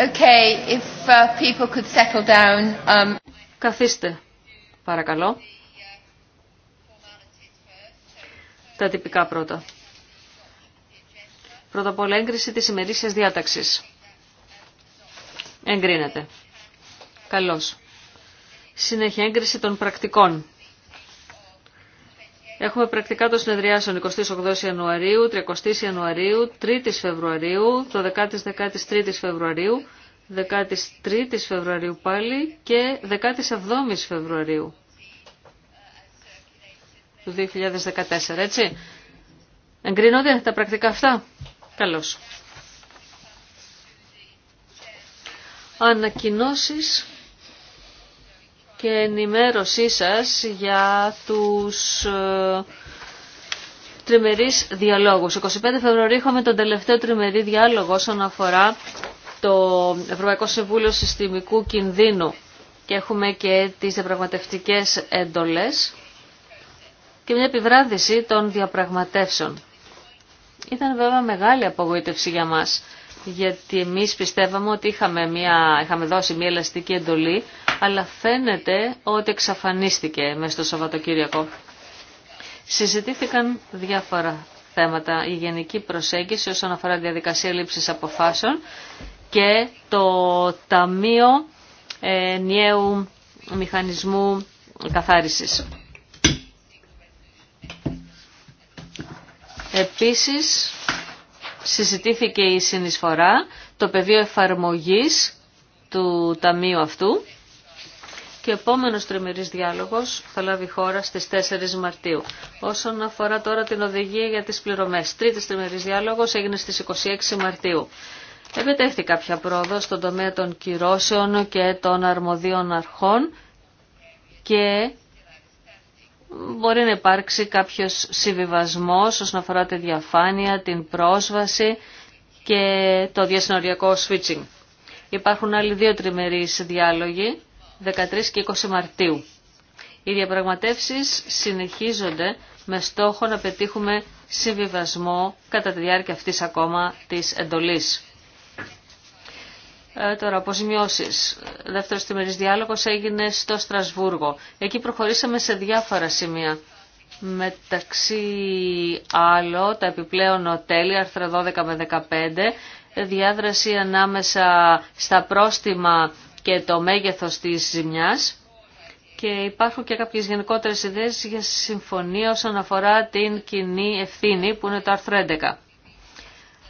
Okay, if uh, people could settle down, um. Καθίστε, παρακαλώ. Τα τυπικά πρώτα. Πρώτα απ' όλα έγκριση της ημερήσιας διάταξης. Εγκρίνεται. Καλώς. Συνέχεια έγκριση των πρακτικών. Έχουμε πρακτικά το συνεδριάσεων 28 Ιανουαρίου, 30 Ιανουαρίου, 3 Φεβρουαρίου, το 10-13 Φεβρουαρίου, 13 Φεβρουαρίου πάλι και 17 Φεβρουαρίου του 2014, έτσι. Εγκρίνονται τα πρακτικά αυτά. Καλώς. Ανακοινώσεις και ενημέρωσή σας για τους ε, τριμερείς διαλόγους. 25 Φεβρουαρίου είχαμε τον τελευταίο τριμερή διάλογο όσον αφορά το Ευρωπαϊκό Συμβούλιο Συστημικού Κινδύνου και έχουμε και τις διαπραγματευτικές έντολες και μια επιβράδυση των διαπραγματεύσεων. Ήταν βέβαια μεγάλη απογοήτευση για μας, γιατί εμείς πιστεύαμε ότι είχαμε, μια, είχαμε δώσει μια ελαστική εντολή, αλλά φαίνεται ότι εξαφανίστηκε μέσα στο Σαββατοκύριακο. Συζητήθηκαν διάφορα θέματα. Η γενική προσέγγιση όσον αφορά τη διαδικασία λήψης αποφάσεων και το Ταμείο Νιέου Μηχανισμού Καθάρισης. Επίσης, συζητήθηκε η συνεισφορά, το πεδίο εφαρμογής του Ταμείου αυτού και ο επόμενος τριμερής διάλογος θα λάβει χώρα στις 4 Μαρτίου. Όσον αφορά τώρα την οδηγία για τις πληρωμές, τρίτης τριμερής διάλογος έγινε στις 26 Μαρτίου. Επιτέχθη κάποια πρόοδο στον τομέα των κυρώσεων και των αρμοδίων αρχών και μπορεί να υπάρξει κάποιος συμβιβασμός όσον αφορά τη διαφάνεια, την πρόσβαση και το διασυνοριακό switching. Υπάρχουν άλλοι δύο τριμερείς διάλογοι 13 και 20 Μαρτίου. Οι διαπραγματεύσεις συνεχίζονται με στόχο να πετύχουμε συμβιβασμό κατά τη διάρκεια αυτής ακόμα της εντολής. Ε, τώρα, αποζημιώσει. Δεύτερο τριμερή διάλογο έγινε στο Στρασβούργο. Εκεί προχωρήσαμε σε διάφορα σημεία. Μεταξύ άλλο, τα επιπλέον τέλη, άρθρα 12 με 15, διάδραση ανάμεσα στα πρόστιμα και το μέγεθος της ζημιάς και υπάρχουν και κάποιες γενικότερες ιδέες για συμφωνία όσον αφορά την κοινή ευθύνη που είναι το άρθρο 11.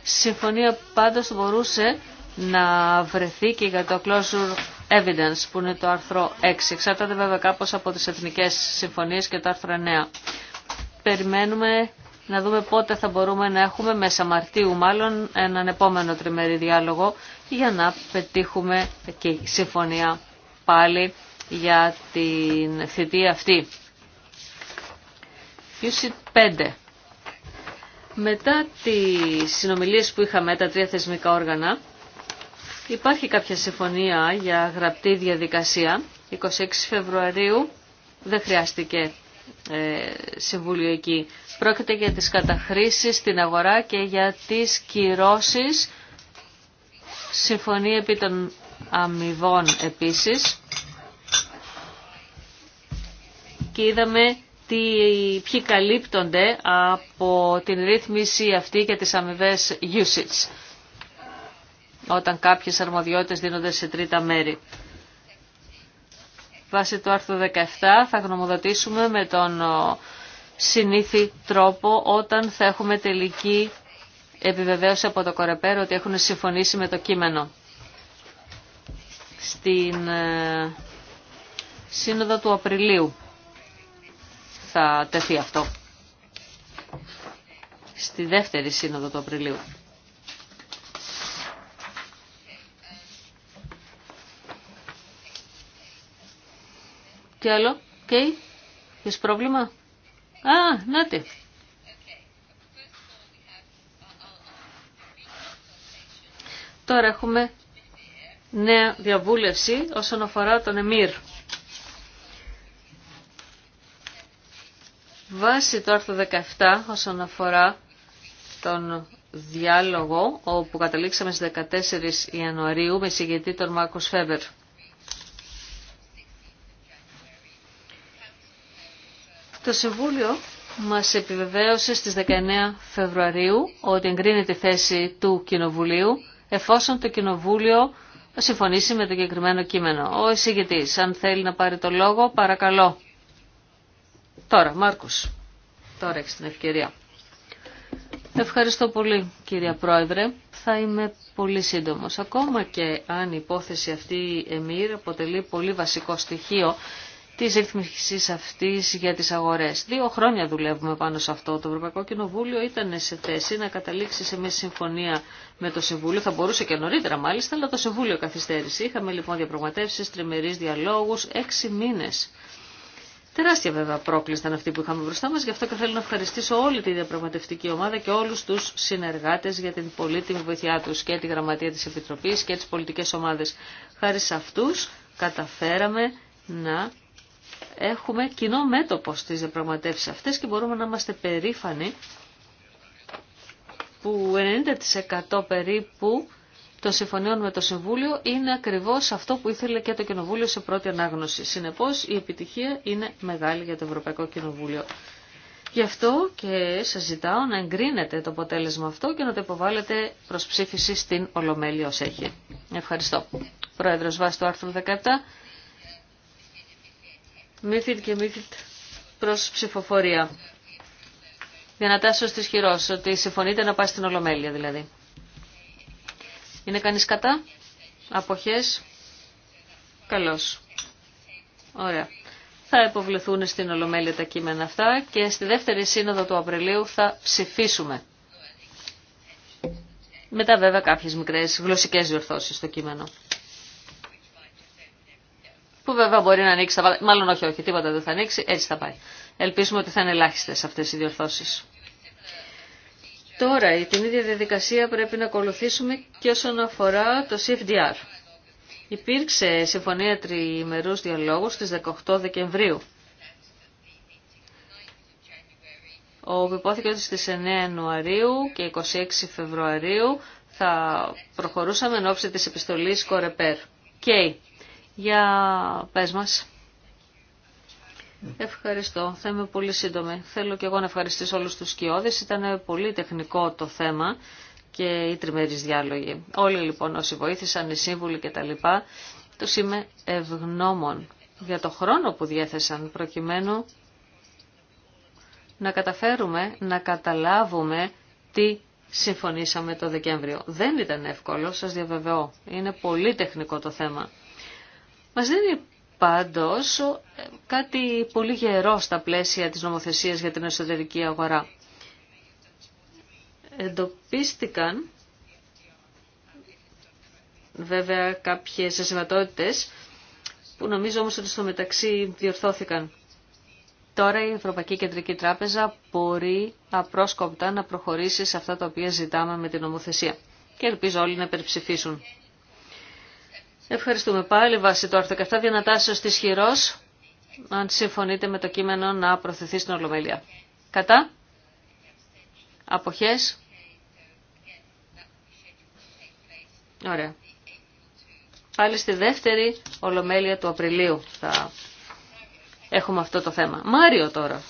Συμφωνία πάντως μπορούσε να βρεθεί και για το closure evidence που είναι το άρθρο 6. Εξαρτάται βέβαια κάπως από τις εθνικές συμφωνίες και το άρθρο 9. Περιμένουμε να δούμε πότε θα μπορούμε να έχουμε μέσα Μαρτίου μάλλον έναν επόμενο τριμερή διάλογο για να πετύχουμε και συμφωνία πάλι για την θητεία αυτή. 5. Μετά τις συνομιλίες που είχαμε τα τρία θεσμικά όργανα, υπάρχει κάποια συμφωνία για γραπτή διαδικασία. 26 Φεβρουαρίου δεν χρειάστηκε ε, συμβούλιο εκεί. Πρόκειται για τις καταχρήσεις στην αγορά και για τις κυρώσεις Συμφωνία επί των αμοιβών επίσης. Και είδαμε τι, ποιοι καλύπτονται από την ρύθμιση αυτή για τις αμοιβέ usage όταν κάποιες αρμοδιότητες δίνονται σε τρίτα μέρη. Βάσει του άρθρου 17 θα γνωμοδοτήσουμε με τον ε, συνήθι τρόπο όταν θα έχουμε τελική επιβεβαίωσε από το Κορεπέρο ότι έχουν συμφωνήσει με το κείμενο. Στην ε, σύνοδο του Απριλίου θα τεθεί αυτό. Στη δεύτερη σύνοδο του Απριλίου. Τι άλλο, Κέι, έχεις πρόβλημα. Α, να Τώρα έχουμε νέα διαβούλευση όσον αφορά τον Εμμύρ. Βάσει το άρθρο 17 όσον αφορά τον διάλογο όπου καταλήξαμε στις 14 Ιανουαρίου με συγγετή τον Μάκος Φέβερ. Το Συμβούλιο μας επιβεβαίωσε στις 19 Φεβρουαρίου ότι εγκρίνεται η θέση του Κοινοβουλίου εφόσον το Κοινοβούλιο συμφωνήσει με το συγκεκριμένο κείμενο. Ο εισηγητής, αν θέλει να πάρει το λόγο, παρακαλώ. Τώρα, Μάρκος, τώρα έχεις την ευκαιρία. Ευχαριστώ πολύ, κυρία Πρόεδρε. Θα είμαι πολύ σύντομος. Ακόμα και αν η υπόθεση αυτή η αποτελεί πολύ βασικό στοιχείο της ρυθμίσης αυτή για τις αγορές. Δύο χρόνια δουλεύουμε πάνω σε αυτό. Το Ευρωπαϊκό Κοινοβούλιο ήταν σε θέση να καταλήξει σε μια συμφωνία με το Συμβούλιο. Θα μπορούσε και νωρίτερα μάλιστα, αλλά το Συμβούλιο καθυστέρησε. Είχαμε λοιπόν διαπραγματεύσεις, τριμερείς διαλόγους, έξι μήνες. Τεράστια βέβαια πρόκληση ήταν αυτή που είχαμε μπροστά μας, γι' αυτό και θέλω να ευχαριστήσω όλη τη διαπραγματευτική ομάδα και όλους τους συνεργάτες για την πολύτιμη βοήθειά του και τη γραμματεία της Επιτροπής και τις πολιτικές ομάδες. Χάρη σε καταφέραμε να έχουμε κοινό μέτωπο στις διαπραγματεύσεις αυτές και μπορούμε να είμαστε περήφανοι που 90% περίπου των συμφωνιών με το Συμβούλιο είναι ακριβώς αυτό που ήθελε και το Κοινοβούλιο σε πρώτη ανάγνωση. Συνεπώς η επιτυχία είναι μεγάλη για το Ευρωπαϊκό Κοινοβούλιο. Γι' αυτό και σας ζητάω να εγκρίνετε το αποτέλεσμα αυτό και να το υποβάλλετε προς ψήφιση στην Ολομέλεια ως έχει. Ευχαριστώ. Πρόεδρος το άρθρου 17. Μύθιτ και μύθιτ προς ψηφοφορία. τάσω στις χειρός, ότι συμφωνείτε να πάει στην Ολομέλεια δηλαδή. Είναι κανείς κατά, αποχές, καλώς. Ωραία. Θα υποβληθούν στην Ολομέλεια τα κείμενα αυτά και στη δεύτερη σύνοδο του Απριλίου θα ψηφίσουμε. Μετά βέβαια κάποιες μικρές γλωσσικές διορθώσεις στο κείμενο που βέβαια μπορεί να ανοίξει, μάλλον όχι, όχι, τίποτα δεν θα ανοίξει, έτσι θα πάει. Ελπίζουμε ότι θα είναι ελάχιστε αυτές οι διορθώσεις. Τώρα, την ίδια διαδικασία πρέπει να ακολουθήσουμε και όσον αφορά το CFDR. Υπήρξε συμφωνία τριημερού διαλόγου στις 18 Δεκεμβρίου, Ο υπόθηκε ότι στις 9 Ιανουαρίου και 26 Φεβρουαρίου θα προχωρούσαμε εν ώψη της επιστολής Κορεπέρ. Και για πες μας. Ευχαριστώ. Θα είμαι πολύ σύντομη. Θέλω και εγώ να ευχαριστήσω όλους τους σκιώδες. Ήταν πολύ τεχνικό το θέμα και οι τριμερείς διάλογοι. Όλοι λοιπόν όσοι βοήθησαν, οι σύμβουλοι λοιπά, Τους είμαι ευγνώμων για το χρόνο που διέθεσαν προκειμένου να καταφέρουμε να καταλάβουμε τι συμφωνήσαμε το Δεκέμβριο. Δεν ήταν εύκολο, σας διαβεβαιώ. Είναι πολύ τεχνικό το θέμα. Μας δίνει πάντως ε, κάτι πολύ γερό στα πλαίσια της νομοθεσίας για την εσωτερική αγορά. Εντοπίστηκαν βέβαια κάποιες ασυμβατότητες που νομίζω όμως ότι στο μεταξύ διορθώθηκαν. Τώρα η Ευρωπαϊκή Κεντρική Τράπεζα μπορεί απρόσκοπτα να προχωρήσει σε αυτά τα οποία ζητάμε με την νομοθεσία. Και ελπίζω όλοι να υπερψηφίσουν. Ευχαριστούμε πάλι Βάση το άρθρο 17 διανατάσσεως τη χειρός, αν συμφωνείτε με το κείμενο να προθεθεί στην Ολομέλεια. Κατά. Αποχές. Ωραία. Πάλι στη δεύτερη Ολομέλεια του Απριλίου θα έχουμε αυτό το θέμα. Μάριο τώρα.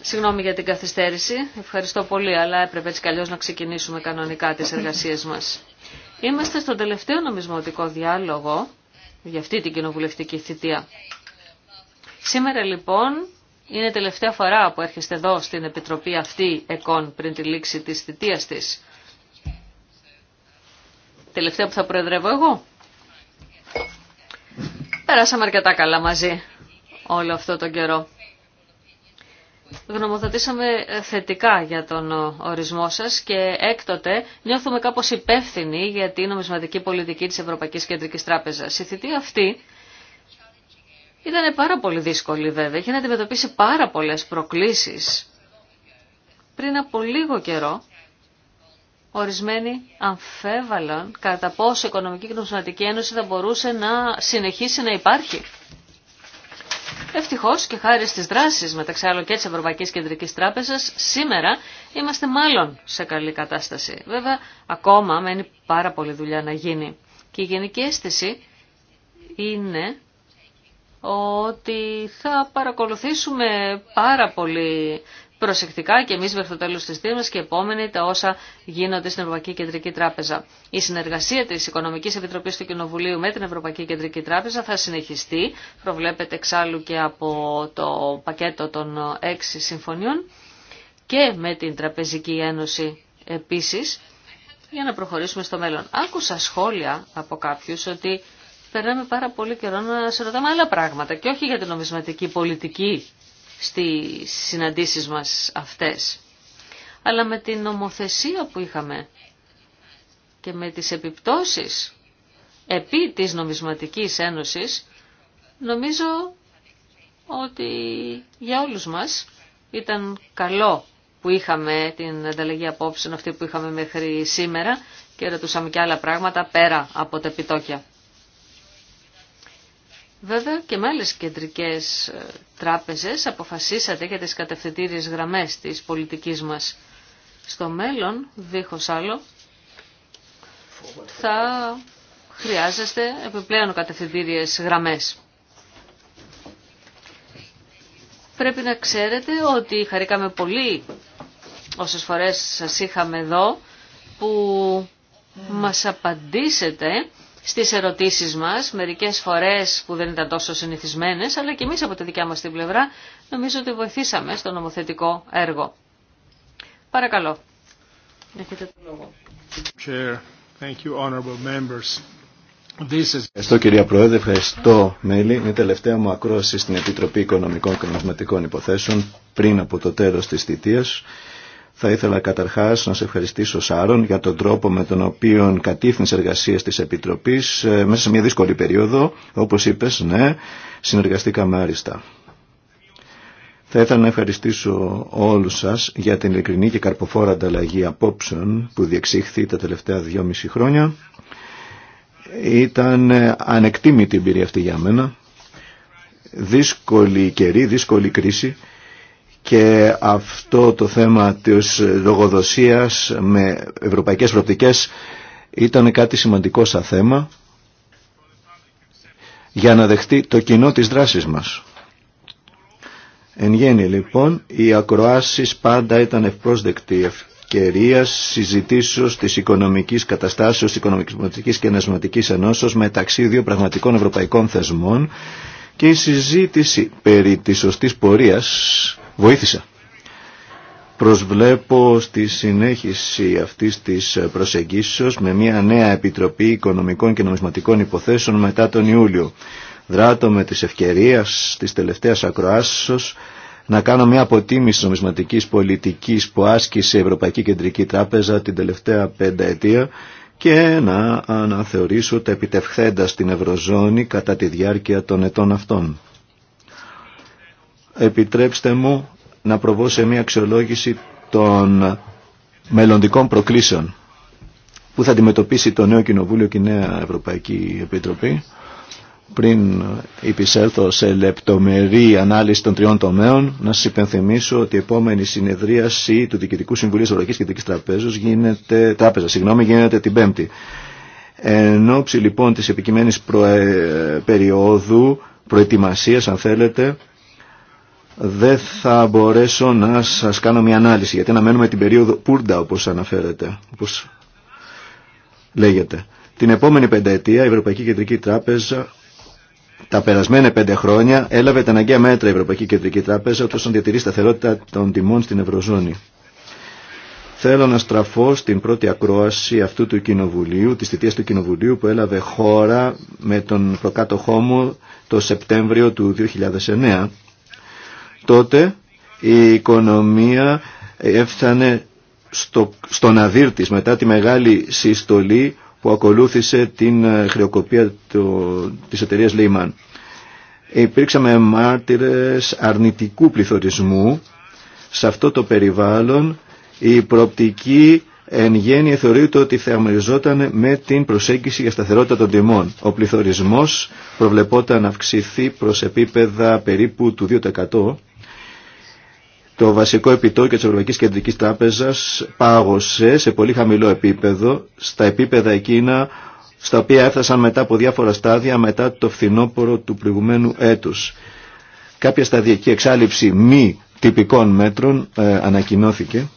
Συγγνώμη για την καθυστέρηση. Ευχαριστώ πολύ, αλλά έπρεπε έτσι καλώς να ξεκινήσουμε κανονικά τις εργασίες μας. Είμαστε στον τελευταίο νομισματικό διάλογο για αυτή την κοινοβουλευτική θητεία. Σήμερα λοιπόν είναι τελευταία φορά που έρχεστε εδώ στην Επιτροπή αυτή ΕΚΟΝ πριν τη λήξη της θητείας της. Τελευταία που θα προεδρεύω εγώ. Περάσαμε αρκετά καλά μαζί όλο αυτό τον καιρό γνωμοδοτήσαμε ε, θετικά για τον ε, ορισμό σας και έκτοτε νιώθουμε κάπως υπεύθυνοι για την νομισματική πολιτική της Ευρωπαϊκής Κεντρικής Τράπεζας. Η θητεία αυτή ήταν πάρα πολύ δύσκολη βέβαια, είχε να αντιμετωπίσει πάρα πολλές προκλήσεις. Πριν από λίγο καιρό, ορισμένοι αμφέβαλαν κατά πόσο η Οικονομική και Ένωση θα μπορούσε να συνεχίσει να υπάρχει. Ευτυχώ και χάρη στι δράσει μεταξύ άλλων και τη Ευρωπαϊκή Κεντρική Τράπεζα, σήμερα είμαστε μάλλον σε καλή κατάσταση. Βέβαια, ακόμα μένει πάρα πολλή δουλειά να γίνει. Και η γενική αίσθηση είναι ότι θα παρακολουθήσουμε πάρα πολύ προσεκτικά και εμεί μέχρι το τέλο τη θύρας και επόμενοι τα όσα γίνονται στην Ευρωπαϊκή Κεντρική Τράπεζα. Η συνεργασία τη Οικονομική Επιτροπή του Κοινοβουλίου με την Ευρωπαϊκή Κεντρική Τράπεζα θα συνεχιστεί, προβλέπεται εξάλλου και από το πακέτο των έξι συμφωνιών και με την Τραπεζική Ένωση επίση, για να προχωρήσουμε στο μέλλον. Άκουσα σχόλια από κάποιου ότι περνάμε πάρα πολύ καιρό να σε ρωτάμε άλλα πράγματα και όχι για την νομισματική πολιτική στις συναντήσεις μας αυτές. Αλλά με την νομοθεσία που είχαμε και με τις επιπτώσεις επί της νομισματικής ένωσης, νομίζω ότι για όλους μας ήταν καλό που είχαμε την ανταλλαγή απόψεων αυτή που είχαμε μέχρι σήμερα και ρωτούσαμε και άλλα πράγματα πέρα από τα επιτόκια. Βέβαια και με άλλες κεντρικές ε, τράπεζες αποφασίσατε για τις κατευθυντήριες γραμμές της πολιτικής μας. Στο μέλλον, δίχως άλλο, θα χρειάζεστε επιπλέον κατευθυντήριες γραμμές. Πρέπει να ξέρετε ότι χαρήκαμε πολύ όσες φορές σας είχαμε εδώ που μας απαντήσετε στις ερωτήσεις μας, μερικές φορές που δεν ήταν τόσο συνηθισμένες, αλλά και εμείς από τη δικιά μας την πλευρά νομίζω ότι βοηθήσαμε στο νομοθετικό έργο. Παρακαλώ. Έχετε το λόγο. Ευχαριστώ κυρία Πρόεδρε, ευχαριστώ μέλη. Είναι η τελευταία μου ακρόαση στην Επιτροπή Οικονομικών και Νομισματικών Υποθέσεων πριν από το τέλος της θητείας. Θα ήθελα καταρχάς να σε ευχαριστήσω Σάρων για τον τρόπο με τον οποίο κατήφθηνες εργασία της Επιτροπής ε, μέσα σε μια δύσκολη περίοδο. Όπως είπες, ναι, συνεργαστήκαμε άριστα. Θα ήθελα να ευχαριστήσω όλους σας για την ειλικρινή και καρποφόρα ανταλλαγή απόψεων που διεξήχθη τα τελευταία δυόμιση χρόνια. Ήταν ε, ανεκτήμητη η εμπειρία αυτή για μένα. Δύσκολη καιρή, δύσκολη κρίση και αυτό το θέμα της λογοδοσίας με ευρωπαϊκές προοπτικές ήταν κάτι σημαντικό σαν θέμα για να δεχτεί το κοινό της δράσης μας. Εν γέννη λοιπόν, οι ακροάσεις πάντα ήταν ευπρόσδεκτη ευκαιρία συζητήσεως της οικονομικής καταστάσεω, οικονομικής και ενασματικής ενώσεως μεταξύ δύο πραγματικών ευρωπαϊκών θεσμών και η συζήτηση περί τη σωστή πορεία βοήθησα. Προσβλέπω στη συνέχιση αυτής της προσεγγίσεως με μια νέα Επιτροπή Οικονομικών και Νομισματικών Υποθέσεων μετά τον Ιούλιο. Δράτω με της ευκαιρίας της τελευταίας ακροάσεως να κάνω μια αποτίμηση νομισματικής πολιτικής που άσκησε η Ευρωπαϊκή Κεντρική Τράπεζα την τελευταία πενταετία και να αναθεωρήσω τα επιτευχθέντα στην Ευρωζώνη κατά τη διάρκεια των ετών αυτών επιτρέψτε μου να προβώ σε μια αξιολόγηση των μελλοντικών προκλήσεων που θα αντιμετωπίσει το νέο Κοινοβούλιο και η νέα Ευρωπαϊκή Επιτροπή πριν υπησέλθω σε λεπτομερή ανάλυση των τριών τομέων, να σας υπενθυμίσω ότι η επόμενη συνεδρίαση του Διοικητικού Συμβουλίου Ευρωπαϊκής Κεντρικής Τραπέζας γίνεται, τράπεζα, συγγνώμη, γίνεται την Πέμπτη. Εν όψη λοιπόν της επικειμένης περίοδου προετοιμασίας, αν θέλετε, δεν θα μπορέσω να σας κάνω μια ανάλυση γιατί αναμένουμε την περίοδο Πούρντα όπως αναφέρεται, όπως λέγεται. Την επόμενη πενταετία η Ευρωπαϊκή Κεντρική Τράπεζα τα περασμένα πέντε χρόνια έλαβε τα αναγκαία μέτρα η Ευρωπαϊκή Κεντρική Τράπεζα ώστε να διατηρεί σταθερότητα των τιμών στην Ευρωζώνη. Θέλω να στραφώ στην πρώτη ακρόαση αυτού του κοινοβουλίου, τη θητεία του κοινοβουλίου που έλαβε χώρα με τον προκάτοχό μου το Σεπτέμβριο του 2009 τότε η οικονομία έφτανε στο, στον αδύρ της μετά τη μεγάλη συστολή που ακολούθησε την ε, χρεοκοπία του, της εταιρείας Lehman. Υπήρξαμε μάρτυρες αρνητικού πληθωρισμού. Σε αυτό το περιβάλλον η προοπτική εν γέννη θεωρείται ότι θα με την προσέγγιση για σταθερότητα των τιμών. Ο πληθωρισμός προβλεπόταν να αυξηθεί προς επίπεδα περίπου του 2% το βασικό επιτόκιο της Ευρωπαϊκής Κεντρικής Τράπεζας πάγωσε σε πολύ χαμηλό επίπεδο, στα επίπεδα εκείνα στα οποία έφτασαν μετά από διάφορα στάδια μετά το φθινόπωρο του προηγουμένου έτους. Κάποια σταδιακή εξάλληψη μη τυπικών μέτρων ε, ανακοινώθηκε.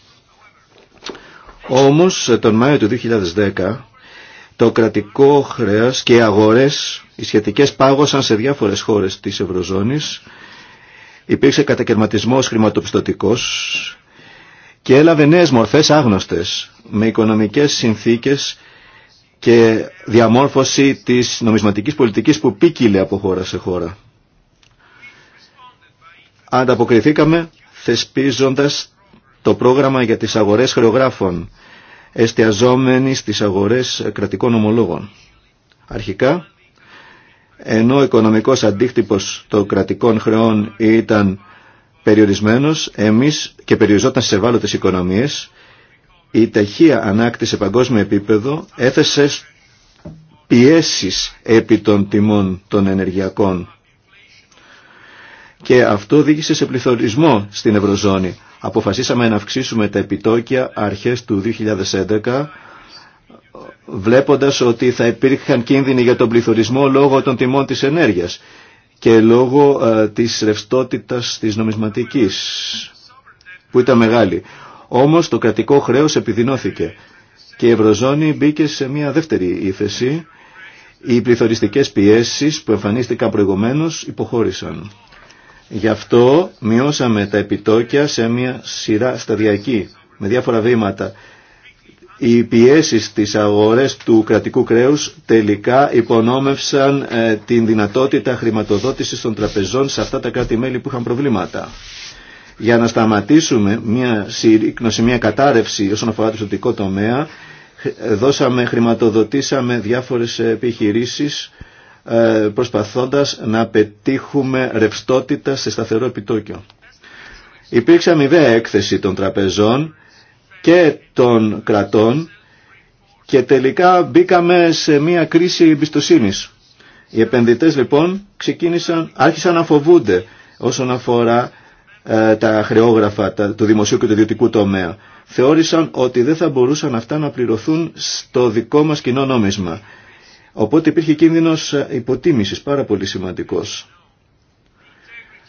Όμως ε, τον Μάιο του 2010 το κρατικό χρέας και οι αγορές, οι σχετικές πάγωσαν σε διάφορες χώρες της Ευρωζώνης υπήρξε κατακαιρματισμός χρηματοπιστωτικός και έλαβε νέες μορφές άγνωστες με οικονομικές συνθήκες και διαμόρφωση της νομισματικής πολιτικής που πήκυλε από χώρα σε χώρα. Ανταποκριθήκαμε θεσπίζοντας το πρόγραμμα για τις αγορές χρεογράφων εστιαζόμενοι στις αγορές κρατικών ομολόγων. Αρχικά ενώ ο οικονομικός αντίκτυπος των κρατικών χρεών ήταν περιορισμένος εμείς και περιοριζόταν σε ευάλωτες οικονομίες, η ταχεία ανάκτηση σε παγκόσμιο επίπεδο έθεσε πιέσεις επί των τιμών των ενεργειακών. Και αυτό οδήγησε σε πληθωρισμό στην Ευρωζώνη. Αποφασίσαμε να αυξήσουμε τα επιτόκια αρχές του 2011 βλέποντας ότι θα υπήρχαν κίνδυνοι για τον πληθωρισμό λόγω των τιμών της ενέργειας και λόγω ε, της ρευστότητας της νομισματικής που ήταν μεγάλη. Όμως το κρατικό χρέος επιδεινώθηκε και η Ευρωζώνη μπήκε σε μια δεύτερη ύφεση. Οι πληθωριστικές πιέσεις που εμφανίστηκαν προηγουμένως υποχώρησαν. Γι' αυτό μειώσαμε τα επιτόκια σε μια σειρά σταδιακή με διάφορα βήματα οι πιέσει της αγορές του κρατικού κρέους τελικά υπονόμευσαν ε, την δυνατότητα χρηματοδότησης των τραπεζών σε αυτά τα κράτη-μέλη που είχαν προβλήματα. Για να σταματήσουμε μια συρρήκνωση, μια κατάρρευση όσον αφορά το σωτικό τομέα, δώσαμε, χρηματοδοτήσαμε διάφορες επιχειρήσεις ε, προσπαθώντας να πετύχουμε ρευστότητα σε σταθερό επιτόκιο. Υπήρξε αμοιβαία έκθεση των τραπεζών και των κρατών και τελικά μπήκαμε σε μια κρίση εμπιστοσύνη. Οι επενδυτές λοιπόν ξεκίνησαν, άρχισαν να φοβούνται όσον αφορά ε, τα χρεόγραφα τα, του δημοσίου και του ιδιωτικού τομέα. Θεώρησαν ότι δεν θα μπορούσαν αυτά να πληρωθούν στο δικό μας κοινό νόμισμα. Οπότε υπήρχε κίνδυνος ε, υποτίμησης πάρα πολύ σημαντικός.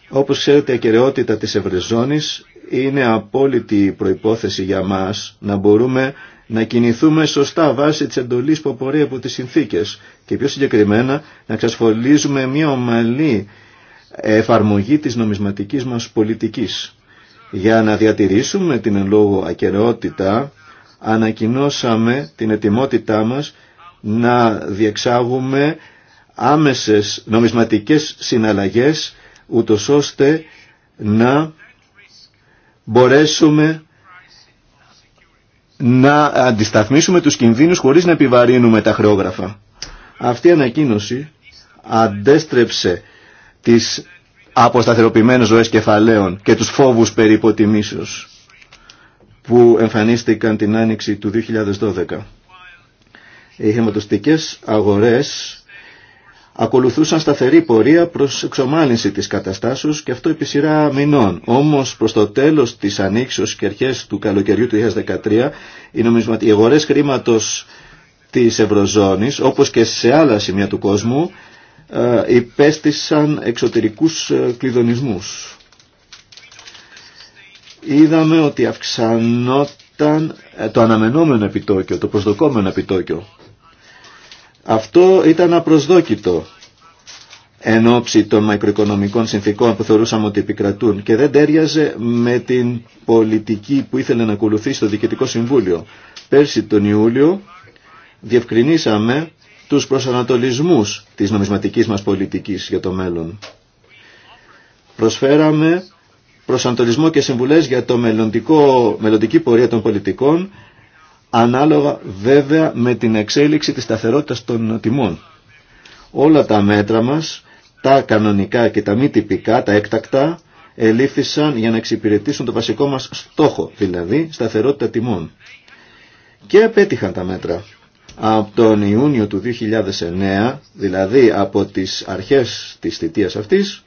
Όπως ξέρετε η ακεραιότητα της Ευρεζώνης είναι απόλυτη προϋπόθεση για μας να μπορούμε να κινηθούμε σωστά βάσει της εντολής που απορρέει από τις συνθήκες και πιο συγκεκριμένα να εξασφαλίζουμε μια ομαλή εφαρμογή της νομισματικής μας πολιτικής. Για να διατηρήσουμε την εν λόγω ακαιρεότητα ανακοινώσαμε την ετοιμότητά μας να διεξάγουμε άμεσες νομισματικές συναλλαγές ούτως ώστε να μπορέσουμε να αντισταθμίσουμε τους κινδύνους χωρίς να επιβαρύνουμε τα χρεόγραφα. Αυτή η ανακοίνωση αντέστρεψε τις αποσταθεροποιημένες ζωές κεφαλαίων και τους φόβους περί υποτιμήσεως που εμφανίστηκαν την άνοιξη του 2012. Οι χρηματοστικές αγορές ακολουθούσαν σταθερή πορεία προς εξομάλυνση της καταστάσεως και αυτό επί σειρά μηνών. Όμως προς το τέλος της ανοίξεως και αρχές του καλοκαιριού του 2013 οι, νομισματι... οι αγορές χρήματος της Ευρωζώνης όπως και σε άλλα σημεία του κόσμου ε, υπέστησαν εξωτερικούς ε, κλειδονισμούς. Είδαμε ότι αυξανόταν ε, το αναμενόμενο επιτόκιο, το προσδοκόμενο επιτόκιο αυτό ήταν απροσδόκητο εν ώψη των μακροοικονομικών συνθήκων που θεωρούσαμε ότι επικρατούν και δεν τέριαζε με την πολιτική που ήθελε να ακολουθήσει το Διοικητικό Συμβούλιο. Πέρσι τον Ιούλιο διευκρινίσαμε τους προσανατολισμούς της νομισματικής μας πολιτικής για το μέλλον. Προσφέραμε προσανατολισμό και συμβουλές για το μελλοντικό, μελλοντική πορεία των πολιτικών ανάλογα βέβαια με την εξέλιξη της σταθερότητας των τιμών. Όλα τα μέτρα μας, τα κανονικά και τα μη τυπικά, τα έκτακτα, ελήφθησαν για να εξυπηρετήσουν το βασικό μας στόχο, δηλαδή σταθερότητα τιμών. Και απέτυχαν τα μέτρα. Από τον Ιούνιο του 2009, δηλαδή από τις αρχές της θητείας αυτής,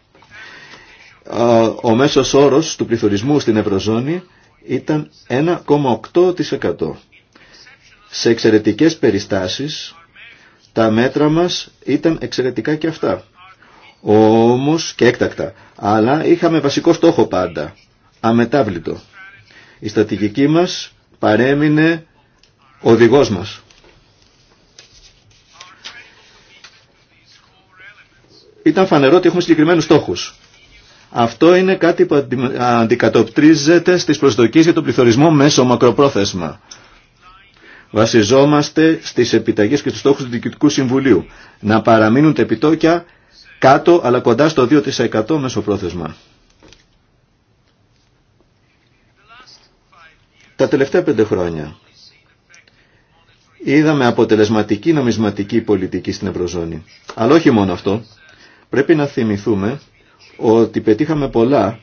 ο μέσος όρος του πληθωρισμού στην Ευρωζώνη ήταν 1,8% σε εξαιρετικές περιστάσεις τα μέτρα μας ήταν εξαιρετικά και αυτά. Όμως και έκτακτα. Αλλά είχαμε βασικό στόχο πάντα. Αμετάβλητο. Η στατικική μας παρέμεινε οδηγός μας. Ήταν φανερό ότι έχουμε συγκεκριμένους στόχους. Αυτό είναι κάτι που αντικατοπτρίζεται στις προσδοκίες για τον πληθωρισμό μέσω μακροπρόθεσμα. Βασιζόμαστε στις επιταγές και στους στόχους του Διοικητικού Συμβουλίου. Να παραμείνουν τα επιτόκια κάτω αλλά κοντά στο 2% πρόθεσμα. Τα τελευταία πέντε χρόνια είδαμε αποτελεσματική νομισματική πολιτική στην Ευρωζώνη. Αλλά όχι μόνο αυτό. Πρέπει να θυμηθούμε ότι πετύχαμε πολλά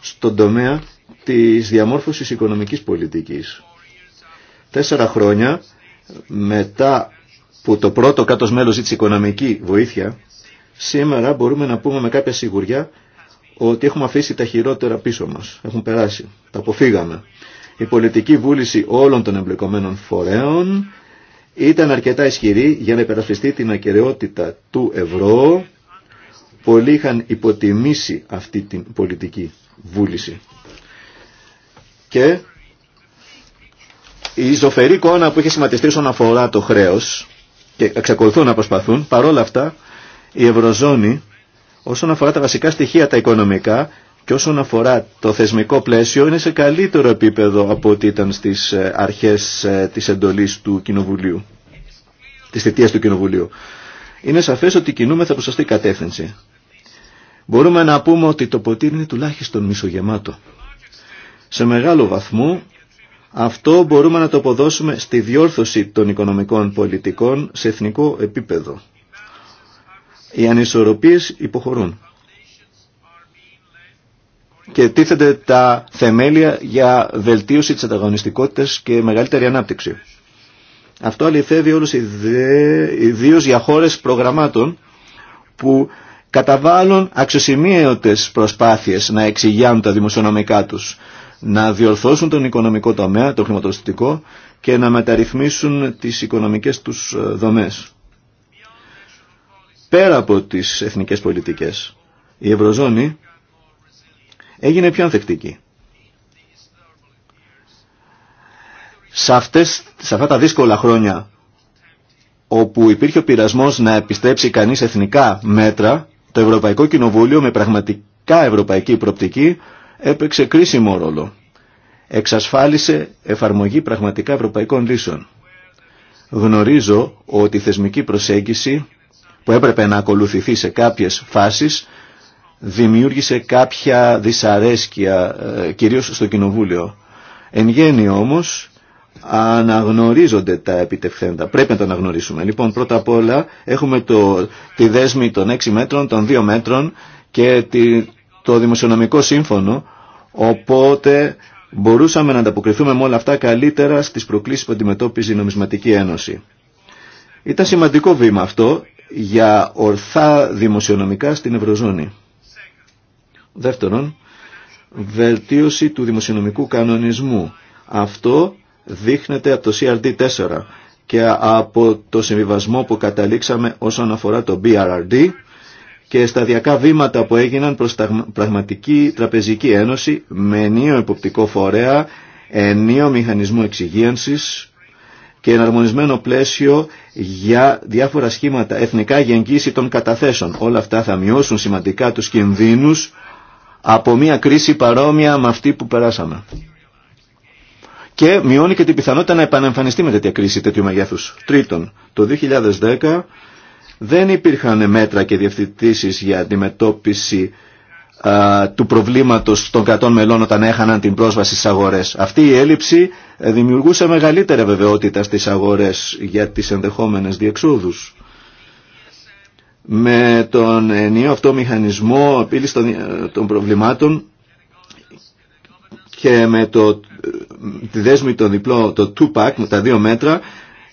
στον τομέα της διαμόρφωσης οικονομικής πολιτικής. Τέσσερα χρόνια μετά που το πρώτο κάτω μέλος ζήτησε οικονομική βοήθεια, σήμερα μπορούμε να πούμε με κάποια σιγουριά ότι έχουμε αφήσει τα χειρότερα πίσω μας. Έχουν περάσει. Τα αποφύγαμε. Η πολιτική βούληση όλων των εμπλεκομένων φορέων ήταν αρκετά ισχυρή για να υπερασπιστεί την ακεραιότητα του ευρώ. Πολλοί είχαν υποτιμήσει αυτή την πολιτική βούληση. Και η ζωφερή εικόνα που είχε σχηματιστεί όσον αφορά το χρέο και εξακολουθούν να προσπαθούν, παρόλα αυτά η Ευρωζώνη όσον αφορά τα βασικά στοιχεία τα οικονομικά και όσον αφορά το θεσμικό πλαίσιο είναι σε καλύτερο επίπεδο από ό,τι ήταν στις ε, αρχές ε, της εντολής του Κοινοβουλίου, της θητείας του Κοινοβουλίου. Είναι σαφές ότι κινούμεθα προς σωστή κατεύθυνση. Μπορούμε να πούμε ότι το ποτήρι είναι τουλάχιστον μισογεμάτο. Σε μεγάλο βαθμό αυτό μπορούμε να το αποδώσουμε στη διόρθωση των οικονομικών πολιτικών σε εθνικό επίπεδο. Οι ανισορροπίες υποχωρούν και τίθενται τα θεμέλια για βελτίωση της ανταγωνιστικότητας και μεγαλύτερη ανάπτυξη. Αυτό αληθεύει όλους ιδίω για χώρες προγραμμάτων που καταβάλουν αξιοσημείωτες προσπάθειες να εξηγιάνουν τα δημοσιονομικά τους να διορθώσουν τον οικονομικό τομέα, το χρηματοδοτικό, και να μεταρρυθμίσουν τις οικονομικές τους ε, δομές. Πέρα από τις εθνικές πολιτικές, η Ευρωζώνη έγινε πιο ανθεκτική. Σε, αυτές, σε αυτά τα δύσκολα χρόνια όπου υπήρχε ο πειρασμός να επιστρέψει κανείς εθνικά μέτρα, το Ευρωπαϊκό Κοινοβούλιο με πραγματικά ευρωπαϊκή προπτική έπαιξε κρίσιμο ρόλο. Εξασφάλισε εφαρμογή πραγματικά ευρωπαϊκών λύσεων. Γνωρίζω ότι η θεσμική προσέγγιση που έπρεπε να ακολουθηθεί σε κάποιες φάσεις δημιούργησε κάποια δυσαρέσκεια, ε, κυρίως στο Κοινοβούλιο. Εν γέννη όμως αναγνωρίζονται τα επιτευχθέντα. Πρέπει να τα αναγνωρίσουμε. Λοιπόν, πρώτα απ' όλα έχουμε το, τη δέσμη των 6 μέτρων, των 2 μέτρων και τη, το δημοσιονομικό σύμφωνο Οπότε μπορούσαμε να ανταποκριθούμε με όλα αυτά καλύτερα στις προκλήσεις που αντιμετώπιζε η Νομισματική Ένωση. Ήταν σημαντικό βήμα αυτό για ορθά δημοσιονομικά στην Ευρωζώνη. Δεύτερον, βελτίωση του δημοσιονομικού κανονισμού. Αυτό δείχνεται από το CRD4 και από το συμβιβασμό που καταλήξαμε όσον αφορά το BRRD και σταδιακά βήματα που έγιναν προς τα πραγματική τραπεζική ένωση με ενίο υποπτικό φορέα, ενίο μηχανισμό εξυγίανσης και εναρμονισμένο πλαίσιο για διάφορα σχήματα εθνικά για εγγύηση των καταθέσεων. Όλα αυτά θα μειώσουν σημαντικά τους κινδύνους από μια κρίση παρόμοια με αυτή που περάσαμε. Και μειώνει και την πιθανότητα να επανεμφανιστεί με τέτοια κρίση τέτοιου μεγέθους. Τρίτον, το 2010 δεν υπήρχαν μέτρα και διευθυντήσεις για αντιμετώπιση του προβλήματος των κρατών μελών όταν έχαναν την πρόσβαση στις αγορές. Αυτή η έλλειψη ε, δημιουργούσε μεγαλύτερη βεβαιότητα στις αγορές για τις ενδεχόμενες διεξόδους. Με τον ενίο αυτό μηχανισμό επίλυση ε, των, προβλημάτων και με το, ε, τη δέσμη των διπλών, το 2-pack, με τα δύο μέτρα,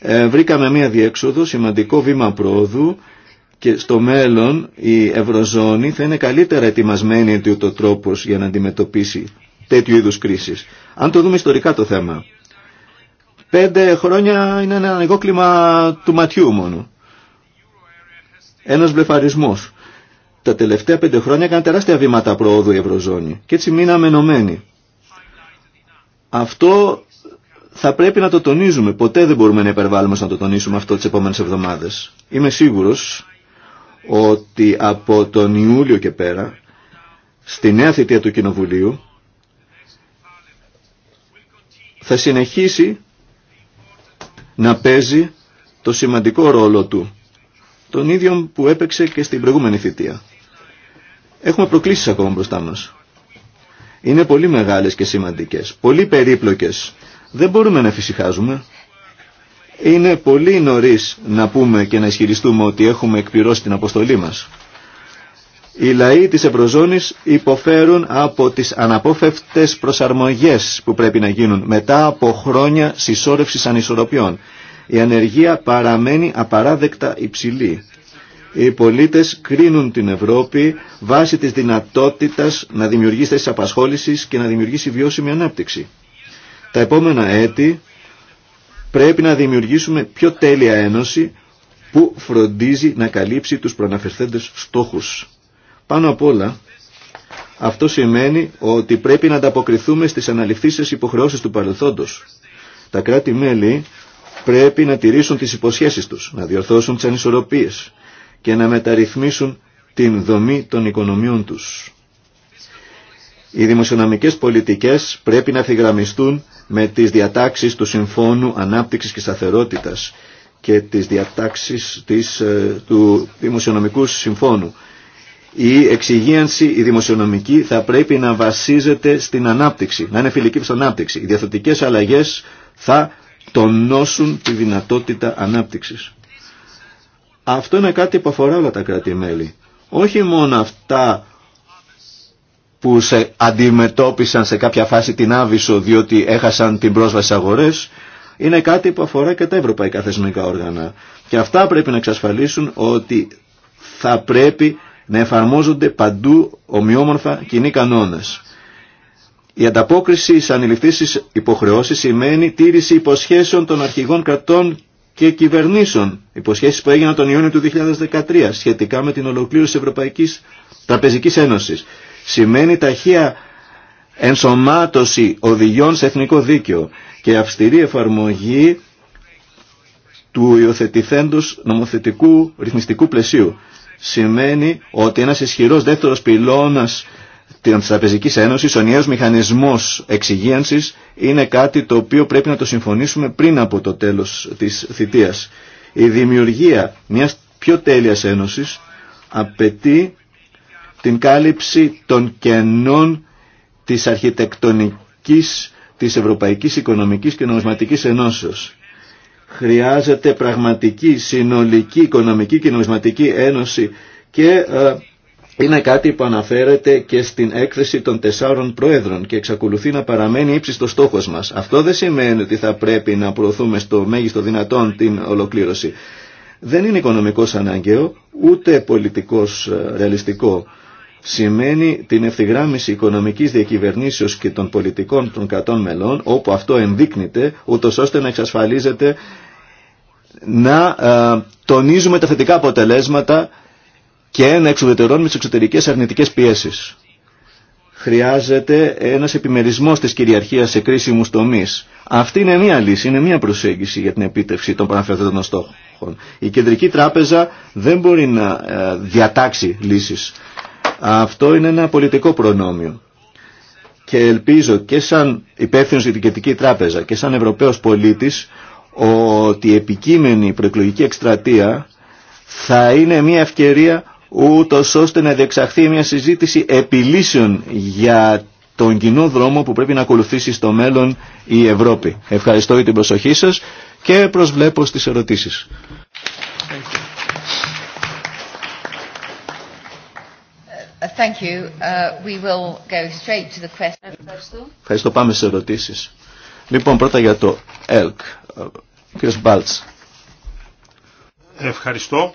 ε, βρήκαμε μία διέξοδο, σημαντικό βήμα πρόοδου και στο μέλλον η Ευρωζώνη θα είναι καλύτερα ετοιμασμένη το τρόπος για να αντιμετωπίσει τέτοιου είδους κρίσεις. Αν το δούμε ιστορικά το θέμα. Πέντε χρόνια είναι ένα ανοιγό κλίμα του ματιού μόνο. Ένας βλεφαρισμός. Τα τελευταία πέντε χρόνια έκανε τεράστια βήματα πρόοδου η Ευρωζώνη και έτσι μείναμε ενωμένοι. Αυτό θα πρέπει να το τονίζουμε. Ποτέ δεν μπορούμε να υπερβάλλουμε να το τονίσουμε αυτό τις επόμενες εβδομάδες. Είμαι σίγουρος ότι από τον Ιούλιο και πέρα, στη νέα θητεία του Κοινοβουλίου, θα συνεχίσει να παίζει το σημαντικό ρόλο του, τον ίδιο που έπαιξε και στην προηγούμενη θητεία. Έχουμε προκλήσεις ακόμα μπροστά μας. Είναι πολύ μεγάλες και σημαντικές, πολύ περίπλοκες δεν μπορούμε να φυσικάζουμε. Είναι πολύ νωρίς να πούμε και να ισχυριστούμε ότι έχουμε εκπληρώσει την αποστολή μας. Οι λαοί της Ευρωζώνης υποφέρουν από τις αναπόφευτες προσαρμογές που πρέπει να γίνουν μετά από χρόνια συσσόρευσης ανισορροπιών. Η ανεργία παραμένει απαράδεκτα υψηλή. Οι πολίτες κρίνουν την Ευρώπη βάσει της δυνατότητας να δημιουργήσει θέσεις απασχόλησης και να δημιουργήσει βιώσιμη ανάπτυξη. Τα επόμενα έτη πρέπει να δημιουργήσουμε πιο τέλεια ένωση που φροντίζει να καλύψει τους προαναφερθέντες στόχους. Πάνω απ' όλα, αυτό σημαίνει ότι πρέπει να ανταποκριθούμε στις αναληφθήσεις υποχρεώσεις του παρελθόντος. Τα κράτη-μέλη πρέπει να τηρήσουν τις υποσχέσεις τους, να διορθώσουν τις ανισορροπίες και να μεταρρυθμίσουν την δομή των οικονομιών τους. Οι δημοσιονομικές πολιτικές πρέπει να αφιγραμμιστούν με τις διατάξεις του Συμφώνου Ανάπτυξης και Σταθερότητας και τις διατάξεις της, ε, του Δημοσιονομικού Συμφώνου. Η εξυγίανση, η δημοσιονομική θα πρέπει να βασίζεται στην ανάπτυξη, να είναι φιλική στην ανάπτυξη. Οι διαθετικές αλλαγές θα τονώσουν τη δυνατότητα ανάπτυξης. Αυτό είναι κάτι που αφορά όλα τα κράτη-μέλη. Όχι μόνο αυτά που σε αντιμετώπισαν σε κάποια φάση την Άβυσο διότι έχασαν την πρόσβαση στις αγορές είναι κάτι που αφορά και τα ευρωπαϊκά θεσμικά όργανα. Και αυτά πρέπει να εξασφαλίσουν ότι θα πρέπει να εφαρμόζονται παντού ομοιόμορφα κοινοί κανόνες. Η ανταπόκριση σε ανηληφθήσεις υποχρεώσεις σημαίνει τήρηση υποσχέσεων των αρχηγών κρατών και κυβερνήσεων, υποσχέσεις που έγιναν τον Ιούνιο του 2013 σχετικά με την ολοκλήρωση Ευρωπαϊκής Τραπεζική Ένωσης σημαίνει ταχεία ενσωμάτωση οδηγιών σε εθνικό δίκαιο και αυστηρή εφαρμογή του υιοθετηθέντος νομοθετικού ρυθμιστικού πλαισίου. Σημαίνει ότι ένας ισχυρός δεύτερος πυλώνας της Τραπεζικής Ένωσης, ο νέος μηχανισμός εξυγίανσης, είναι κάτι το οποίο πρέπει να το συμφωνήσουμε πριν από το τέλος της θητείας. Η δημιουργία μιας πιο τέλεια ένωσης απαιτεί την κάλυψη των κενών της αρχιτεκτονικής της Ευρωπαϊκής Οικονομικής και Νομισματικής Ενώσεως. Χρειάζεται πραγματική συνολική οικονομική και νομισματική ένωση και ε, είναι κάτι που αναφέρεται και στην έκθεση των τεσσάρων πρόεδρων και εξακολουθεί να παραμένει ύψιστο στόχος μας. Αυτό δεν σημαίνει ότι θα πρέπει να προωθούμε στο μέγιστο δυνατόν την ολοκλήρωση. Δεν είναι οικονομικός αναγκαίο, ούτε πολιτικός ε, ρεαλιστικό σημαίνει την ευθυγράμμιση οικονομικής διακυβερνήσεως και των πολιτικών των κρατών μελών, όπου αυτό ενδείκνεται ούτως ώστε να εξασφαλίζεται να ε, τονίζουμε τα θετικά αποτελέσματα και να εξουδετερώνουμε τις εξωτερικές αρνητικές πιέσεις. Χρειάζεται ένας επιμερισμός της κυριαρχίας σε κρίσιμους τομείς. Αυτή είναι μία λύση, είναι μία προσέγγιση για την επίτευξη των παραφερθέντων στόχων. Η Κεντρική Τράπεζα δεν μπορεί να ε, διατάξει λύσεις. Αυτό είναι ένα πολιτικό προνόμιο. Και ελπίζω και σαν υπεύθυνο για Τράπεζα και σαν Ευρωπαίος πολίτης ότι η επικείμενη προεκλογική εκστρατεία θα είναι μια ευκαιρία ούτω ώστε να διεξαχθεί μια συζήτηση επιλύσεων για τον κοινό δρόμο που πρέπει να ακολουθήσει στο μέλλον η Ευρώπη. Ευχαριστώ για την προσοχή σας και προσβλέπω στις ερωτήσεις. Thank you. Uh, we will go straight Ευχαριστώ. Πάμε σε ερωτήσεις. Λοιπόν, πρώτα για το ΕΛΚ. Ε, κύριος Μπάλτς. Ευχαριστώ.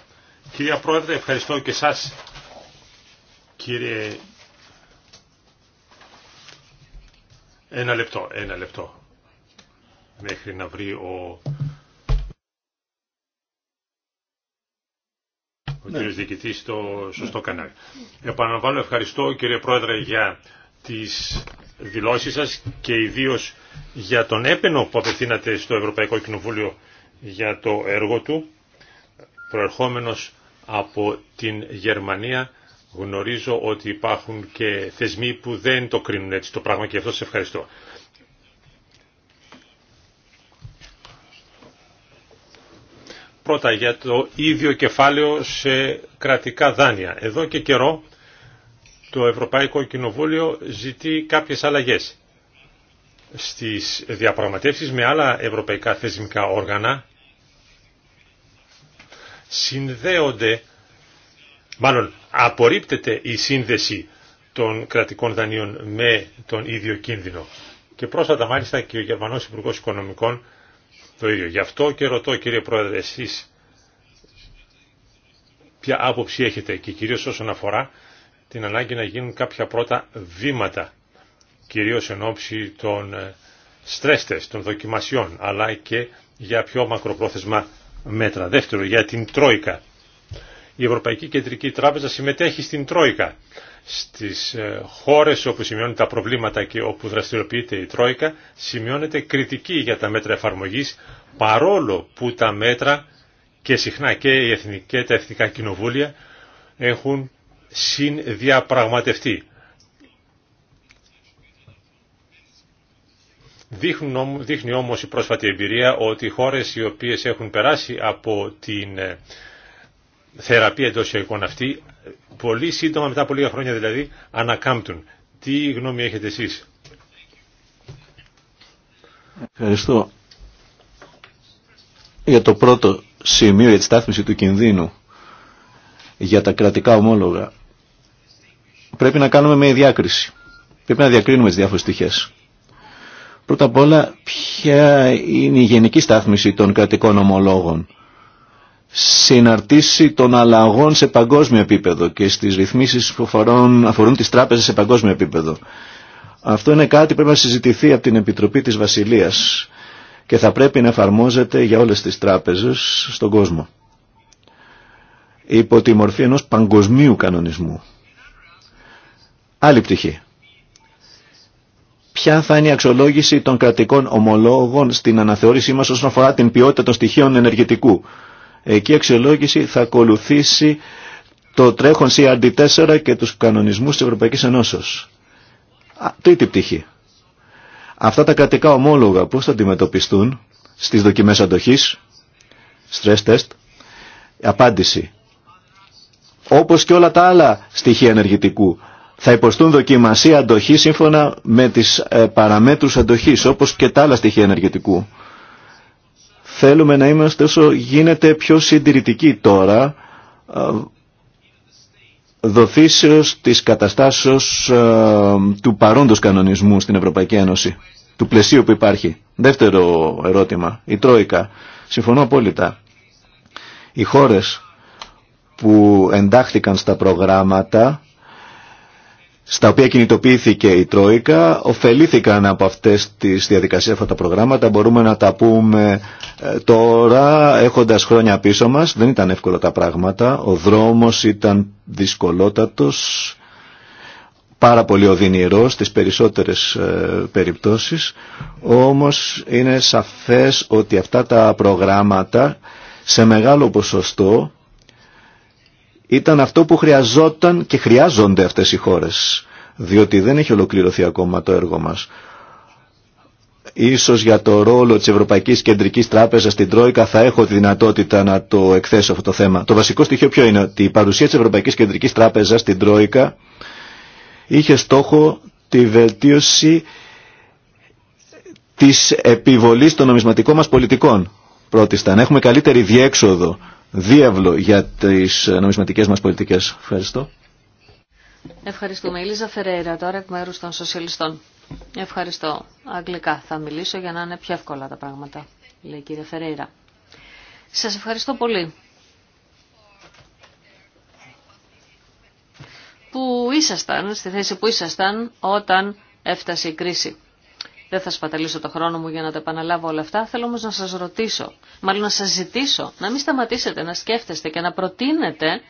Κυρία Πρόεδρε, ευχαριστώ και εσάς. Κύριε... Ένα λεπτό, ένα λεπτό. Μέχρι να βρει ο ο ναι. κύριος στο σωστό κανάλι. Επαναλαμβάνω ευχαριστώ κύριε Πρόεδρε για τις δηλώσεις σας και ιδίως για τον έπαινο που απευθύνατε στο Ευρωπαϊκό Κοινοβούλιο για το έργο του προερχόμενος από την Γερμανία γνωρίζω ότι υπάρχουν και θεσμοί που δεν το κρίνουν έτσι το πράγμα και αυτό σας ευχαριστώ. Πρώτα για το ίδιο κεφάλαιο σε κρατικά δάνεια. Εδώ και καιρό το Ευρωπαϊκό Κοινοβούλιο ζητεί κάποιες αλλαγές. Στις διαπραγματεύσεις με άλλα ευρωπαϊκά θεσμικά όργανα συνδέονται, μάλλον απορρίπτεται η σύνδεση των κρατικών δανείων με τον ίδιο κίνδυνο. Και πρόσφατα μάλιστα και ο Γερμανός Υπουργός Οικονομικών το ίδιο. Γι' αυτό και ρωτώ κύριε Πρόεδρε εσείς ποια άποψη έχετε και κυρίως όσον αφορά την ανάγκη να γίνουν κάποια πρώτα βήματα κυρίως εν ώψη των στρέστες, των δοκιμασιών αλλά και για πιο μακροπρόθεσμα μέτρα. Δεύτερο, για την Τρόικα. Η Ευρωπαϊκή Κεντρική Τράπεζα συμμετέχει στην Τρόικα στις ε, χώρες όπου σημειώνουν τα προβλήματα και όπου δραστηριοποιείται η Τρόικα σημειώνεται κριτική για τα μέτρα εφαρμογής παρόλο που τα μέτρα και συχνά και, η εθνική τα εθνικά κοινοβούλια έχουν συνδιαπραγματευτεί. Δείχνει όμως η πρόσφατη εμπειρία ότι οι χώρες οι οποίες έχουν περάσει από την ε, θεραπεία εντό εικόνα αυτή, πολύ σύντομα μετά από λίγα χρόνια δηλαδή, ανακάμπτουν. Τι γνώμη έχετε εσείς. Ευχαριστώ. Για το πρώτο σημείο, για τη στάθμιση του κινδύνου για τα κρατικά ομόλογα, πρέπει να κάνουμε με διάκριση. Πρέπει να διακρίνουμε τι διάφορε στοιχέ. Πρώτα απ' όλα, ποια είναι η γενική στάθμιση των κρατικών ομολόγων συναρτήσει των αλλαγών σε παγκόσμιο επίπεδο και στις ρυθμίσεις που αφορούν, αφορούν τις τράπεζες σε παγκόσμιο επίπεδο. Αυτό είναι κάτι που πρέπει να συζητηθεί από την Επιτροπή της Βασιλείας και θα πρέπει να εφαρμόζεται για όλες τις τράπεζες στον κόσμο. Υπό τη μορφή ενός παγκοσμίου κανονισμού. Άλλη πτυχή. Ποια θα είναι η αξιολόγηση των κρατικών ομολόγων στην αναθεώρησή μας όσον αφορά την ποιότητα των στοιχείων ενεργητικού Εκεί η αξιολόγηση θα ακολουθήσει το τρέχον CRD4 και τους κανονισμούς της Ευρωπαϊκής Ενώσεως. Τρίτη πτυχή. Αυτά τα κρατικά ομόλογα πώς θα αντιμετωπιστούν στις δοκιμές αντοχής, stress test, απάντηση. Όπως και όλα τα άλλα στοιχεία ενεργητικού θα υποστούν δοκιμασία αντοχή σύμφωνα με τις ε, παραμέτρους αντοχής όπως και τα άλλα στοιχεία ενεργητικού. Θέλουμε να είμαστε όσο γίνεται πιο συντηρητικοί τώρα, δοθήσεως της καταστάσεως του παρόντος κανονισμού στην Ευρωπαϊκή Ένωση, του πλαισίου που υπάρχει. Δεύτερο ερώτημα, η Τρόικα. Συμφωνώ απόλυτα. Οι χώρες που εντάχθηκαν στα προγράμματα στα οποία κινητοποιήθηκε η Τρόικα, ωφελήθηκαν από αυτές τις διαδικασίες, αυτά τα προγράμματα. Μπορούμε να τα πούμε ε, τώρα έχοντας χρόνια πίσω μας δεν ήταν εύκολα τα πράγματα, ο δρόμος ήταν δυσκολότατος, πάρα πολύ οδυνηρό στις περισσότερες ε, περιπτώσεις, όμως είναι σαφές ότι αυτά τα προγράμματα σε μεγάλο ποσοστό ήταν αυτό που χρειαζόταν και χρειάζονται αυτές οι χώρες διότι δεν έχει ολοκληρωθεί ακόμα το έργο μας. Ίσως για το ρόλο της Ευρωπαϊκής Κεντρικής Τράπεζας στην Τρόικα θα έχω τη δυνατότητα να το εκθέσω αυτό το θέμα. Το βασικό στοιχείο ποιο είναι ότι η παρουσία της Ευρωπαϊκής Κεντρικής Τράπεζας στην Τρόικα είχε στόχο τη βελτίωση της επιβολής των νομισματικών μας πολιτικών. Πρώτιστα, να έχουμε καλύτερη διέξοδο, δίευλο για τις νομισματικές μας πολιτικές. Ευχαριστώ. Ευχαριστούμε. Ελίζα Φεραίρα τώρα εκ μέρους των Σοσιαλιστών. Ευχαριστώ. Αγγλικά θα μιλήσω για να είναι πιο εύκολα τα πράγματα, λέει η κυρία Φερέιρα. Σας ευχαριστώ πολύ που ήσασταν, στη θέση που ήσασταν όταν έφτασε η κρίση. Δεν θα σπαταλήσω το χρόνο μου για να τα επαναλάβω όλα αυτά, θέλω όμως να σας ρωτήσω, μάλλον να σας ζητήσω, να μην σταματήσετε να σκέφτεστε και να προτείνετε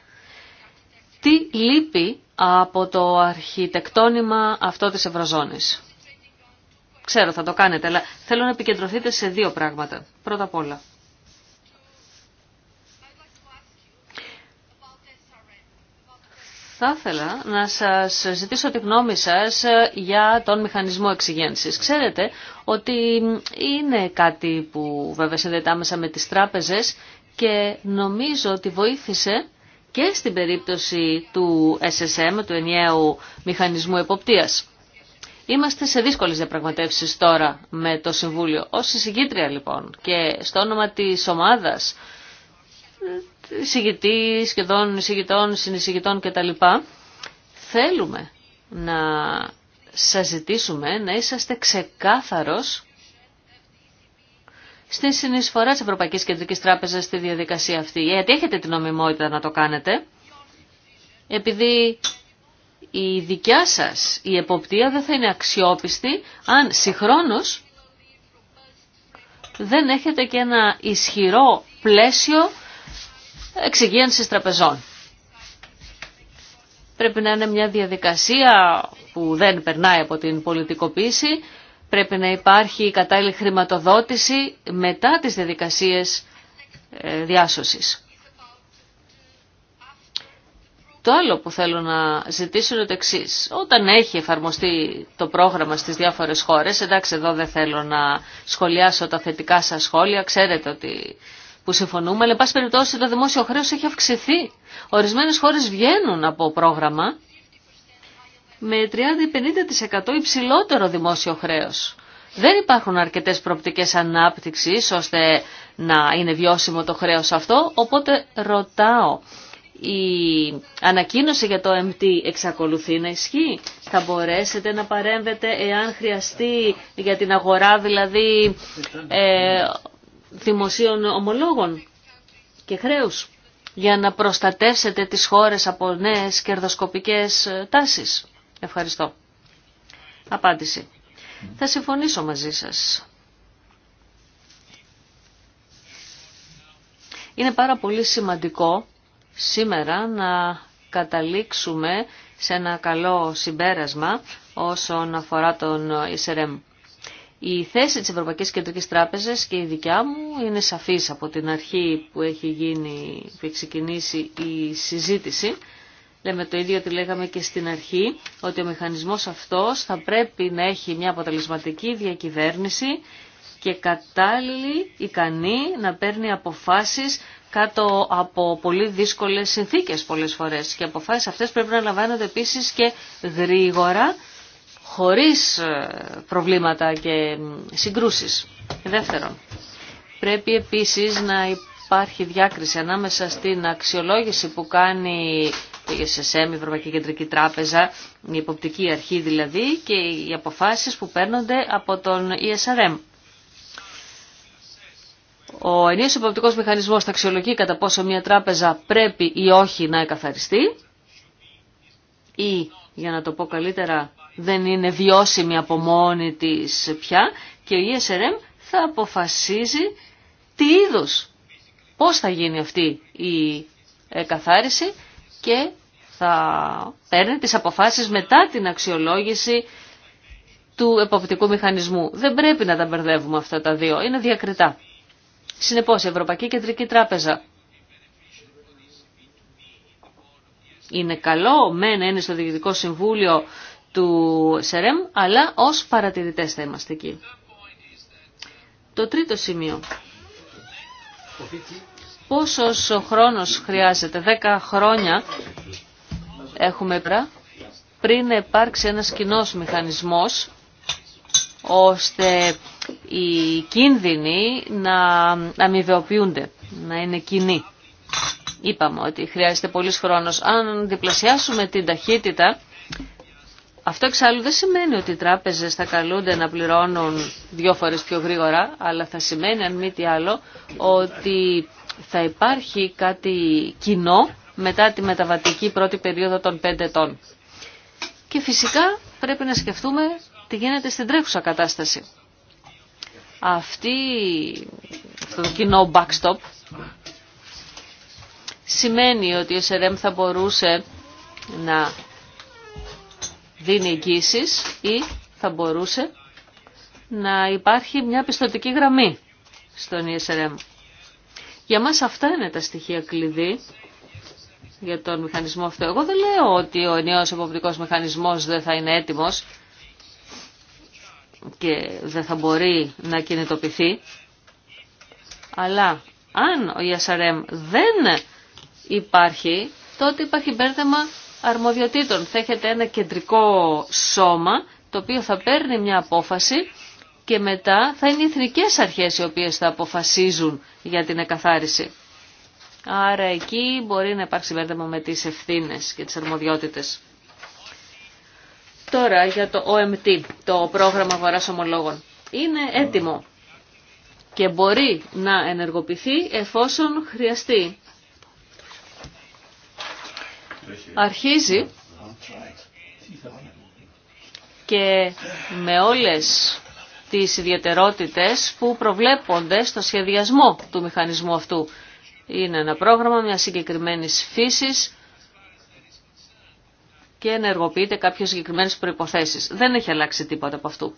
τι λείπει από το αρχιτεκτόνημα αυτό της Ευρωζώνης. Ξέρω θα το κάνετε, αλλά θέλω να επικεντρωθείτε σε δύο πράγματα. Πρώτα απ' όλα. Θα ήθελα να σας ζητήσω τη γνώμη σας ε, για τον μηχανισμό εξυγένσης. Ξέρετε ότι είναι κάτι που βέβαια συνδέεται άμεσα με τις τράπεζες και νομίζω ότι βοήθησε και στην περίπτωση του SSM, του ενιαίου μηχανισμού εποπτείας. Είμαστε σε δύσκολες διαπραγματεύσεις τώρα με το Συμβούλιο. Ως εισηγήτρια λοιπόν και στο όνομα της ομάδας, ε, εισηγητή, σχεδόν εισηγητών, συνεισηγητών κτλ. Θέλουμε να σας ζητήσουμε να είσαστε ξεκάθαρος στη συνεισφορά της Ευρωπαϊκής Κεντρικής Τράπεζας στη διαδικασία αυτή. Γιατί έχετε την νομιμότητα να το κάνετε, επειδή η δικιά σας η εποπτεία δεν θα είναι αξιόπιστη αν συγχρόνως δεν έχετε και ένα ισχυρό πλαίσιο εξυγίανσης τραπεζών. Πρέπει να είναι μια διαδικασία που δεν περνάει από την πολιτικοποίηση, πρέπει να υπάρχει κατάλληλη χρηματοδότηση μετά τις διαδικασίες ε, διάσωσης. Το άλλο που θέλω να ζητήσω είναι το εξή. Όταν έχει εφαρμοστεί το πρόγραμμα στις διάφορες χώρες, εντάξει εδώ δεν θέλω να σχολιάσω τα θετικά σας σχόλια, ξέρετε ότι που συμφωνούμε, αλλά εν πάση περιπτώσει το δημόσιο χρέος έχει αυξηθεί. Ορισμένες χώρες βγαίνουν από πρόγραμμα με 30-50% υψηλότερο δημόσιο χρέος. Δεν υπάρχουν αρκετές προοπτικές ανάπτυξης ώστε να είναι βιώσιμο το χρέος αυτό, οπότε ρωτάω η ανακοίνωση για το MT εξακολουθεί να ισχύει. Θα μπορέσετε να παρέμβετε εάν χρειαστεί για την αγορά δηλαδή ε, δημοσίων ομολόγων και χρέους για να προστατεύσετε τις χώρες από νέες κερδοσκοπικές τάσεις. Ευχαριστώ. Απάντηση. Θα συμφωνήσω μαζί σας. Είναι πάρα πολύ σημαντικό σήμερα να καταλήξουμε σε ένα καλό συμπέρασμα όσον αφορά τον ΙΣΕΡΕΜ. Η θέση της Ευρωπαϊκής Κεντρικής Τράπεζας και η δικιά μου είναι σαφής από την αρχή που έχει, γίνει, που έχει ξεκινήσει η συζήτηση. Λέμε το ίδιο ότι λέγαμε και στην αρχή, ότι ο μηχανισμός αυτός θα πρέπει να έχει μια αποτελεσματική διακυβέρνηση και κατάλληλη, ικανή να παίρνει αποφάσεις κάτω από πολύ δύσκολες συνθήκες πολλές φορές και αποφάσεις αυτές πρέπει να λαμβάνονται επίσης και γρήγορα χωρίς ε, προβλήματα και συγκρούσεις. Δεύτερον, πρέπει επίσης να υπάρχει διάκριση ανάμεσα στην αξιολόγηση που κάνει η SSM, η Ευρωπαϊκή Κεντρική Τράπεζα, η Υποπτική Αρχή δηλαδή, και οι αποφάσεις που παίρνονται από τον ESRM. Ο ενίος υποπτικός μηχανισμός θα αξιολογεί κατά πόσο μια τράπεζα πρέπει ή όχι να εκαθαριστεί ή, για να το πω καλύτερα, δεν είναι βιώσιμη από μόνη της πια και ο ESRM θα αποφασίζει τι είδους, πώς θα γίνει αυτή η εκαθάριση και θα παίρνει τις αποφάσεις μετά την αξιολόγηση του εποπτικού μηχανισμού. Δεν πρέπει να τα μπερδεύουμε αυτά τα δύο, είναι διακριτά. Συνεπώς, η Ευρωπαϊκή Κεντρική Τράπεζα είναι καλό, μεν είναι στο Διοικητικό Συμβούλιο του ΣΕΡΕΜ, αλλά ως παρατηρητές θα είμαστε εκεί. Το τρίτο σημείο. Πόσος ο χρόνος χρειάζεται, 10 χρόνια έχουμε πρα, πριν υπάρξει ένας κοινό μηχανισμός ώστε οι κίνδυνοι να αμοιβεοποιούνται, να είναι κοινοί. Είπαμε ότι χρειάζεται πολύ χρόνος. Αν διπλασιάσουμε την ταχύτητα, αυτό εξάλλου δεν σημαίνει ότι οι τράπεζες θα καλούνται να πληρώνουν δύο φορές πιο γρήγορα, αλλά θα σημαίνει αν μη τι άλλο ότι θα υπάρχει κάτι κοινό μετά τη μεταβατική πρώτη περίοδο των 5 ετών. Και φυσικά πρέπει να σκεφτούμε τι γίνεται στην τρέχουσα κατάσταση. Αυτή, αυτό το κοινό backstop σημαίνει ότι η SRM θα μπορούσε να δίνει εγγύσεις ή θα μπορούσε να υπάρχει μια πιστοτική γραμμή στον ESRM. Για μας αυτά είναι τα στοιχεία κλειδί για τον μηχανισμό αυτό. Εγώ δεν λέω ότι ο νέος εποπτικός μηχανισμός δεν θα είναι έτοιμος και δεν θα μπορεί να κινητοποιηθεί. Αλλά αν ο Ιασαρέμ δεν υπάρχει, τότε υπάρχει μπέρδεμα αρμοδιοτήτων. Θα έχετε ένα κεντρικό σώμα το οποίο θα παίρνει μια απόφαση και μετά θα είναι οι εθνικές αρχές οι οποίες θα αποφασίζουν για την εκαθάριση. Άρα εκεί μπορεί να υπάρξει μπέρδεμα με τις ευθύνες και τις αρμοδιότητες. Τώρα για το OMT, το πρόγραμμα αγοράς ομολόγων. Είναι έτοιμο και μπορεί να ενεργοποιηθεί εφόσον χρειαστεί. Αρχίζει και με όλες τις ιδιαιτερότητες που προβλέπονται στο σχεδιασμό του μηχανισμού αυτού. Είναι ένα πρόγραμμα μια συγκεκριμένης φύσης και ενεργοποιείται κάποιες συγκεκριμένε προϋποθέσεις. Δεν έχει αλλάξει τίποτα από αυτού.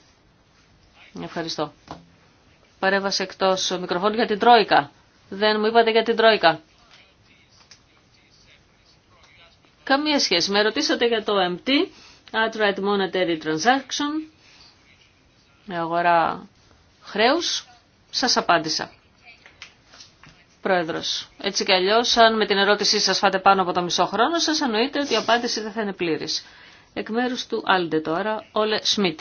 Ευχαριστώ. Παρέβασε εκτός μικροφώνου για την Τρόικα. Δεν μου είπατε για την Τρόικα. Καμία σχέση. Με ρωτήσατε για το MT, Outright Monetary Transaction, αγορά χρέους. Σας απάντησα. Πρόεδρος. Έτσι κι αλλιώς, αν με την ερώτησή σας φάτε πάνω από το μισό χρόνο σας, εννοείται ότι η απάντηση δεν θα είναι πλήρης. Εκ μέρους του Άλντε τώρα, Όλε Σμιτ.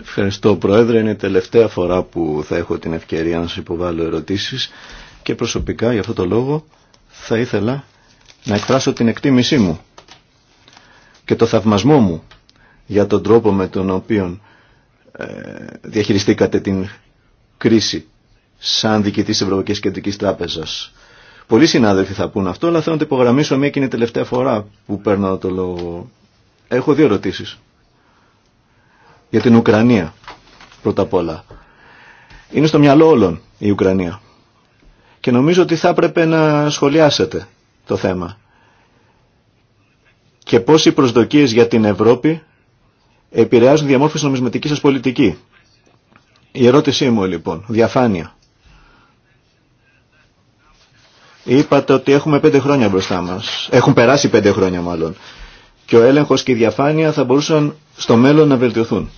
Ευχαριστώ Πρόεδρε. Είναι η τελευταία φορά που θα έχω την ευκαιρία να σας υποβάλω ερωτήσεις και προσωπικά για αυτό το λόγο θα ήθελα να εκφράσω την εκτίμησή μου και το θαυμασμό μου για τον τρόπο με τον οποίο ε, διαχειριστήκατε την κρίση σαν διοικητή τη Ευρωπαϊκή Κεντρικής Τράπεζας. Πολλοί συνάδελφοι θα πούν αυτό, αλλά θέλω να το υπογραμμίσω μια και είναι η τελευταία φορά που παίρνω το λόγο. Έχω δύο ερωτήσει. Για την Ουκρανία, πρώτα απ' όλα. Είναι στο μυαλό όλων η Ουκρανία. Και νομίζω ότι θα έπρεπε να σχολιάσετε το θέμα. Και πώς οι προσδοκίες για την Ευρώπη επηρεάζουν διαμόρφωση νομισματική σας πολιτική. Η ερώτησή μου λοιπόν, διαφάνεια. Είπατε ότι έχουμε πέντε χρόνια μπροστά μας. Έχουν περάσει πέντε χρόνια μάλλον. Και ο έλεγχος και η διαφάνεια θα μπορούσαν στο μέλλον να βελτιωθούν.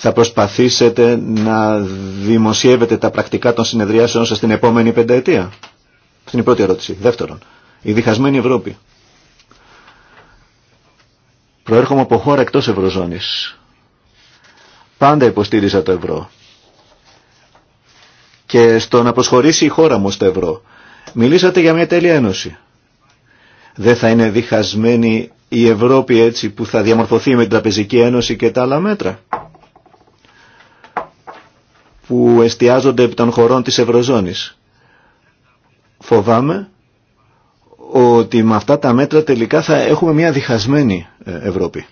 Θα προσπαθήσετε να δημοσιεύετε τα πρακτικά των συνεδριάσεων σας την επόμενη πενταετία. Αυτή είναι η πρώτη ερώτηση. Δεύτερον, η διχασμένη Ευρώπη. Προέρχομαι από χώρα εκτός Ευρωζώνης. Πάντα υποστήριζα το ευρώ και στο να προσχωρήσει η χώρα μου στο ευρώ. Μιλήσατε για μια τέλεια ένωση. Δεν θα είναι διχασμένη η Ευρώπη έτσι που θα διαμορφωθεί με την Τραπεζική Ένωση και τα άλλα μέτρα που εστιάζονται επί των χωρών της Ευρωζώνης. Φοβάμαι ότι με αυτά τα μέτρα τελικά θα έχουμε μια διχασμένη ε, Ευρώπη.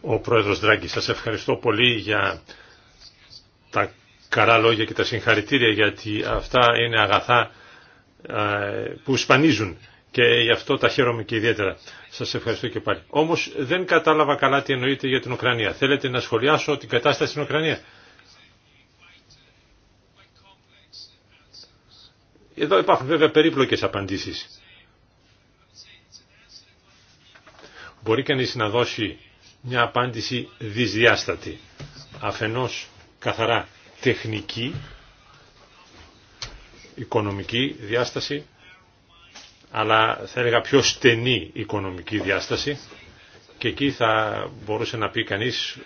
Ο Πρόεδρος Δράγκη, σας ευχαριστώ πολύ για τα καλά λόγια και τα συγχαρητήρια γιατί αυτά είναι αγαθά ε, που σπανίζουν και γι' αυτό τα χαίρομαι και ιδιαίτερα. Σας ευχαριστώ και πάλι. Όμως δεν κατάλαβα καλά τι εννοείται για την Ουκρανία. Θέλετε να σχολιάσω την κατάσταση στην Ουκρανία. Εδώ υπάρχουν βέβαια περίπλοκες απαντήσεις. Μπορεί κανείς να δώσει μια απάντηση δυσδιάστατη. Αφενός καθαρά τεχνική, οικονομική διάσταση, αλλά θα έλεγα πιο στενή οικονομική διάσταση και εκεί θα μπορούσε να πει κανείς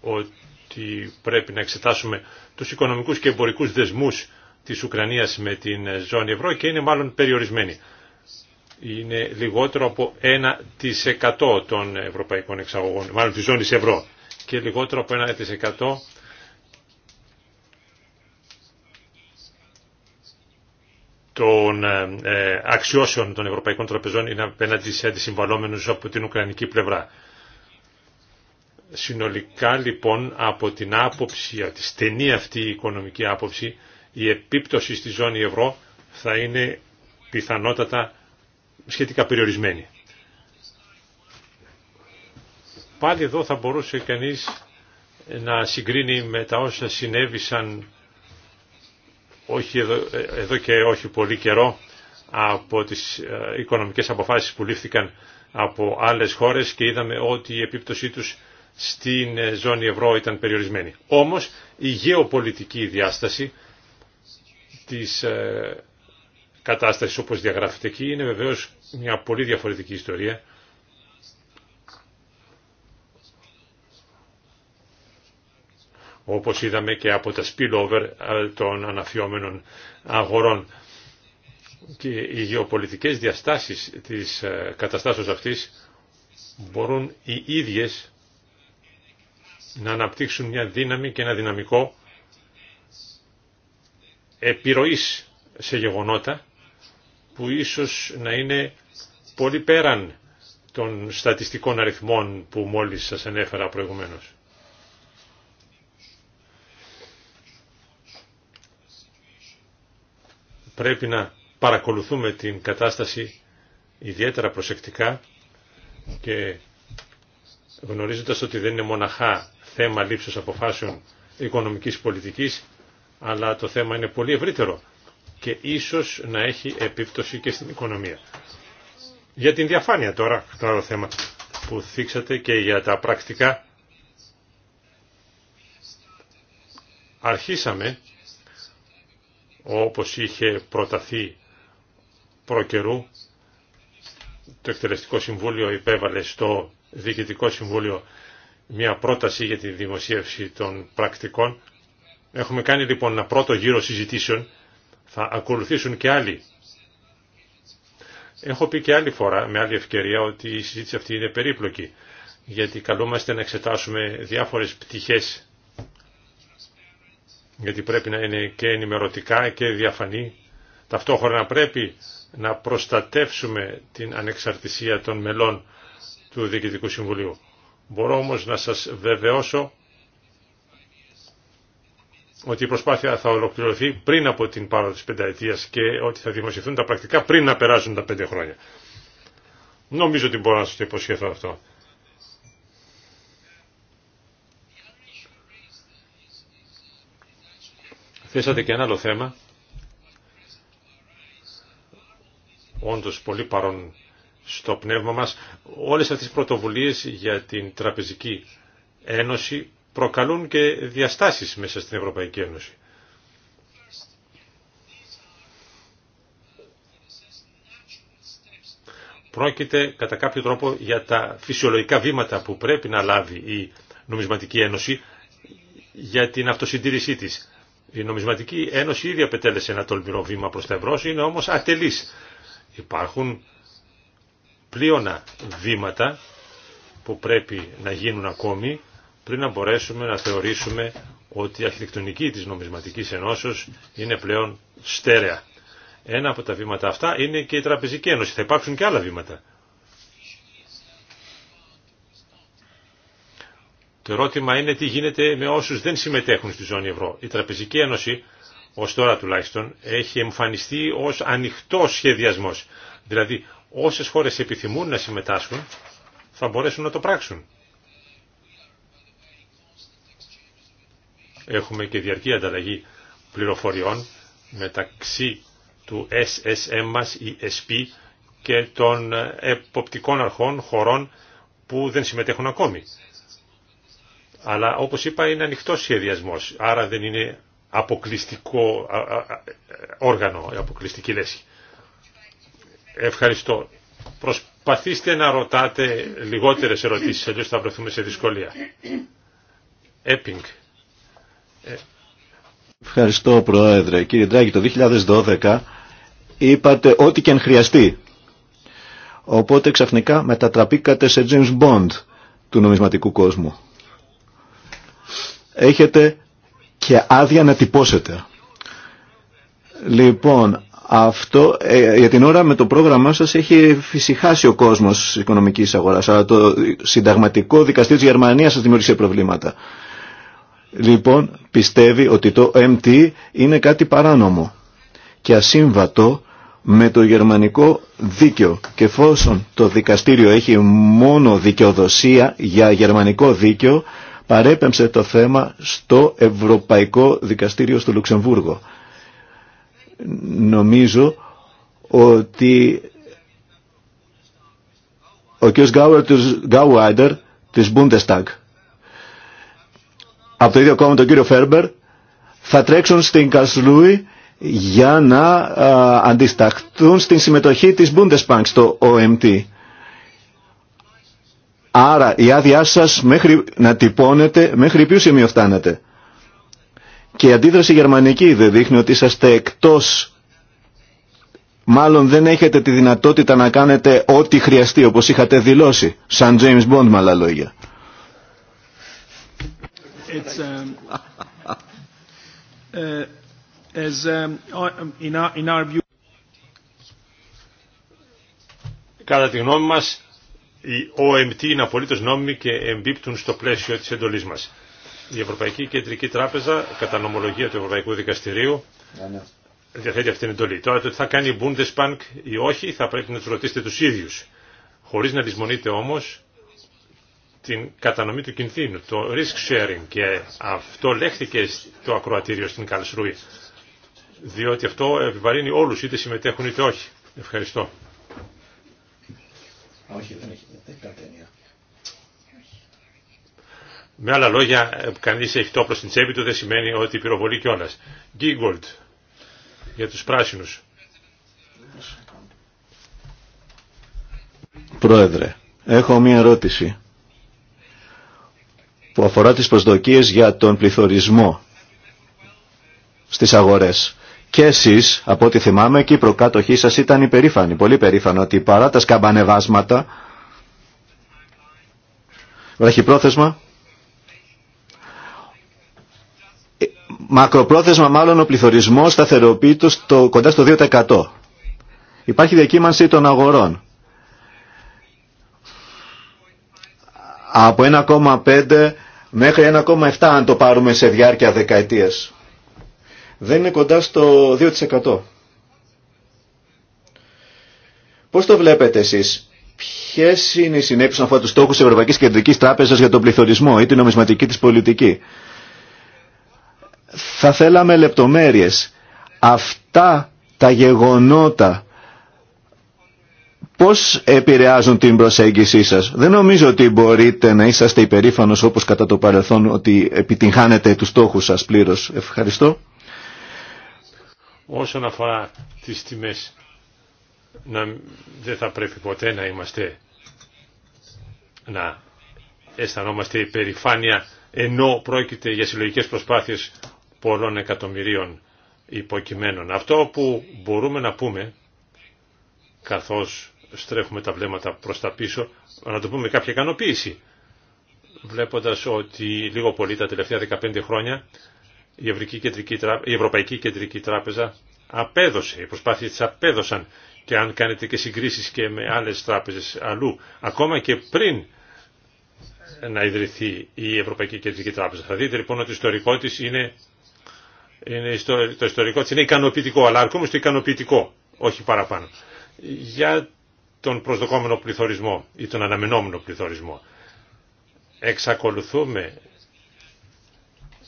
ότι πρέπει να εξετάσουμε τους οικονομικούς και εμπορικούς δεσμούς της Ουκρανίας με την ζώνη ευρώ και είναι μάλλον περιορισμένοι. Είναι λιγότερο από 1% των ευρωπαϊκών εξαγωγών, μάλλον της ζώνης ευρώ και λιγότερο από 1% των ε, ε, αξιώσεων των Ευρωπαϊκών Τραπεζών είναι απέναντι σε αντισυμβαλόμενους από την Ουκρανική πλευρά. Συνολικά λοιπόν από την άποψη, από τη στενή αυτή η οικονομική άποψη, η επίπτωση στη ζώνη ευρώ θα είναι πιθανότατα σχετικά περιορισμένη. Πάλι εδώ θα μπορούσε κανείς να συγκρίνει με τα όσα συνέβησαν όχι εδώ, ε, εδώ και όχι πολύ καιρό από τις ε, οικονομικές αποφάσεις που λήφθηκαν από άλλες χώρες και είδαμε ότι η επίπτωσή τους στην ε, ζώνη ευρώ ήταν περιορισμένη. Όμως η γεωπολιτική διάσταση της κατάστασης όπως διαγράφεται εκεί είναι βεβαίως μια πολύ διαφορετική ιστορία όπως είδαμε και από τα spillover ε, των αναφιόμενων αγορών. Και οι γεωπολιτικές διαστάσεις της ε, καταστάσεως αυτής μπορούν οι ίδιες να αναπτύξουν μια δύναμη και ένα δυναμικό επιρροής σε γεγονότα που ίσως να είναι πολύ πέραν των στατιστικών αριθμών που μόλις σας ανέφερα προηγουμένως. πρέπει να παρακολουθούμε την κατάσταση ιδιαίτερα προσεκτικά και γνωρίζοντας ότι δεν είναι μοναχά θέμα λήψης αποφάσεων οικονομικής πολιτικής, αλλά το θέμα είναι πολύ ευρύτερο και ίσως να έχει επίπτωση και στην οικονομία. Για την διαφάνεια τώρα, το θέμα που θίξατε και για τα πρακτικά, αρχίσαμε όπως είχε προταθεί προκαιρού. Το Εκτελεστικό Συμβούλιο υπέβαλε στο Διοικητικό Συμβούλιο μια πρόταση για τη δημοσίευση των πρακτικών. Έχουμε κάνει λοιπόν ένα πρώτο γύρο συζητήσεων. Θα ακολουθήσουν και άλλοι. Έχω πει και άλλη φορά, με άλλη ευκαιρία, ότι η συζήτηση αυτή είναι περίπλοκη, γιατί καλούμαστε να εξετάσουμε διάφορες πτυχές γιατί πρέπει να είναι και ενημερωτικά και διαφανή. Ταυτόχρονα πρέπει να προστατεύσουμε την ανεξαρτησία των μελών του Διοικητικού Συμβουλίου. Μπορώ όμως να σας βεβαιώσω ότι η προσπάθεια θα ολοκληρωθεί πριν από την πάροδο της πενταετίας και ότι θα δημοσιευθούν τα πρακτικά πριν να περάσουν τα πέντε χρόνια. Νομίζω ότι μπορώ να σας το υποσχεθώ αυτό. Θέσατε και ένα άλλο θέμα. Όντως πολύ παρόν στο πνεύμα μας. Όλες αυτές οι πρωτοβουλίες για την Τραπεζική Ένωση προκαλούν και διαστάσεις μέσα στην Ευρωπαϊκή Ένωση. Πρόκειται κατά κάποιο τρόπο για τα φυσιολογικά βήματα που πρέπει να λάβει η Νομισματική Ένωση για την αυτοσυντήρησή της. Η Νομισματική Ένωση ήδη απετέλεσε ένα τολμηρό βήμα προς τα ευρώ, είναι όμως ατελής. Υπάρχουν πλείονα βήματα που πρέπει να γίνουν ακόμη πριν να μπορέσουμε να θεωρήσουμε ότι η αρχιτεκτονική της νομισματικής ενώσεως είναι πλέον στέρεα. Ένα από τα βήματα αυτά είναι και η Τραπεζική Ένωση. Θα υπάρξουν και άλλα βήματα Το ερώτημα είναι τι γίνεται με όσους δεν συμμετέχουν στη ζώνη ευρώ. Η Τραπεζική Ένωση, ως τώρα τουλάχιστον, έχει εμφανιστεί ως ανοιχτός σχεδιασμός. Δηλαδή, όσες χώρες επιθυμούν να συμμετάσχουν, θα μπορέσουν να το πράξουν. Έχουμε και διαρκή ανταλλαγή πληροφοριών μεταξύ του SSM μας, η SP, και των εποπτικών αρχών χωρών που δεν συμμετέχουν ακόμη. Αλλά όπως είπα είναι ανοιχτός σχεδιασμός, άρα δεν είναι αποκλειστικό όργανο, αποκλειστική λέση. Ευχαριστώ. Προσπαθήστε να ρωτάτε λιγότερες ερωτήσεις, αλλιώς θα βρεθούμε σε δυσκολία. Έπινγκ. Ε. Ευχαριστώ Πρόεδρε. Κύριε Ντράγκη, το 2012 είπατε ό,τι και αν χρειαστεί. Οπότε ξαφνικά μετατραπήκατε σε James Bond του νομισματικού κόσμου έχετε και άδεια να τυπώσετε. Λοιπόν, αυτό ε, για την ώρα με το πρόγραμμά σας έχει φυσικάσει ο κόσμος της οικονομικής αγοράς, αλλά το συνταγματικό δικαστήριο της Γερμανίας σας δημιούργησε προβλήματα. Λοιπόν, πιστεύει ότι το MT είναι κάτι παράνομο και ασύμβατο με το γερμανικό δίκαιο και εφόσον το δικαστήριο έχει μόνο δικαιοδοσία για γερμανικό δίκαιο παρέπεμψε το θέμα στο Ευρωπαϊκό Δικαστήριο στο Λουξεμβούργο. Νομίζω ότι ο κ. Γκάουάιντερ της Bundestag από το ίδιο κόμμα τον κύριο Φέρμπερ θα τρέξουν στην κασλούη για να α, αντισταχθούν στην συμμετοχή της Bundesbank στο OMT. Άρα η άδειά σα μέχρι να τυπώνετε, μέχρι ποιο σημείο φτάνετε. Και η αντίδραση γερμανική δεν δείχνει ότι είσαστε εκτός, μάλλον δεν έχετε τη δυνατότητα να κάνετε ό,τι χρειαστεί όπως είχατε δηλώσει, σαν James Bond με άλλα λόγια. Κατά τη γνώμη μας οι OMT είναι απολύτω νόμιμοι και εμπίπτουν στο πλαίσιο τη εντολή μα. Η Ευρωπαϊκή Κεντρική Τράπεζα, κατά νομολογία του Ευρωπαϊκού Δικαστηρίου, ναι, ναι. διαθέτει αυτή την εντολή. Τώρα το ότι θα κάνει η Bundesbank ή όχι θα πρέπει να του ρωτήσετε του ίδιου. Χωρί να λησμονείτε όμω την κατανομή του κινδύνου, το risk sharing και αυτό λέχθηκε στο ακροατήριο στην Καλσρούη. Διότι αυτό επιβαρύνει όλου είτε συμμετέχουν είτε όχι. Ευχαριστώ δεν Με άλλα λόγια, ε, κανείς έχει το όπλο στην τσέπη του, δεν σημαίνει ότι πυροβολεί κιόλα. Γκίγκολτ, για τους πράσινους. Πρόεδρε, έχω μία ερώτηση που αφορά τις προσδοκίες για τον πληθωρισμό στις αγορές. Και εσείς, από ό,τι θυμάμαι, και οι προκάτοχοί σας ήταν υπερήφανοι, πολύ περήφανοι, ότι παρά τα σκαμπανεβάσματα, βραχυπρόθεσμα, ε, μακροπρόθεσμα μάλλον ο πληθωρισμός σταθεροποιείται στο, κοντά στο 2%. Υπάρχει διακύμανση των αγορών. Από 1,5 μέχρι 1,7 αν το πάρουμε σε διάρκεια δεκαετίας δεν είναι κοντά στο 2%. Πώς το βλέπετε εσείς, ποιες είναι οι συνέπειες αφορά τους στόχους της Ευρωπαϊκής Κεντρικής Τράπεζας για τον πληθωρισμό ή την νομισματική της πολιτική. Θα θέλαμε λεπτομέρειες. Αυτά τα γεγονότα πώς επηρεάζουν την προσέγγισή σας. Δεν νομίζω ότι μπορείτε να είσαστε υπερήφανος όπως κατά το παρελθόν ότι επιτυγχάνετε τους στόχους σας πλήρως. Ευχαριστώ. Όσον αφορά τις τιμές, να, δεν θα πρέπει ποτέ να είμαστε να αισθανόμαστε υπερηφάνεια ενώ πρόκειται για συλλογικές προσπάθειες πολλών εκατομμυρίων υποκειμένων. Αυτό που μπορούμε να πούμε, καθώς στρέφουμε τα βλέμματα προς τα πίσω, να το πούμε κάποια ικανοποίηση, βλέποντας ότι λίγο πολύ τα τελευταία 15 χρόνια η, Ευρωπαϊκή Κεντρική Τράπεζα απέδωσε, οι προσπάθειες της απέδωσαν και αν κάνετε και συγκρίσεις και με άλλες τράπεζες αλλού, ακόμα και πριν να ιδρυθεί η Ευρωπαϊκή Κεντρική Τράπεζα. Θα δείτε λοιπόν ότι το ιστορικό της είναι, είναι το ιστορικό είναι ικανοποιητικό, αλλά αρκούμε στο ικανοποιητικό, όχι παραπάνω. Για τον προσδοκόμενο πληθωρισμό ή τον αναμενόμενο πληθωρισμό. Εξακολουθούμε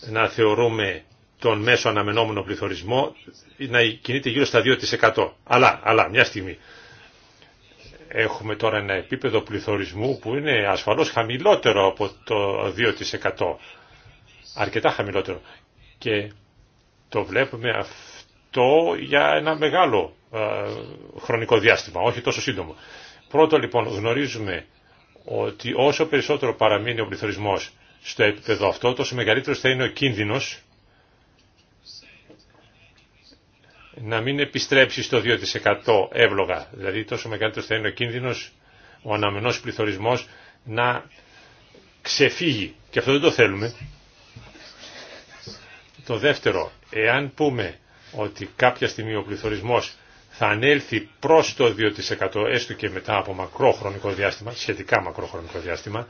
να θεωρούμε τον μέσο αναμενόμενο πληθωρισμό να κινείται γύρω στα 2%. Αλλά, αλλά, μια στιγμή. Έχουμε τώρα ένα επίπεδο πληθωρισμού που είναι ασφαλώς χαμηλότερο από το 2%. Αρκετά χαμηλότερο. Και το βλέπουμε αυτό για ένα μεγάλο ε, χρονικό διάστημα, όχι τόσο σύντομο. Πρώτο λοιπόν γνωρίζουμε ότι όσο περισσότερο παραμείνει ο πληθωρισμός στο επίπεδο αυτό, τόσο μεγαλύτερο θα είναι ο κίνδυνος να μην επιστρέψει στο 2% εύλογα. Δηλαδή τόσο μεγαλύτερο θα είναι ο κίνδυνος, ο αναμενό πληθωρισμός να ξεφύγει. Και αυτό δεν το θέλουμε. Το δεύτερο, εάν πούμε ότι κάποια στιγμή ο πληθωρισμός θα ανέλθει προς το 2% έστω και μετά από μακρόχρονικο διάστημα, σχετικά μακρόχρονικο διάστημα,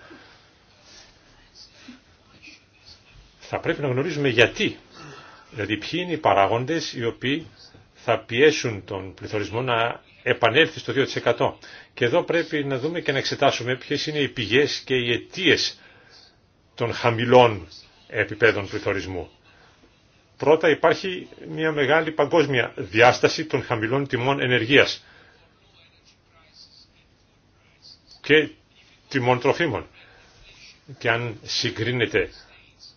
θα πρέπει να γνωρίζουμε γιατί. Δηλαδή ποιοι είναι οι παράγοντες οι οποίοι θα πιέσουν τον πληθωρισμό να επανέλθει στο 2%. Και εδώ πρέπει να δούμε και να εξετάσουμε ποιες είναι οι πηγές και οι αιτίες των χαμηλών επιπέδων πληθωρισμού. Πρώτα υπάρχει μια μεγάλη παγκόσμια διάσταση των χαμηλών τιμών ενεργείας και τιμών τροφίμων. Και αν συγκρίνεται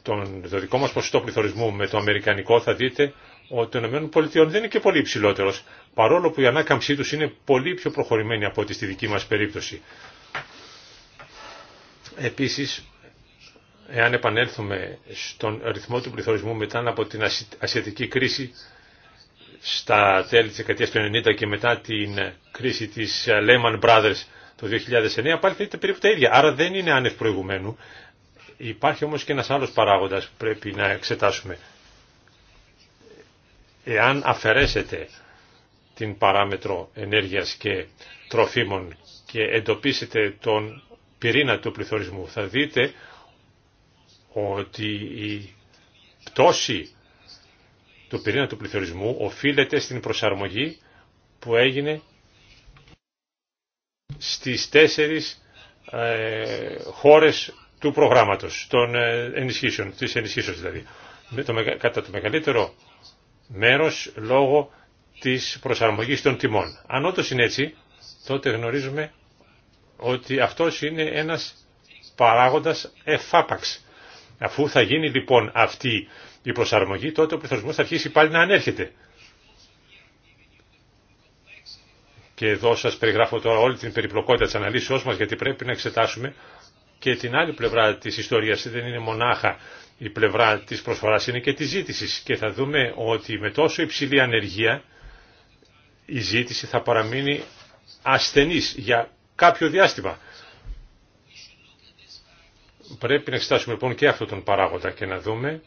τον, το δικό μας ποσοστό πληθωρισμού με το αμερικανικό θα δείτε ότι των ΗΠΑ δεν είναι και πολύ υψηλότερο, παρόλο που η ανάκαμψή του είναι πολύ πιο προχωρημένη από ό,τι στη δική μα περίπτωση. Επίση, εάν επανέλθουμε στον ρυθμό του πληθωρισμού μετά από την ασιατική κρίση, στα τέλη τη δεκαετία του 90 και μετά την κρίση τη Lehman Brothers το 2009, πάλι θα περίπου τα ίδια. Άρα δεν είναι άνευ προηγουμένου. Υπάρχει όμως και ένας άλλος παράγοντας που πρέπει να εξετάσουμε. Εάν αφαιρέσετε την παράμετρο ενέργειας και τροφίμων και εντοπίσετε τον πυρήνα του πληθωρισμού, θα δείτε ότι η πτώση του πυρήνα του πληθωρισμού οφείλεται στην προσαρμογή που έγινε στις τέσσερις ε, χώρες του προγράμματος, των ε, ενισχύσεων, της ενισχύσεως δηλαδή, το, κατά το μεγαλύτερο μέρος λόγω της προσαρμογής των τιμών. Αν όντως είναι έτσι, τότε γνωρίζουμε ότι αυτός είναι ένας παράγοντας εφάπαξ. Αφού θα γίνει λοιπόν αυτή η προσαρμογή, τότε ο πληθωρισμός θα αρχίσει πάλι να ανέρχεται. Και εδώ σας περιγράφω τώρα όλη την περιπλοκότητα της αναλύσεώς μας, γιατί πρέπει να εξετάσουμε και την άλλη πλευρά της ιστορίας δεν είναι μονάχα η πλευρά της προσφοράς είναι και της ζήτησης και θα δούμε ότι με τόσο υψηλή ανεργία η ζήτηση θα παραμείνει ασθενής για κάποιο διάστημα. Πρέπει να εξετάσουμε λοιπόν και αυτόν τον παράγοντα και να δούμε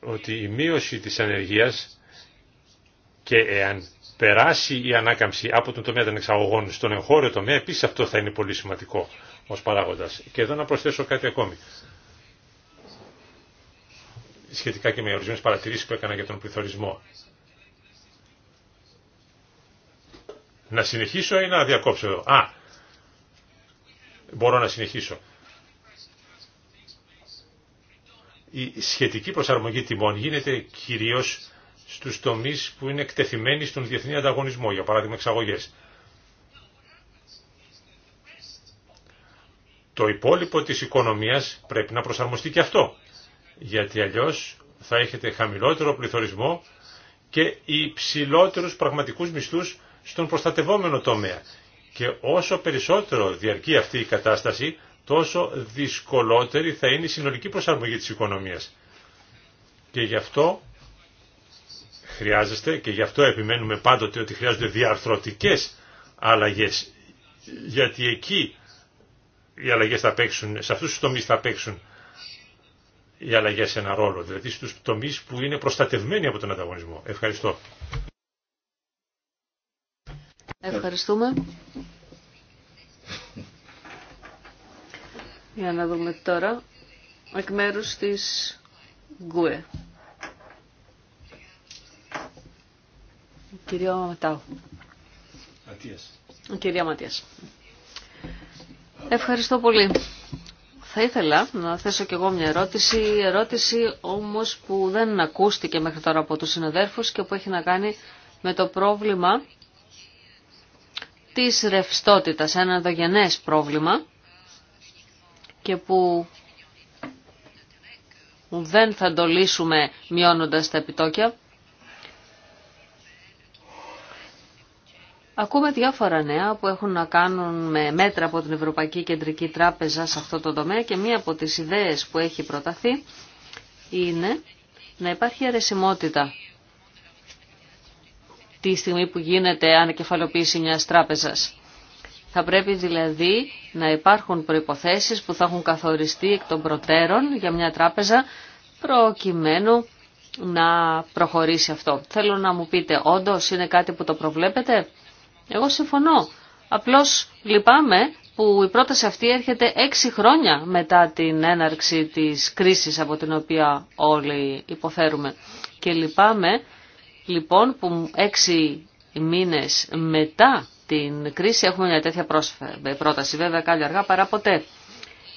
ότι η μείωση της ανεργίας και εάν περάσει η ανάκαμψη από τον τομέα των εξαγωγών στον εγχώριο τομέα, επίσης αυτό θα είναι πολύ σημαντικό ως παράγοντας. Και εδώ να προσθέσω κάτι ακόμη. Σχετικά και με ορισμένες παρατηρήσεις που έκανα για τον πληθωρισμό. Να συνεχίσω ή να διακόψω εδώ. Α, μπορώ να συνεχίσω. Η σχετική προσαρμογή τιμών γίνεται κυρίως στους τομείς που είναι εκτεθειμένοι στον διεθνή ανταγωνισμό, για παράδειγμα εξαγωγές. το υπόλοιπο της οικονομίας πρέπει να προσαρμοστεί και αυτό. Γιατί αλλιώς θα έχετε χαμηλότερο πληθωρισμό και υψηλότερους πραγματικούς μισθούς στον προστατευόμενο τομέα. Και όσο περισσότερο διαρκεί αυτή η κατάσταση, τόσο δυσκολότερη θα είναι η συνολική προσαρμογή της οικονομίας. Και γι' αυτό χρειάζεστε, και γι' αυτό επιμένουμε πάντοτε ότι χρειάζονται διαρθρωτικές αλλαγές, γιατί εκεί οι αλλαγές θα παίξουν, σε αυτούς τους τομείς θα παίξουν οι αλλαγές ένα ρόλο, δηλαδή στους τομείς που είναι προστατευμένοι από τον ανταγωνισμό. Ευχαριστώ. Ευχαριστούμε. Για να δούμε τώρα εκ μέρους της ΓΚΟΕ. Κυρία Ματάου. Ματίας. Κυρία Ματίας. Ευχαριστώ πολύ. Θα ήθελα να θέσω κι εγώ μια ερώτηση, ερώτηση όμως που δεν ακούστηκε μέχρι τώρα από τους συναδέρφους και που έχει να κάνει με το πρόβλημα της ρευστότητας, ένα ενδογενές πρόβλημα και που δεν θα το λύσουμε μειώνοντας τα επιτόκια. Ακούμε διάφορα νέα που έχουν να κάνουν με μέτρα από την Ευρωπαϊκή Κεντρική Τράπεζα σε αυτό το τομέα και μία από τις ιδέες που έχει προταθεί είναι να υπάρχει αρεσιμότητα τη στιγμή που γίνεται ανακεφαλοποίηση μια τράπεζας. Θα πρέπει δηλαδή να υπάρχουν προϋποθέσεις που θα έχουν καθοριστεί εκ των προτέρων για μια τράπεζα προκειμένου να προχωρήσει αυτό. Θέλω να μου πείτε, όντως είναι κάτι που το προβλέπετε εγώ συμφωνώ. Απλώς λυπάμαι που η πρόταση αυτή έρχεται έξι χρόνια μετά την έναρξη της κρίσης από την οποία όλοι υποφέρουμε. Και λυπάμαι λοιπόν που έξι μήνες μετά την κρίση έχουμε μια τέτοια ε, πρόταση. Βέβαια καλή αργά παρά ποτέ.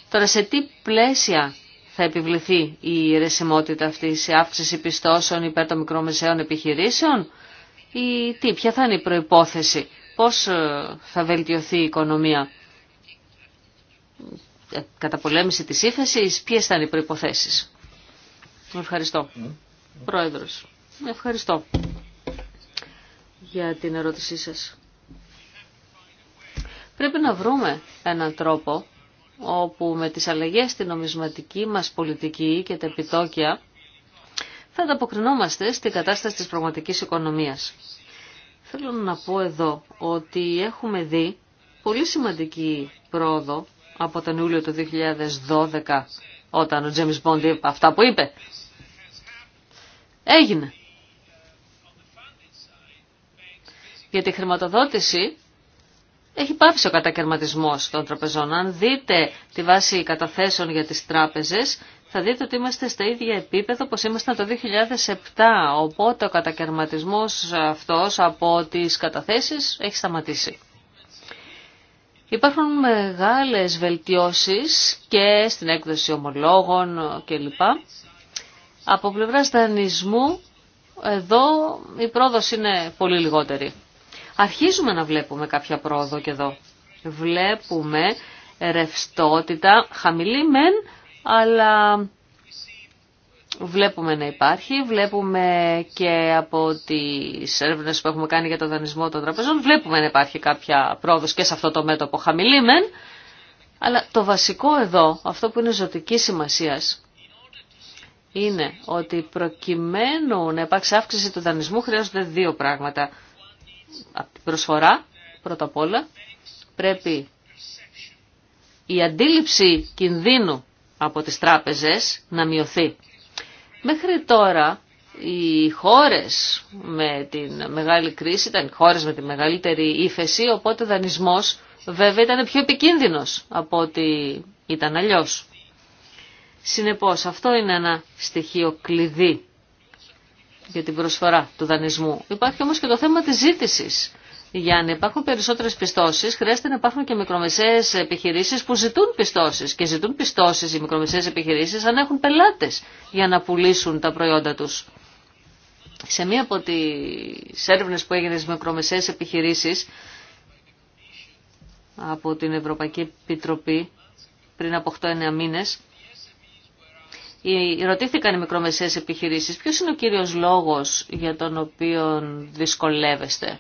Τώρα σε τι πλαίσια θα επιβληθεί η ρεσιμότητα αυτή σε αύξηση πιστώσεων υπέρ των μικρομεσαίων επιχειρήσεων ή τι, ποια θα είναι η προϋπόθεση, πώς ε, θα βελτιωθεί η οικονομία. Ε, Καταπολέμηση της ύφεσης, ποιες θα είναι οι προϋποθέσεις. Ευχαριστώ. Πρόεδρος, ευχαριστώ για την ερώτησή σας. Πρέπει να βρούμε έναν τρόπο όπου με τις αλλαγές στην νομισματική μας πολιτική και τα επιτόκια θα ανταποκρινόμαστε στην κατάσταση της πραγματικής οικονομίας. Θέλω να πω εδώ ότι έχουμε δει πολύ σημαντική πρόοδο από τον Ιούλιο του 2012 όταν ο Τζέμις Μπόντ είπε αυτά που είπε. Έγινε. Για τη χρηματοδότηση έχει πάψει ο κατακαιρματισμός των τραπεζών. Αν δείτε τη βάση καταθέσεων για τις τράπεζες, θα δείτε ότι είμαστε στα ίδια επίπεδο όπως ήμασταν το 2007, οπότε ο κατακαιρματισμός αυτός από τις καταθέσεις έχει σταματήσει. Υπάρχουν μεγάλες βελτιώσεις και στην έκδοση ομολόγων κλπ. Από πλευρά δανεισμού εδώ η πρόοδος είναι πολύ λιγότερη. Αρχίζουμε να βλέπουμε κάποια πρόοδο και εδώ. Βλέπουμε ρευστότητα χαμηλή μεν, αλλά βλέπουμε να υπάρχει, βλέπουμε και από τις έρευνε που έχουμε κάνει για το δανεισμό των τραπεζών, βλέπουμε να υπάρχει κάποια πρόοδος και σε αυτό το μέτωπο χαμηλή μεν, αλλά το βασικό εδώ, αυτό που είναι ζωτική σημασίας, είναι ότι προκειμένου να υπάρξει αύξηση του δανεισμού χρειάζονται δύο πράγματα. Από την προσφορά, πρώτα απ' όλα, πρέπει η αντίληψη κινδύνου από τις τράπεζες να μειωθεί. Μέχρι τώρα οι χώρες με τη μεγάλη κρίση ήταν χώρες με τη μεγαλύτερη ύφεση, οπότε ο δανεισμός βέβαια ήταν πιο επικίνδυνος από ότι ήταν αλλιώς. Συνεπώς αυτό είναι ένα στοιχείο κλειδί για την προσφορά του δανεισμού. Υπάρχει όμως και το θέμα της ζήτησης για να υπάρχουν περισσότερες πιστώσεις χρειάζεται να υπάρχουν και μικρομεσαίες επιχειρήσεις που ζητούν πιστώσεις και ζητούν πιστώσεις οι μικρομεσαίες επιχειρήσεις αν έχουν πελάτες για να πουλήσουν τα προϊόντα τους. Σε μία από τις έρευνες που έγινε στις μικρομεσαίες επιχειρήσεις από την Ευρωπαϊκή Επιτροπή πριν από 8-9 μήνες ρωτήθηκαν οι μικρομεσαίες επιχειρήσεις ποιος είναι ο κύριος λόγος για τον οποίο δυσκολεύεστε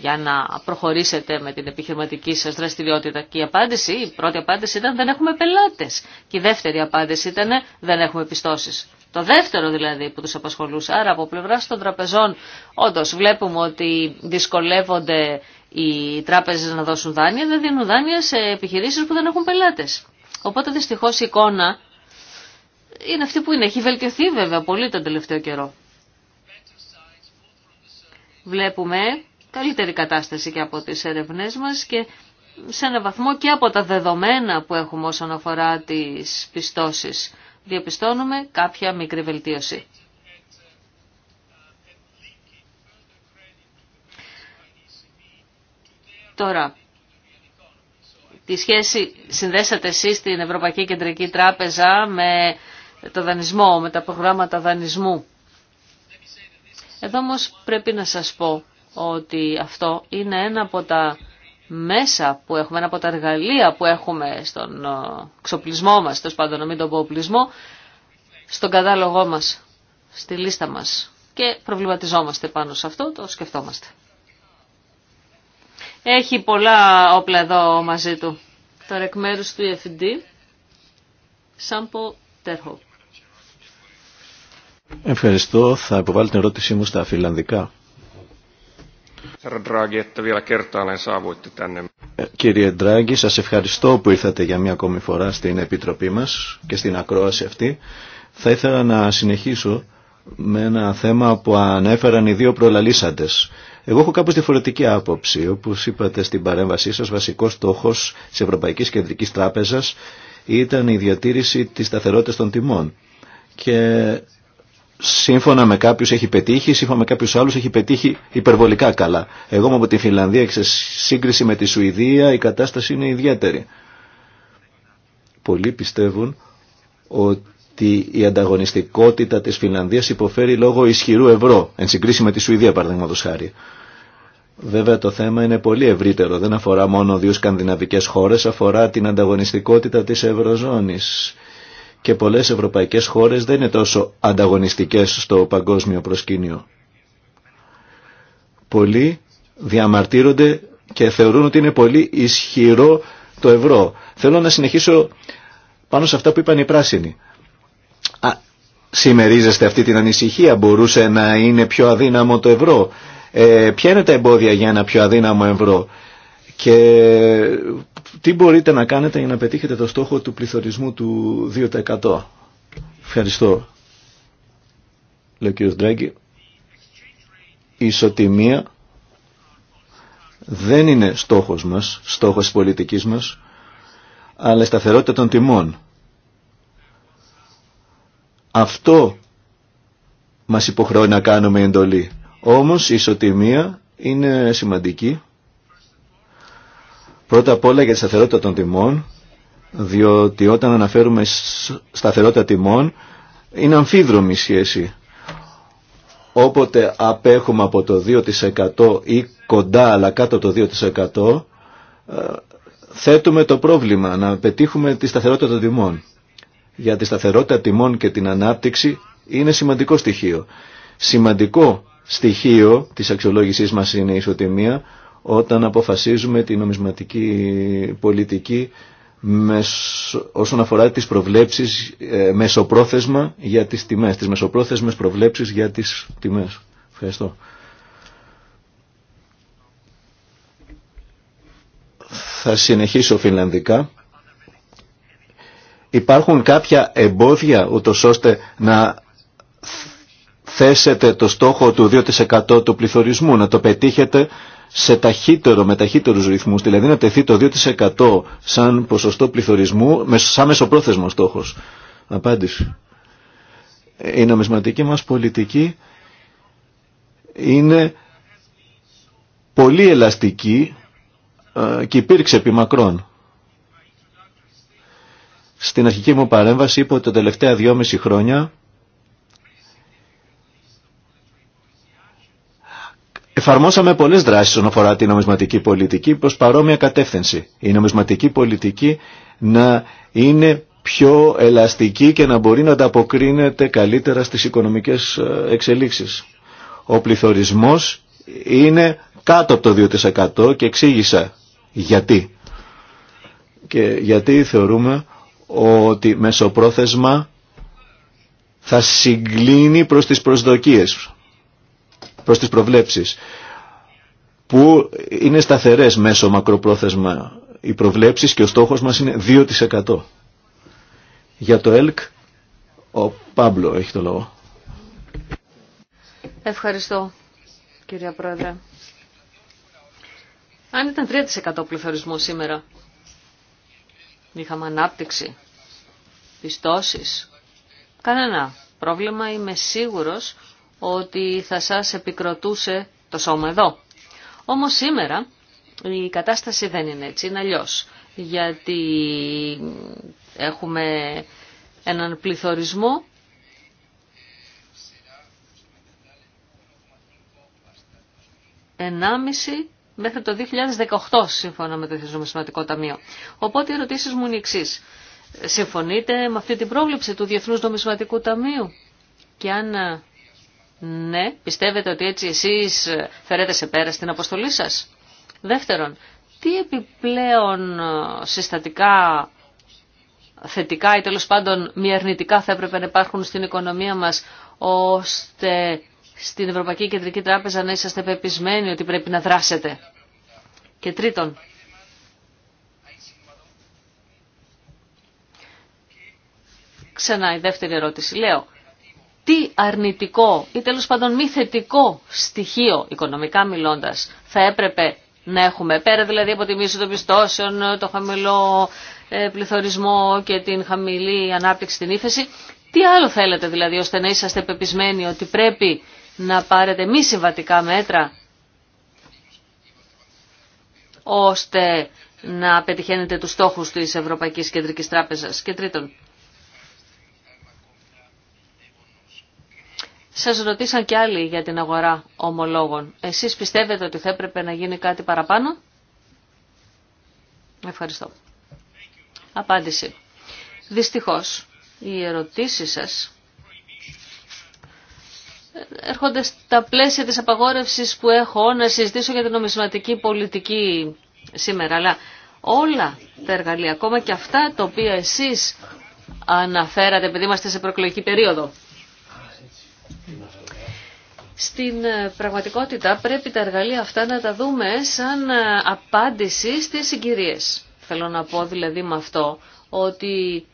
για να προχωρήσετε με την επιχειρηματική σας δραστηριότητα. Και η απάντηση, η πρώτη απάντηση ήταν δεν έχουμε πελάτες. Και η δεύτερη απάντηση ήταν δεν έχουμε πιστώσεις. Το δεύτερο δηλαδή που τους απασχολούσε. Άρα από πλευράς των τραπεζών όντω βλέπουμε ότι δυσκολεύονται οι τράπεζες να δώσουν δάνεια, δεν δίνουν δάνεια σε επιχειρήσεις που δεν έχουν πελάτες. Οπότε δυστυχώς η εικόνα είναι αυτή που είναι. Έχει βελτιωθεί βέβαια πολύ τον τελευταίο καιρό. Βλέπουμε καλύτερη κατάσταση και από τις ερευνές μας και σε ένα βαθμό και από τα δεδομένα που έχουμε όσον αφορά τις πιστώσεις. Διαπιστώνουμε κάποια μικρή βελτίωση. Τώρα, τη σχέση συνδέσατε εσείς την Ευρωπαϊκή Κεντρική Τράπεζα με το δανεισμό, με τα προγράμματα δανεισμού. Εδώ όμως πρέπει να σας πω ότι αυτό είναι ένα από τα μέσα που έχουμε, ένα από τα εργαλεία που έχουμε στον ε, ξοπλισμό μας, τόσο πάντων να μην τον πω στον κατάλογό μας, στη λίστα μας. Και προβληματιζόμαστε πάνω σε αυτό, το σκεφτόμαστε. Έχει πολλά όπλα εδώ μαζί του. Τώρα εκ μέρους του EFD, Σάμπο Τέρχο. Ευχαριστώ. Θα υποβάλω την ερώτησή μου στα φιλανδικά. Ε, κύριε Ντράγκη, σας ευχαριστώ που ήρθατε για μία ακόμη φορά στην Επιτροπή μας και στην ακρόαση αυτή. Θα ήθελα να συνεχίσω με ένα θέμα που ανέφεραν οι δύο προλαλήσαντες. Εγώ έχω κάπως διαφορετική άποψη. Όπως είπατε στην παρέμβασή σας, βασικός στόχος της ευρωπαϊκή Κεντρικής Τράπεζας ήταν η διατήρηση της σταθερότητας των τιμών. Και σύμφωνα με κάποιους έχει πετύχει, σύμφωνα με κάποιους άλλους έχει πετύχει υπερβολικά καλά. Εγώ είμαι από τη Φινλανδία σε σύγκριση με τη Σουηδία η κατάσταση είναι ιδιαίτερη. Πολλοί πιστεύουν ότι η ανταγωνιστικότητα της Φιλανδίας υποφέρει λόγω ισχυρού ευρώ, εν συγκρίση με τη Σουηδία παραδείγματο χάρη. Βέβαια το θέμα είναι πολύ ευρύτερο, δεν αφορά μόνο δύο σκανδιναβικές χώρες, αφορά την ανταγωνιστικότητα της Ευρωζώνης και πολλές ευρωπαϊκές χώρες δεν είναι τόσο ανταγωνιστικές στο παγκόσμιο προσκήνιο. Πολλοί διαμαρτύρονται και θεωρούν ότι είναι πολύ ισχυρό το ευρώ. Θέλω να συνεχίσω πάνω σε αυτά που είπαν οι πράσινοι. Α, αυτή την ανησυχία, μπορούσε να είναι πιο αδύναμο το ευρώ. Ε, ποια είναι τα εμπόδια για ένα πιο αδύναμο ευρώ και τι μπορείτε να κάνετε για να πετύχετε το στόχο του πληθωρισμού του 2%. Ευχαριστώ. λέει ο Ντράγκη. Η ισοτιμία δεν είναι στόχος μας, στόχος της πολιτικής μας, αλλά η σταθερότητα των τιμών. Αυτό μας υποχρεώνει να κάνουμε εντολή. Όμως η ισοτιμία είναι σημαντική Πρώτα απ' όλα για τη σταθερότητα των τιμών, διότι όταν αναφέρουμε σταθερότητα τιμών, είναι αμφίδρομη η σχέση. Όποτε απέχουμε από το 2% ή κοντά αλλά κάτω το 2%, ε, θέτουμε το πρόβλημα να πετύχουμε τη σταθερότητα των τιμών. Για τη σταθερότητα τιμών και την ανάπτυξη είναι σημαντικό στοιχείο. Σημαντικό στοιχείο της αξιολόγησής μας είναι η ισοτιμία, όταν αποφασίζουμε την νομισματική πολιτική όσον αφορά τις προβλέψεις ε, μεσοπρόθεσμα για τις τιμές, τις μεσοπρόθεσμες προβλέψεις για τις τιμές. Ευχαριστώ. Θα συνεχίσω φιλανδικά. Υπάρχουν κάποια εμπόδια ούτως ώστε να θέσετε το στόχο του 2% του πληθωρισμού, να το πετύχετε σε ταχύτερο, με ταχύτερου ρυθμού, δηλαδή να τεθεί το 2% σαν ποσοστό πληθωρισμού, σαν μεσοπρόθεσμο στόχο. Απάντηση. Ε, η νομισματική μα πολιτική είναι πολύ ελαστική ε, και υπήρξε επί μακρόν. Στην αρχική μου παρέμβαση είπα ότι τα τελευταία δυόμιση χρόνια Εφαρμόσαμε πολλές δράσεις όσον αφορά την νομισματική πολιτική προς παρόμοια κατεύθυνση. Η νομισματική πολιτική να είναι πιο ελαστική και να μπορεί να ανταποκρίνεται καλύτερα στις οικονομικές ε, εξελίξεις. Ο πληθωρισμός είναι κάτω από το 2% και εξήγησα γιατί. Και γιατί θεωρούμε ότι μεσοπρόθεσμα θα συγκλίνει προς τις προσδοκίες προς τις προβλέψεις που είναι σταθερές μέσω μακροπρόθεσμα οι προβλέψεις και ο στόχος μας είναι 2%. Για το ΕΛΚ, ο Πάμπλο έχει το λόγο. Ευχαριστώ, κυρία Πρόεδρε. Αν ήταν 3% πληθωρισμό σήμερα, είχαμε ανάπτυξη, πιστώσεις, κανένα πρόβλημα, είμαι σίγουρος ότι θα σας επικροτούσε το σώμα εδώ. Όμως σήμερα η κατάσταση δεν είναι έτσι, είναι αλλιώς. Γιατί έχουμε έναν πληθωρισμό ενάμιση μέχρι το 2018 σύμφωνα με το Διεθνές Ταμείο. Οπότε οι ερωτήσεις μου είναι Συμφωνείτε με αυτή την πρόβλεψη του Διεθνούς Νομισματικού Ταμείου και αν ναι, πιστεύετε ότι έτσι εσείς φερέτε σε πέρα στην αποστολή σας. Δεύτερον, τι επιπλέον ε, συστατικά θετικά ή τέλος πάντων μη αρνητικά θα έπρεπε να υπάρχουν στην οικονομία μας ώστε στην Ευρωπαϊκή Κεντρική Τράπεζα να είσαστε πεπισμένοι ότι πρέπει να δράσετε. Και τρίτον, ξανά η δεύτερη ερώτηση. Λέω, τι αρνητικό ή τέλο πάντων μη θετικό στοιχείο οικονομικά μιλώντας θα έπρεπε να έχουμε πέρα δηλαδή από τη μίση των πιστώσεων, το χαμηλό ε, πληθωρισμό και την χαμηλή ανάπτυξη στην ύφεση. Τι άλλο θέλετε δηλαδή ώστε να είσαστε πεπισμένοι ότι πρέπει να πάρετε μη συμβατικά μέτρα ώστε να πετυχαίνετε τους στόχους της Ευρωπαϊκής Κεντρικής Τράπεζας. Και τρίτον, Σας ρωτήσαν και άλλοι για την αγορά ομολόγων. Εσείς πιστεύετε ότι θα έπρεπε να γίνει κάτι παραπάνω? Ευχαριστώ. Απάντηση. Δυστυχώς, οι ερωτήσεις σας έρχονται στα πλαίσια της απαγόρευσης που έχω να συζητήσω για την νομισματική πολιτική σήμερα. Αλλά όλα τα εργαλεία, ακόμα και αυτά τα οποία εσείς αναφέρατε, επειδή είμαστε σε προκλογική περίοδο, στην ε, πραγματικότητα πρέπει τα εργαλεία αυτά να τα δούμε σαν ε, απάντηση στις συγκυρίες. Θέλω να πω δηλαδή με αυτό ότι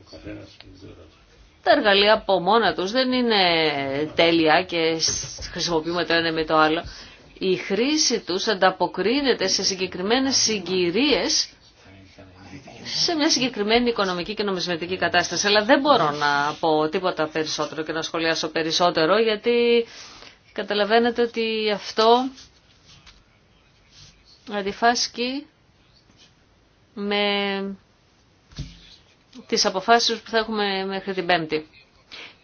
τα εργαλεία από μόνα τους δεν είναι τέλεια και χρησιμοποιούμε το ένα με το άλλο. Η χρήση τους ανταποκρίνεται σε συγκεκριμένες συγκυρίες σε μια συγκεκριμένη οικονομική και νομισματική κατάσταση. Αλλά δεν μπορώ να πω τίποτα περισσότερο και να σχολιάσω περισσότερο γιατί Καταλαβαίνετε ότι αυτό αντιφάσκει με τις αποφάσεις που θα έχουμε μέχρι την Πέμπτη.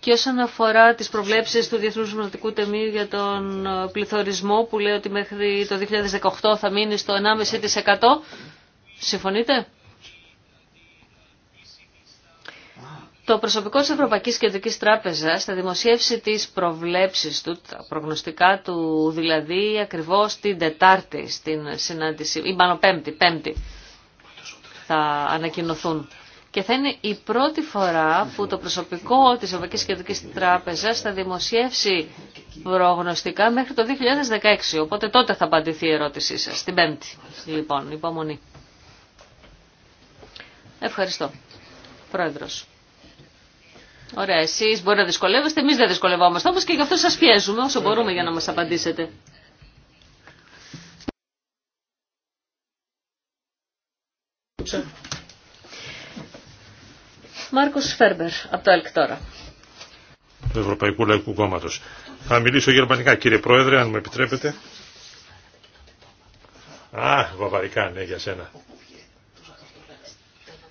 Και όσον αφορά τις προβλέψεις του Διεθνούς Μεσοτικού Τεμίου για τον πληθωρισμό που λέει ότι μέχρι το 2018 θα μείνει στο 1,5%, συμφωνείτε? Το προσωπικό της Ευρωπαϊκής Κεντρικής Τράπεζας θα δημοσιεύσει τις προβλέψεις του, τα προγνωστικά του δηλαδή ακριβώς την Τετάρτη στην συνάντηση, ή μάλλον Πέμπτη, Πέμπτη θα ανακοινωθούν. Και θα είναι η πρώτη φορά που το προσωπικό της Ευρωπαϊκής Κεντρικής Τράπεζας θα δημοσιεύσει προγνωστικά μέχρι το 2016. Οπότε τότε θα απαντηθεί η ερώτησή σας, την Πέμπτη. Λοιπόν, υπομονή. Ευχαριστώ. Πρόεδρος. Ωραία, εσεί μπορεί να δυσκολεύεστε, εμεί δεν δυσκολευόμαστε όμω και γι' αυτό σα πιέζουμε όσο μπορούμε για να μα απαντήσετε. Μάρκος Φέρμπερ, από το ΕΛΚ τώρα. Ευρωπαϊκού Λαϊκού Κόμματος. Θα μιλήσω γερμανικά, κύριε Πρόεδρε, αν μου επιτρέπετε. Α, βαβαρικά, ναι, για σένα.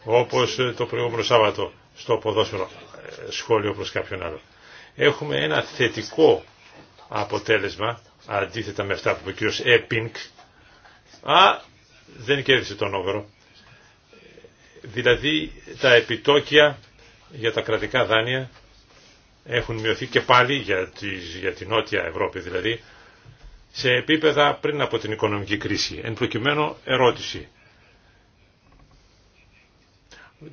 Όπως το προηγούμενο Σάββατο στο ποδόσφαιρο σχόλιο προς κάποιον άλλο. Έχουμε ένα θετικό αποτέλεσμα, αντίθετα με αυτά που είπε ο κύριος Επίνκ. Α, δεν κέρδισε τον όγρο. Δηλαδή τα επιτόκια για τα κρατικά δάνεια έχουν μειωθεί και πάλι για, τη, για την Νότια Ευρώπη δηλαδή σε επίπεδα πριν από την οικονομική κρίση. Εν προκειμένου ερώτηση.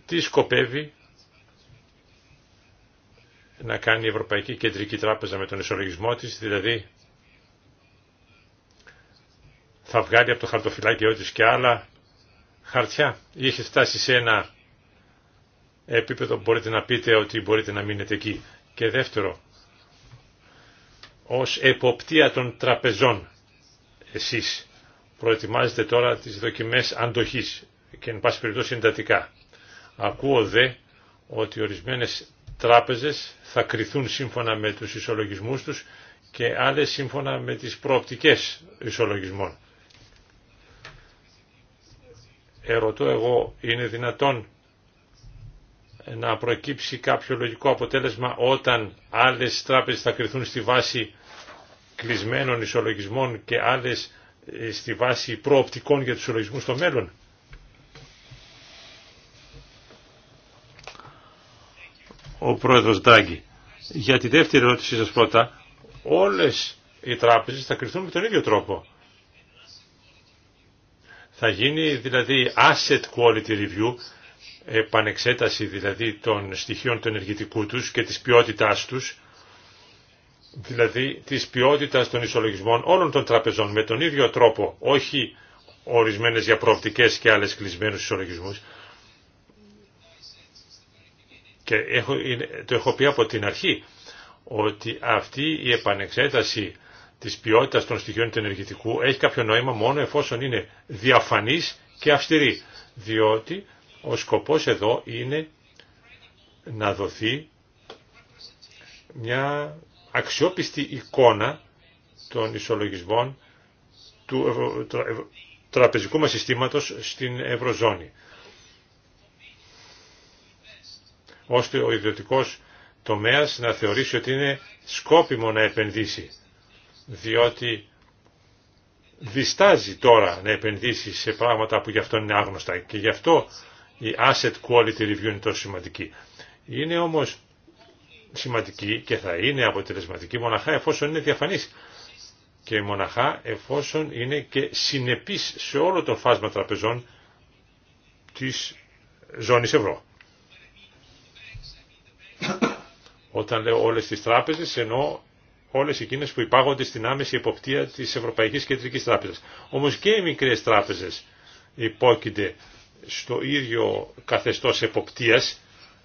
Τι σκοπεύει να κάνει η Ευρωπαϊκή Κεντρική Τράπεζα με τον ισολογισμό της, δηλαδή θα βγάλει από το χαρτοφυλάκιό της και άλλα χαρτιά. Είχε φτάσει σε ένα επίπεδο που μπορείτε να πείτε ότι μπορείτε να μείνετε εκεί. Και δεύτερο, ως εποπτεία των τραπεζών εσείς προετοιμάζετε τώρα τις δοκιμές αντοχής και εν πάση περιπτώσει εντατικά. Ακούω δε ότι ορισμένες τράπεζες θα κριθούν σύμφωνα με τους ισολογισμούς τους και άλλες σύμφωνα με τις προοπτικές ισολογισμών. Ερωτώ εγώ, είναι δυνατόν να προκύψει κάποιο λογικό αποτέλεσμα όταν άλλες τράπεζες θα κριθούν στη βάση κλεισμένων ισολογισμών και άλλες ε, στη βάση προοπτικών για τους ισολογισμούς στο μέλλον. ο πρόεδρος Ντάγκη. Για τη δεύτερη ερώτησή σας πρώτα, όλες οι τράπεζες θα κρυφθούν με τον ίδιο τρόπο. Θα γίνει δηλαδή asset quality review, επανεξέταση δηλαδή των στοιχείων του ενεργητικού τους και της ποιότητάς τους, δηλαδή της ποιότητας των ισολογισμών όλων των τραπεζών με τον ίδιο τρόπο, όχι ορισμένες για προοπτικές και άλλες κλεισμένους ισολογισμούς και έχω, το έχω πει από την αρχή ότι αυτή η επανεξέταση της ποιότητας των στοιχείων του ενεργητικού έχει κάποιο νόημα μόνο εφόσον είναι διαφανής και αυστηρή διότι ο σκοπός εδώ είναι να δοθεί μια αξιόπιστη εικόνα των ισολογισμών του τραπεζικού μας συστήματος στην Ευρωζώνη. ώστε ο ιδιωτικός τομέας να θεωρήσει ότι είναι σκόπιμο να επενδύσει, διότι διστάζει τώρα να επενδύσει σε πράγματα που γι' αυτό είναι άγνωστα και γι' αυτό η asset quality review είναι τόσο σημαντική. Είναι όμως σημαντική και θα είναι αποτελεσματική μοναχά εφόσον είναι διαφανής και μοναχά εφόσον είναι και συνεπής σε όλο το φάσμα τραπεζών της ζώνης ευρώ. Όταν λέω όλες τις τράπεζες ενώ όλες εκείνες που υπάγονται στην άμεση εποπτεία της Ευρωπαϊκής Κεντρικής Τράπεζας. Όμως και οι μικρές τράπεζες υπόκεινται στο ίδιο καθεστώς εποπτείας.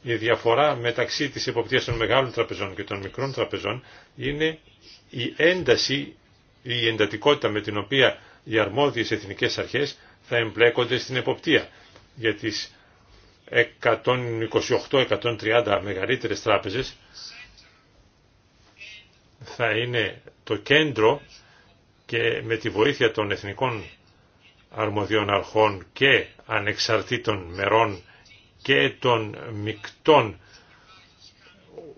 Η διαφορά μεταξύ της εποπτείας των μεγάλων τραπεζών και των μικρών τραπεζών είναι η ένταση, η εντατικότητα με την οποία οι αρμόδιες εθνικές αρχές θα εμπλέκονται στην εποπτεία. Για τις 128-130 μεγαλύτερες τράπεζες θα είναι το κέντρο και με τη βοήθεια των εθνικών αρμοδιών αρχών και ανεξαρτήτων μερών και των μικτών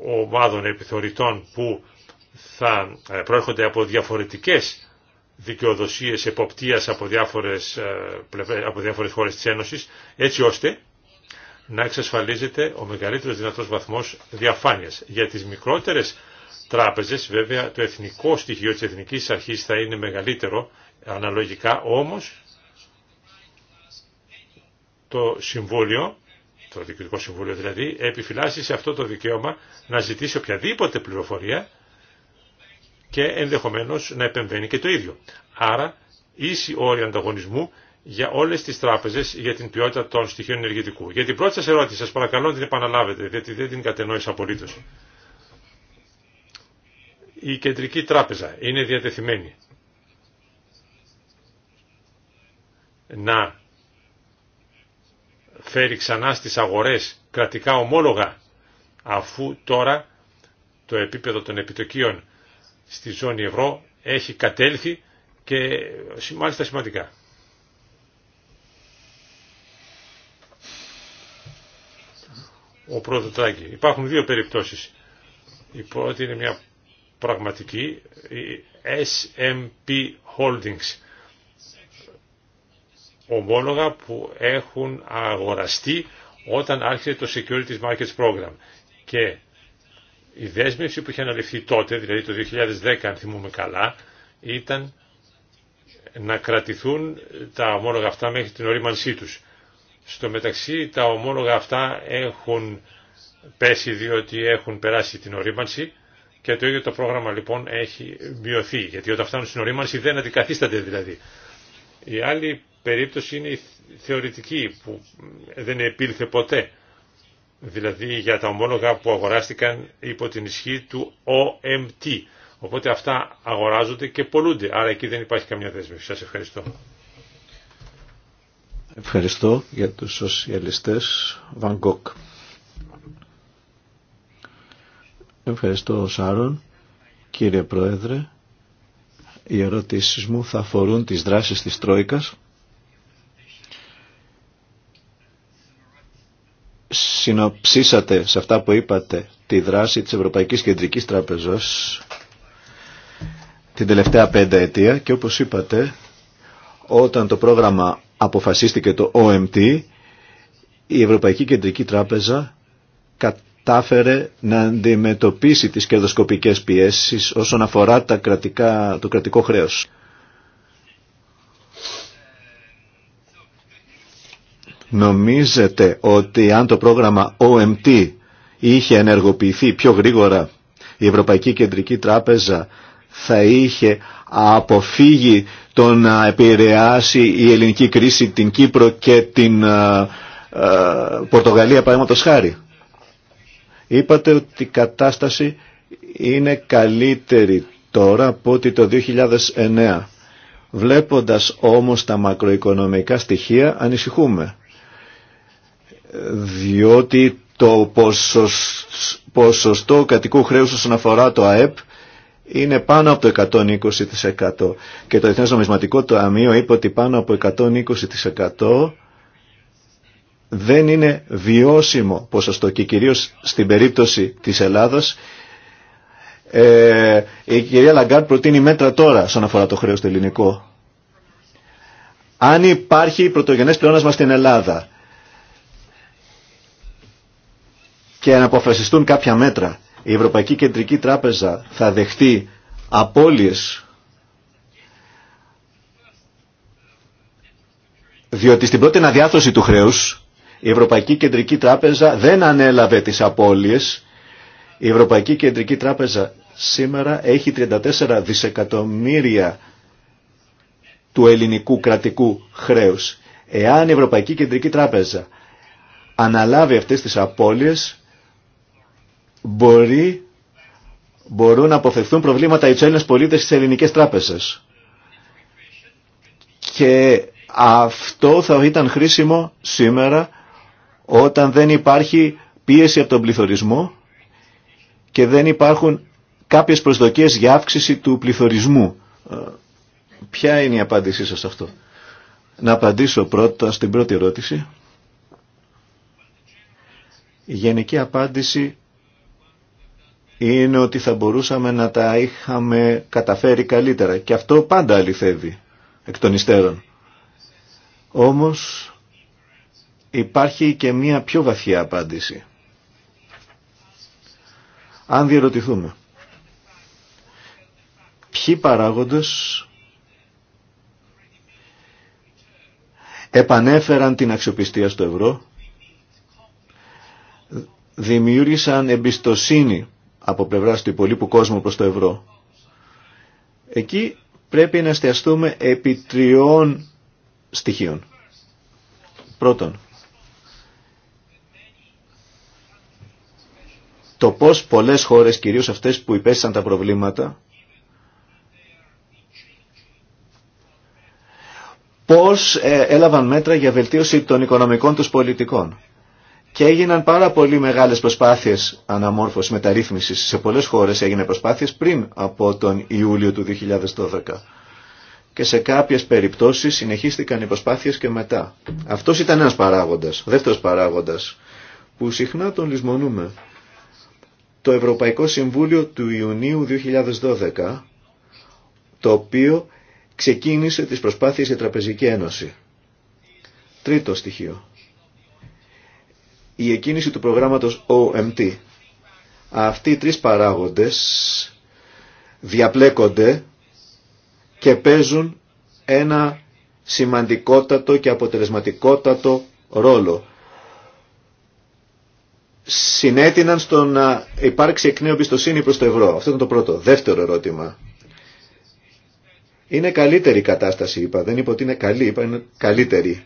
ομάδων επιθεωρητών που θα ε, προέρχονται από διαφορετικές δικαιοδοσίες εποπτείας από διάφορες, ε, από διάφορες χώρες της Ένωσης, έτσι ώστε να εξασφαλίζεται ο μεγαλύτερος δυνατός βαθμός διαφάνειας. Για τις μικρότερες τράπεζες βέβαια το εθνικό στοιχείο της εθνικής αρχής θα είναι μεγαλύτερο αναλογικά όμως το Συμβούλιο, το Διοικητικό Συμβούλιο δηλαδή, επιφυλάσσει σε αυτό το δικαίωμα να ζητήσει οποιαδήποτε πληροφορία και ενδεχομένως να επεμβαίνει και το ίδιο. Άρα ίση όρια ανταγωνισμού για όλες τις τράπεζες για την ποιότητα των στοιχείων ενεργητικού. Για την πρώτη σα ερώτηση, σα παρακαλώ την επαναλάβετε, γιατί δεν την κατενόησα απολύτω. Η κεντρική τράπεζα είναι διατεθειμένη να φέρει ξανά στις αγορές κρατικά ομόλογα, αφού τώρα το επίπεδο των επιτοκίων στη ζώνη ευρώ έχει κατέλθει και μάλιστα σημαντικά. ο Υπάρχουν δύο περιπτώσεις. Η πρώτη είναι μια πραγματική, η SMP Holdings, ομόλογα που έχουν αγοραστεί όταν άρχισε το Securities Markets Program. Και η δέσμευση που είχε αναλυφθεί τότε, δηλαδή το 2010 αν θυμούμε καλά, ήταν να κρατηθούν τα ομόλογα αυτά μέχρι την ορίμανσή τους. Στο μεταξύ τα ομόλογα αυτά έχουν πέσει διότι έχουν περάσει την ορίμανση και το ίδιο το πρόγραμμα λοιπόν έχει μειωθεί γιατί όταν φτάνουν στην ορίμανση δεν αντικαθίστανται δηλαδή. Η άλλη περίπτωση είναι η θεωρητική που δεν επήλθε ποτέ δηλαδή για τα ομόλογα που αγοράστηκαν υπό την ισχύ του OMT. Οπότε αυτά αγοράζονται και πολλούνται, άρα εκεί δεν υπάρχει καμιά δέσμευση. Σας ευχαριστώ. Ευχαριστώ για τους σοσιαλιστές Βαν Κοκ. Ευχαριστώ Σάρων. Κύριε Πρόεδρε, οι ερωτήσεις μου θα αφορούν τις δράσεις της Τρόικας. Συνοψίσατε σε αυτά που είπατε τη δράση της Ευρωπαϊκής Κεντρικής Τράπεζας την τελευταία πέντα ετία και όπως είπατε όταν το πρόγραμμα αποφασίστηκε το OMT, η Ευρωπαϊκή Κεντρική Τράπεζα κατάφερε να αντιμετωπίσει τις κερδοσκοπικές πιέσεις όσον αφορά τα κρατικά, το κρατικό χρέος. Νομίζετε ότι αν το πρόγραμμα OMT είχε ενεργοποιηθεί πιο γρήγορα η Ευρωπαϊκή Κεντρική Τράπεζα θα είχε αποφύγει το να επηρεάσει η ελληνική κρίση την Κύπρο και την ε, ε, Πορτογαλία παραδείγματος χάρη. Είπατε ότι η κατάσταση είναι καλύτερη τώρα από ότι το 2009. Βλέποντας όμως τα μακροοικονομικά στοιχεία ανησυχούμε. Διότι το ποσοστό κατοικού χρέους όσον αφορά το ΑΕΠ είναι πάνω από το 120% και το Εθνές Νομισματικό Ταμείο είπε ότι πάνω από 120% δεν είναι βιώσιμο ποσοστό και κυρίως στην περίπτωση της Ελλάδος ε, η κυρία Λαγκάρτ προτείνει μέτρα τώρα στον αφορά το χρέος του ελληνικό. Αν υπάρχει πρωτογενές πλεόνασμα στην Ελλάδα και να αποφασιστούν κάποια μέτρα η Ευρωπαϊκή Κεντρική Τράπεζα θα δεχτεί απώλειες διότι στην πρώτη αναδιάθρωση του χρέους η Ευρωπαϊκή Κεντρική Τράπεζα δεν ανέλαβε τις απώλειες. Η Ευρωπαϊκή Κεντρική Τράπεζα σήμερα έχει 34 δισεκατομμύρια του ελληνικού κρατικού χρέους. Εάν η Ευρωπαϊκή Κεντρική Τράπεζα αναλάβει αυτές τις απώλειες, μπορεί, μπορούν να αποφευθούν προβλήματα οι Έλληνες πολίτες στις ελληνικές τράπεζες. Και αυτό θα ήταν χρήσιμο σήμερα όταν δεν υπάρχει πίεση από τον πληθωρισμό και δεν υπάρχουν κάποιες προσδοκίες για αύξηση του πληθωρισμού. Ε, ποια είναι η απάντησή σας σε αυτό. Να απαντήσω πρώτα στην πρώτη ερώτηση. Η γενική απάντηση είναι ότι θα μπορούσαμε να τα είχαμε καταφέρει καλύτερα. Και αυτό πάντα αληθεύει εκ των υστέρων. Όμως υπάρχει και μία πιο βαθιά απάντηση. Αν διερωτηθούμε, ποιοι παράγοντες επανέφεραν την αξιοπιστία στο ευρώ, δημιούργησαν εμπιστοσύνη από πλευρά του υπολείπου κόσμου προς το ευρώ. Εκεί πρέπει να εστιαστούμε επί τριών στοιχείων. Πρώτον, το πώς πολλές χώρες, κυρίως αυτές που υπέστησαν τα προβλήματα, πώς ε, έλαβαν μέτρα για βελτίωση των οικονομικών τους πολιτικών και έγιναν πάρα πολύ μεγάλες προσπάθειες αναμόρφωσης μεταρρύθμισης. Σε πολλές χώρες έγινε προσπάθειες πριν από τον Ιούλιο του 2012. Και σε κάποιες περιπτώσεις συνεχίστηκαν οι προσπάθειες και μετά. Αυτός ήταν ένας παράγοντας, ο δεύτερος παράγοντας, που συχνά τον λησμονούμε. Το Ευρωπαϊκό Συμβούλιο του Ιουνίου 2012, το οποίο ξεκίνησε τις προσπάθειες για Τραπεζική Ένωση. Τρίτο στοιχείο η εκκίνηση του προγράμματος OMT. Αυτοί οι τρεις παράγοντες διαπλέκονται και παίζουν ένα σημαντικότατο και αποτελεσματικότατο ρόλο. Συνέτειναν στο να υπάρξει εκ νέου εμπιστοσύνη προς το ευρώ. Αυτό ήταν το πρώτο. Δεύτερο ερώτημα. Είναι καλύτερη η κατάσταση, είπα. Δεν είπα ότι είναι καλή, είπα είναι καλύτερη.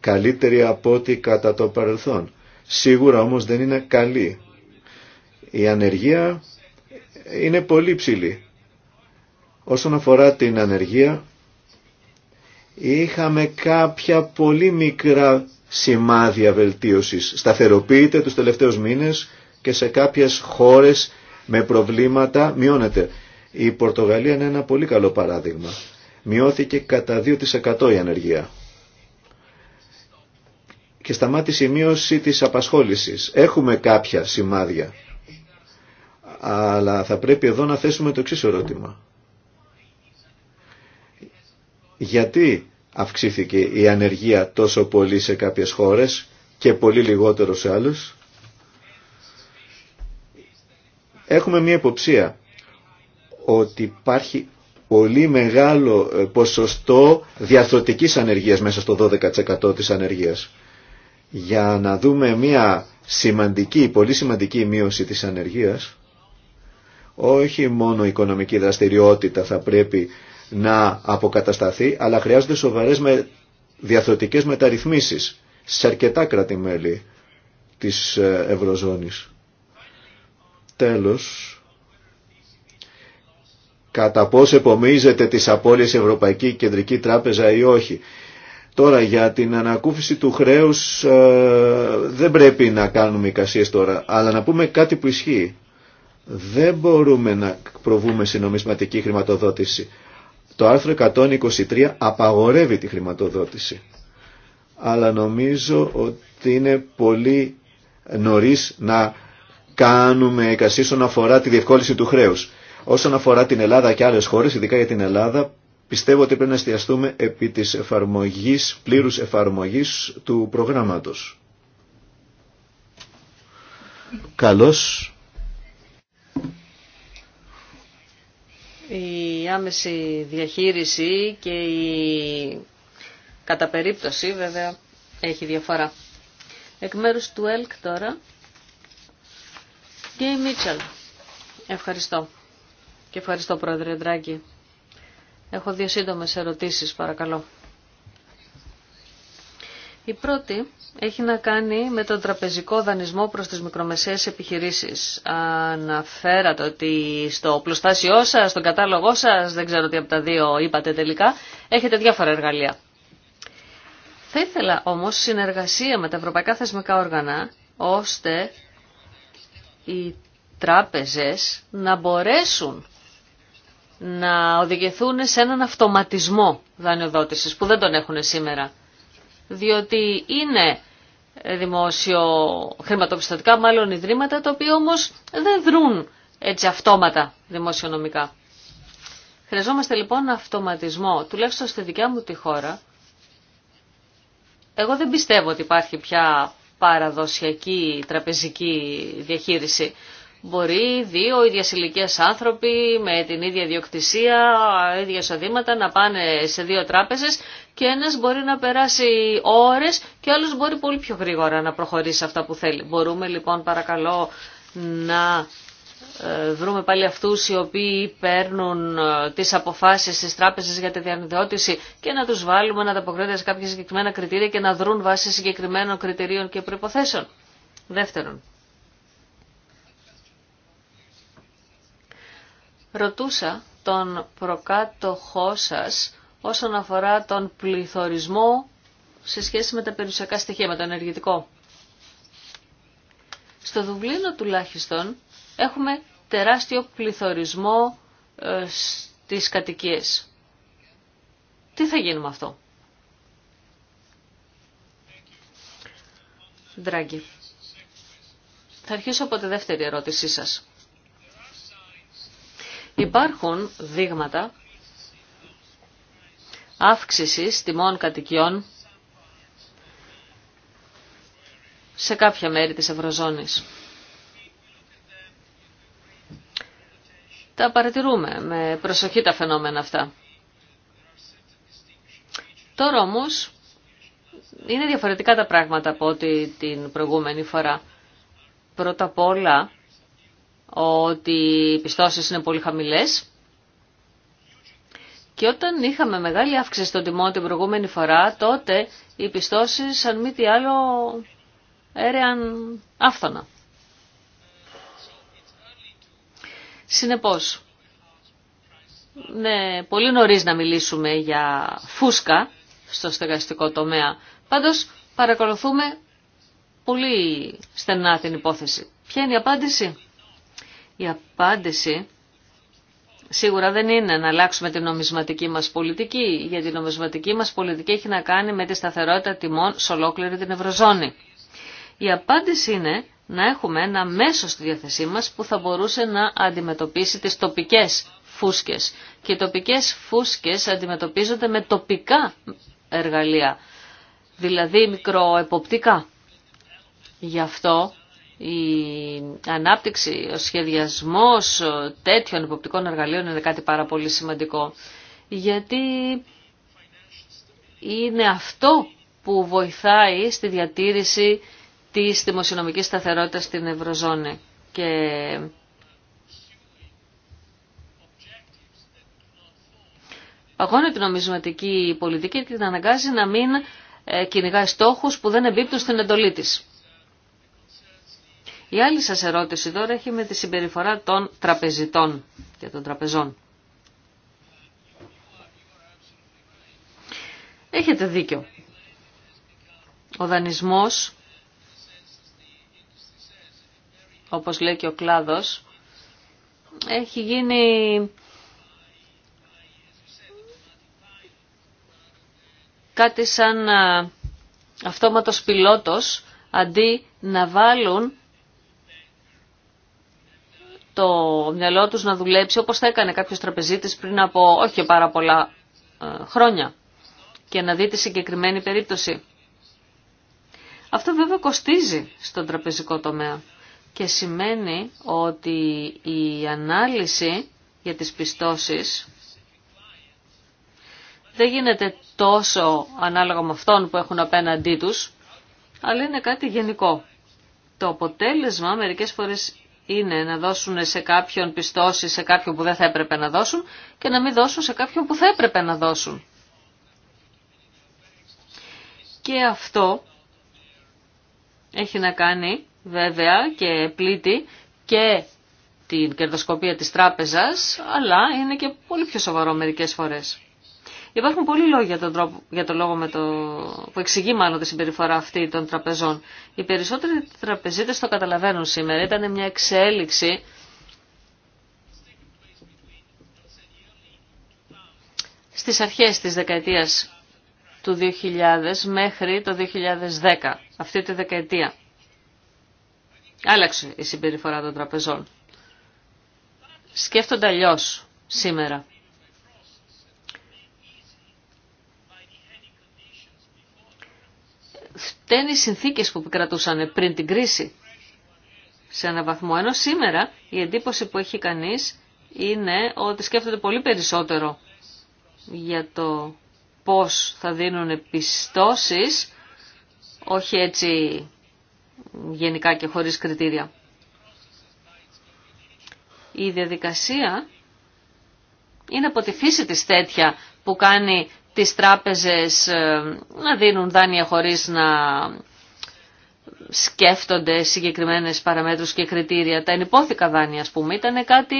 Καλύτερη από ό,τι κατά το παρελθόν. Σίγουρα όμως δεν είναι καλή. Η ανεργία είναι πολύ ψηλή. Όσον αφορά την ανεργία, είχαμε κάποια πολύ μικρά σημάδια βελτίωσης. Σταθεροποιείται τους τελευταίους μήνες και σε κάποιες χώρες με προβλήματα μειώνεται. Η Πορτογαλία είναι ένα πολύ καλό παράδειγμα. Μειώθηκε κατά 2% η ανεργία και σταμάτησε η μείωση της απασχόλησης. Έχουμε κάποια σημάδια. Αλλά θα πρέπει εδώ να θέσουμε το εξής ερώτημα. Γιατί αυξήθηκε η ανεργία τόσο πολύ σε κάποιες χώρες και πολύ λιγότερο σε άλλες. Έχουμε μία υποψία ότι υπάρχει πολύ μεγάλο ποσοστό διαθροτικής ανεργίας μέσα στο 12% της ανεργίας για να δούμε μια σημαντική, πολύ σημαντική μείωση της ανεργίας, όχι μόνο η οικονομική δραστηριότητα θα πρέπει να αποκατασταθεί, αλλά χρειάζονται σοβαρές με διαθροτικές μεταρρυθμίσεις σε αρκετά κράτη-μέλη της ε, Ευρωζώνης. Τέλος, κατά πώς επομίζεται τις απώλειες Ευρωπαϊκή Κεντρική Τράπεζα ή όχι Τώρα για την ανακούφιση του χρέους ε, δεν πρέπει να κάνουμε εικασίες τώρα, αλλά να πούμε κάτι που ισχύει. Δεν μπορούμε να προβούμε σε νομισματική χρηματοδότηση. Το άρθρο 123 απαγορεύει τη χρηματοδότηση. Αλλά νομίζω ότι είναι πολύ νωρίς να κάνουμε εικασίες όσον αφορά τη διευκόλυνση του χρέους. Όσον αφορά την Ελλάδα και άλλες χώρες, ειδικά για την Ελλάδα, Πιστεύω ότι πρέπει να εστιαστούμε επί της εφαρμογής, πλήρους εφαρμογής του προγράμματος. Καλώς. Η άμεση διαχείριση και η κατά βέβαια έχει διαφορά. Εκ μέρους του ΕΛΚ τώρα, και η Μίτσελ. Ευχαριστώ. Και ευχαριστώ Πρόεδρε Ντράγκη Έχω δύο σύντομες ερωτήσεις παρακαλώ. Η πρώτη έχει να κάνει με τον τραπεζικό δανεισμό προς τις μικρομεσαίες επιχειρήσεις. Αναφέρατε ότι στο πλουστάσιό σας, στον κατάλογό σας, δεν ξέρω τι από τα δύο είπατε τελικά, έχετε διάφορα εργαλεία. Θα ήθελα όμως συνεργασία με τα ευρωπαϊκά θεσμικά όργανα, ώστε οι τράπεζες να μπορέσουν να οδηγηθούν σε έναν αυτοματισμό δανειοδότησης που δεν τον έχουν σήμερα. Διότι είναι δημόσιο χρηματοπιστωτικά μάλλον ιδρύματα τα οποία όμως δεν δρούν έτσι αυτόματα δημοσιονομικά. Χρειαζόμαστε λοιπόν αυτοματισμό, τουλάχιστον στη δικιά μου τη χώρα. Εγώ δεν πιστεύω ότι υπάρχει πια παραδοσιακή τραπεζική διαχείριση μπορεί δύο ίδιες ηλικίες άνθρωποι με την ίδια διοκτησία, ίδια εισοδήματα να πάνε σε δύο τράπεζες και ένας μπορεί να περάσει ώρες και άλλος μπορεί πολύ πιο γρήγορα να προχωρήσει αυτά που θέλει. Μπορούμε λοιπόν παρακαλώ να ε, βρούμε πάλι αυτούς οι οποίοι παίρνουν ε, τις αποφάσεις στις τράπεζες για τη διανυδότηση και να τους βάλουμε να ανταποκρίνονται σε κάποια συγκεκριμένα κριτήρια και να δρουν βάσει συγκεκριμένων κριτηρίων και προϋποθέσεων. Δεύτερον, Ρωτούσα τον προκάτοχό σας όσον αφορά τον πληθωρισμό σε σχέση με τα περιουσιακά στοιχεία, με το ενεργητικό. Στο Δουβλίνο τουλάχιστον έχουμε τεράστιο πληθωρισμό ε, στις κατοικίες. Τι θα γίνει με αυτό. Δράγκη. Θα αρχίσω από τη δεύτερη ερώτησή σας. Υπάρχουν δείγματα αύξησης τιμών κατοικιών σε κάποια μέρη της Ευρωζώνης. Τα παρατηρούμε με προσοχή τα φαινόμενα αυτά. Τώρα όμως είναι διαφορετικά τα πράγματα από ό,τι την προηγούμενη φορά. Πρώτα απ' όλα ότι οι πιστώσεις είναι πολύ χαμηλές. Και όταν είχαμε μεγάλη αύξηση στον τιμό την προηγούμενη φορά, τότε οι πιστώσεις, αν μη τι άλλο, έρεαν άφθονα. Συνεπώς, ναι, πολύ νωρίς να μιλήσουμε για φούσκα στο στεγαστικό τομέα. Πάντως, παρακολουθούμε πολύ στενά την υπόθεση. Ποια είναι η απάντηση? Η απάντηση σίγουρα δεν είναι να αλλάξουμε την νομισματική μας πολιτική, γιατί η νομισματική μας πολιτική έχει να κάνει με τη σταθερότητα τιμών σε ολόκληρη την Ευρωζώνη. Η απάντηση είναι να έχουμε ένα μέσο στη διάθεσή μας που θα μπορούσε να αντιμετωπίσει τις τοπικές φούσκες. Και οι τοπικές φούσκες αντιμετωπίζονται με τοπικά εργαλεία, δηλαδή μικροεποπτικά. Γι' αυτό η ανάπτυξη, ο σχεδιασμός τέτοιων υποπτικών εργαλείων είναι κάτι πάρα πολύ σημαντικό. Γιατί είναι αυτό που βοηθάει στη διατήρηση της δημοσιονομικής σταθερότητας στην Ευρωζώνη. Και παγώνει την νομισματική πολιτική και την αναγκάζει να μην ε, κυνηγάει στόχους που δεν εμπίπτουν στην εντολή της. Η άλλη σας ερώτηση τώρα έχει με τη συμπεριφορά των τραπεζιτών και των τραπεζών. Έχετε δίκιο. Ο δανεισμός, όπως λέει και ο κλάδος, έχει γίνει κάτι σαν ε, αυτόματος πιλότος αντί να βάλουν το μυαλό τους να δουλέψει όπως θα έκανε κάποιος τραπεζίτης πριν από όχι πάρα πολλά ε, χρόνια και να δει τη συγκεκριμένη περίπτωση. Αυτό βέβαια κοστίζει στον τραπεζικό τομέα και σημαίνει ότι η ανάλυση για τις πιστώσεις δεν γίνεται τόσο ανάλογα με αυτόν που έχουν απέναντί τους, αλλά είναι κάτι γενικό. Το αποτέλεσμα μερικές φορές είναι να δώσουν σε κάποιον πιστώσει σε κάποιον που δεν θα έπρεπε να δώσουν και να μην δώσουν σε κάποιον που θα έπρεπε να δώσουν. Και αυτό έχει να κάνει βέβαια και πλήτη και την κερδοσκοπία της τράπεζας, αλλά είναι και πολύ πιο σοβαρό μερικές φορές. Υπάρχουν πολλοί λόγοι για τον, για λόγο με το, που εξηγεί μάλλον τη συμπεριφορά αυτή των τραπεζών. Οι περισσότεροι τραπεζίτέ το καταλαβαίνουν σήμερα. Ήταν μια εξέλιξη στις αρχές της δεκαετίας του 2000 μέχρι το 2010, αυτή τη δεκαετία. Άλλαξε η συμπεριφορά των τραπεζών. Σκέφτονται αλλιώ σήμερα. φταίνει οι συνθήκες που επικρατούσαν πριν την κρίση σε έναν βαθμό. Ενώ σήμερα η εντύπωση που έχει κανείς είναι ότι σκέφτονται πολύ περισσότερο για το πώς θα δίνουν πιστώσεις, όχι έτσι γενικά και χωρίς κριτήρια. Η διαδικασία είναι από τη φύση της τέτοια που κάνει τις τράπεζες ε, να δίνουν δάνεια χωρίς να σκέφτονται συγκεκριμένες παραμέτρους και κριτήρια. Τα ενυπόθηκα δάνεια, ας πούμε, ήταν κάτι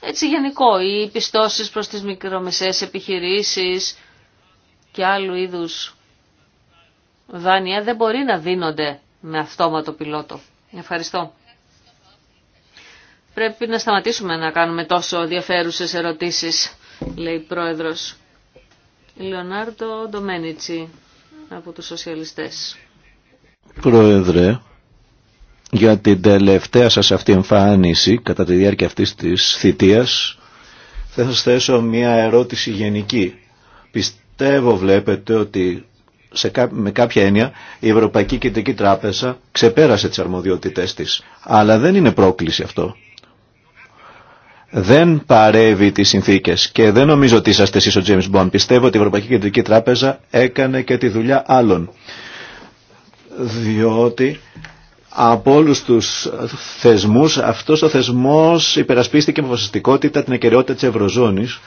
έτσι γενικό. Οι πιστώσεις προς τις μικρομεσαίες επιχειρήσεις και άλλου είδους δάνεια δεν μπορεί να δίνονται με αυτόματο πιλότο. Ευχαριστώ. Πρέπει να σταματήσουμε να κάνουμε τόσο ενδιαφέρουσε ερωτήσεις, λέει η Πρόεδρος. Λεωνάρντο Ντομένιτσι από τους σοσιαλιστές. Πρόεδρε, για την τελευταία σας αυτή εμφάνιση κατά τη διάρκεια αυτής της θητείας θα σας θέσω μια ερώτηση γενική. Πιστεύω βλέπετε ότι κά... με κάποια έννοια η Ευρωπαϊκή Κεντρική Τράπεζα ξεπέρασε τις αρμοδιότητές της. Αλλά δεν είναι πρόκληση αυτό δεν παρεύει τις συνθήκες και δεν νομίζω ότι είσαστε εσείς ο James Bond. Πιστεύω ότι η Ευρωπαϊκή Κεντρική Τράπεζα έκανε και τη δουλειά άλλων. Διότι από όλους τους θεσμούς, αυτός ο θεσμός υπερασπίστηκε με βασιστικότητα την εκαιρεότητα της Ευρωζώνης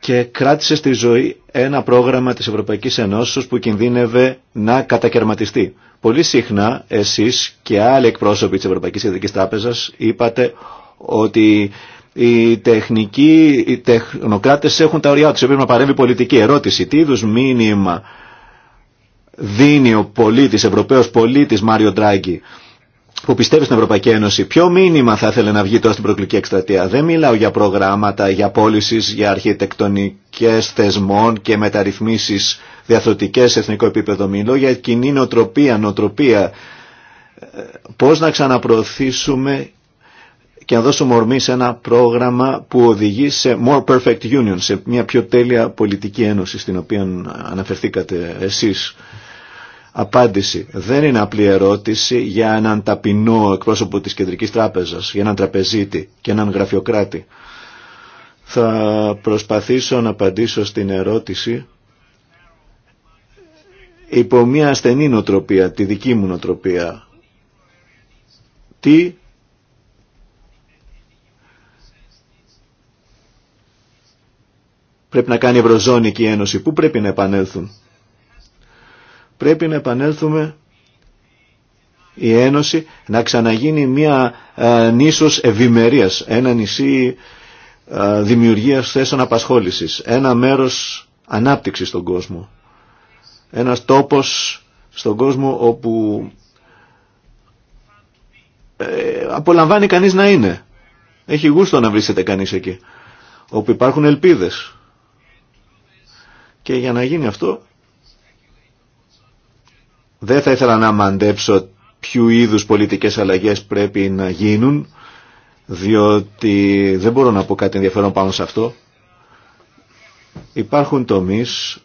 και κράτησε στη ζωή ένα πρόγραμμα της Ευρωπαϊκής Ενώσης που κινδύνευε να κατακαιρματιστεί. Πολύ συχνά εσείς και άλλοι εκπρόσωποι της Ευρωπαϊκής Κεντρικής Τράπεζας είπατε ότι οι τεχνικοί, οι τεχνοκράτες έχουν τα ωριά τους, πρέπει να παρέμβει πολιτική. Ερώτηση, τι είδου μήνυμα δίνει ο πολίτης, Ευρωπαίος πολίτης Μάριο Ντράγκη που πιστεύει στην Ευρωπαϊκή Ένωση, ποιο μήνυμα θα ήθελε να βγει τώρα στην προκλητική εκστρατεία. Δεν μιλάω για προγράμματα, για πώληση, για αρχιτεκτονικέ θεσμών και μεταρρυθμίσει διαθροτικέ σε εθνικό επίπεδο. Μιλώ για κοινή νοοτροπία, νοοτροπία. Ε, Πώ να ξαναπροωθήσουμε και να δώσουμε ορμή σε ένα πρόγραμμα που οδηγεί σε more perfect union, σε μια πιο τέλεια πολιτική ένωση στην οποία αναφερθήκατε εσείς. Απάντηση. Δεν είναι απλή ερώτηση για έναν ταπεινό εκπρόσωπο της Κεντρικής Τράπεζας, για έναν τραπεζίτη και έναν γραφειοκράτη. Θα προσπαθήσω να απαντήσω στην ερώτηση υπό μια ασθενή νοτροπία, τη δική μου νοτροπία. Τι πρέπει να κάνει η Ένωση, πού πρέπει να επανέλθουν. Πρέπει να επανέλθουμε η Ένωση να ξαναγίνει μια ε, νήσος ευημερία, ένα νησί ε, δημιουργίας θέσεων απασχόλησης, ένα μέρος ανάπτυξης στον κόσμο, ένας τόπος στον κόσμο όπου ε, απολαμβάνει κανείς να είναι. Έχει γούστο να βρίσκεται κανείς εκεί, όπου υπάρχουν ελπίδες, και για να γίνει αυτό δεν θα ήθελα να μαντέψω ποιου είδους πολιτικές αλλαγές πρέπει να γίνουν διότι δεν μπορώ να πω κάτι ενδιαφέρον πάνω σε αυτό. Υπάρχουν τομείς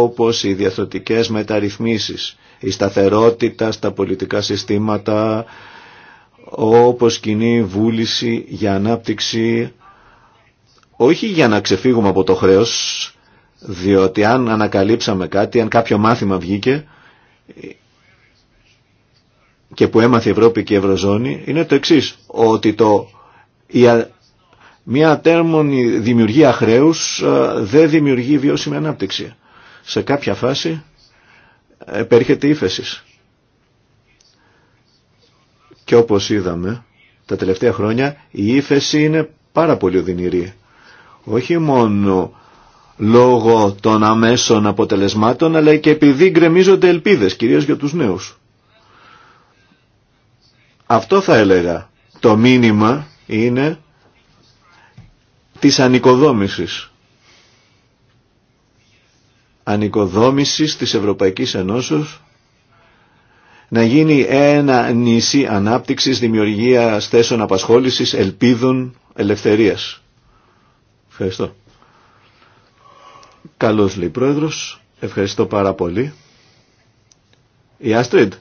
όπως οι διαθροτικές μεταρρυθμίσεις, η σταθερότητα στα πολιτικά συστήματα, όπως κοινή βούληση για ανάπτυξη, όχι για να ξεφύγουμε από το χρέος, διότι αν ανακαλύψαμε κάτι, αν κάποιο μάθημα βγήκε και που έμαθε η Ευρώπη και η Ευρωζώνη, είναι το εξής, ότι το, μια τέρμονη δημιουργία χρέους δεν δημιουργεί βιώσιμη ανάπτυξη. Σε κάποια φάση επέρχεται ύφεση. Και όπως είδαμε τα τελευταία χρόνια η ύφεση είναι πάρα πολύ οδυνηρή. Όχι μόνο λόγω των αμέσων αποτελεσμάτων αλλά και επειδή γκρεμίζονται ελπίδες κυρίως για τους νέους. Αυτό θα έλεγα. Το μήνυμα είναι της ανοικοδόμησης. Ανοικοδόμησης της Ευρωπαϊκής Ενώσεως να γίνει ένα νησί ανάπτυξης, δημιουργίας θέσεων απασχόλησης, ελπίδων, ελευθερίας. Ευχαριστώ. Καλώς λέει πρόεδρος. Ευχαριστώ πάρα πολύ. Η Άστριντ.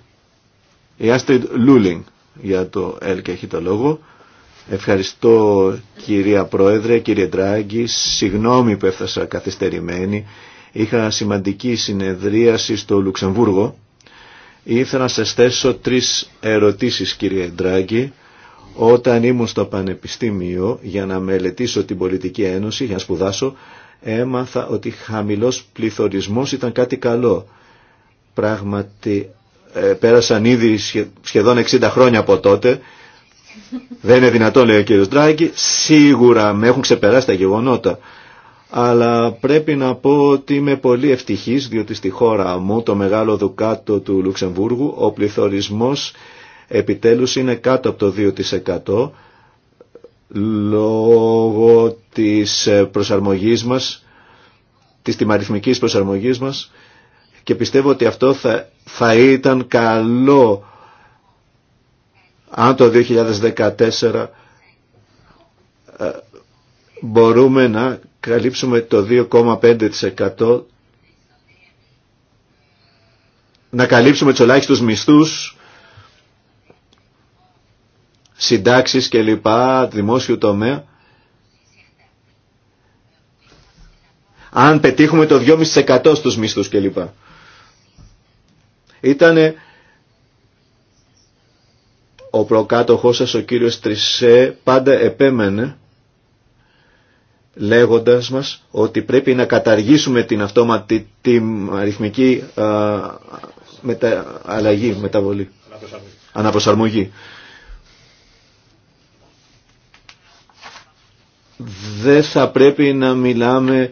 Η Άστριντ Λούλινγκ για το ΕΛ και έχει το λόγο. Ευχαριστώ κυρία Πρόεδρε, κύριε Ντράγκη. Συγγνώμη που έφτασα καθυστερημένη. Είχα σημαντική συνεδρίαση στο Λουξεμβούργο. Ήθελα να σας θέσω τρεις ερωτήσεις κύριε Ντράγκη. Όταν ήμουν στο Πανεπιστήμιο για να μελετήσω την Πολιτική Ένωση, για να σπουδάσω, έμαθα ότι χαμηλός πληθωρισμός ήταν κάτι καλό. Πράγματι ε, πέρασαν ήδη σχεδόν 60 χρόνια από τότε. Δεν είναι δυνατόν λέει ο κύριος Ντράγκη. Σίγουρα με έχουν ξεπεράσει τα γεγονότα. Αλλά πρέπει να πω ότι είμαι πολύ ευτυχής διότι στη χώρα μου το μεγάλο δουκάτο του Λουξεμβούργου ο πληθωρισμός επιτέλους είναι κάτω από το 2% λόγω της ε, προσαρμογής μας, της τιμαριθμικής προσαρμογής μας και πιστεύω ότι αυτό θα, θα ήταν καλό αν το 2014 ε, μπορούμε να καλύψουμε το 2,5% να καλύψουμε τους ελάχιστους μισθούς συντάξεις και λοιπά, δημόσιου τομέα. Αν πετύχουμε το 2,5% στους μισθούς και λοιπά. Ήτανε ο προκάτοχός σας, ο κύριος Τρισέ, πάντα επέμενε λέγοντας μας ότι πρέπει να καταργήσουμε την αυτόματη τη αριθμική α, μετα, αλλαγή, μεταβολή, αναπροσαρμογή. δεν θα πρέπει να μιλάμε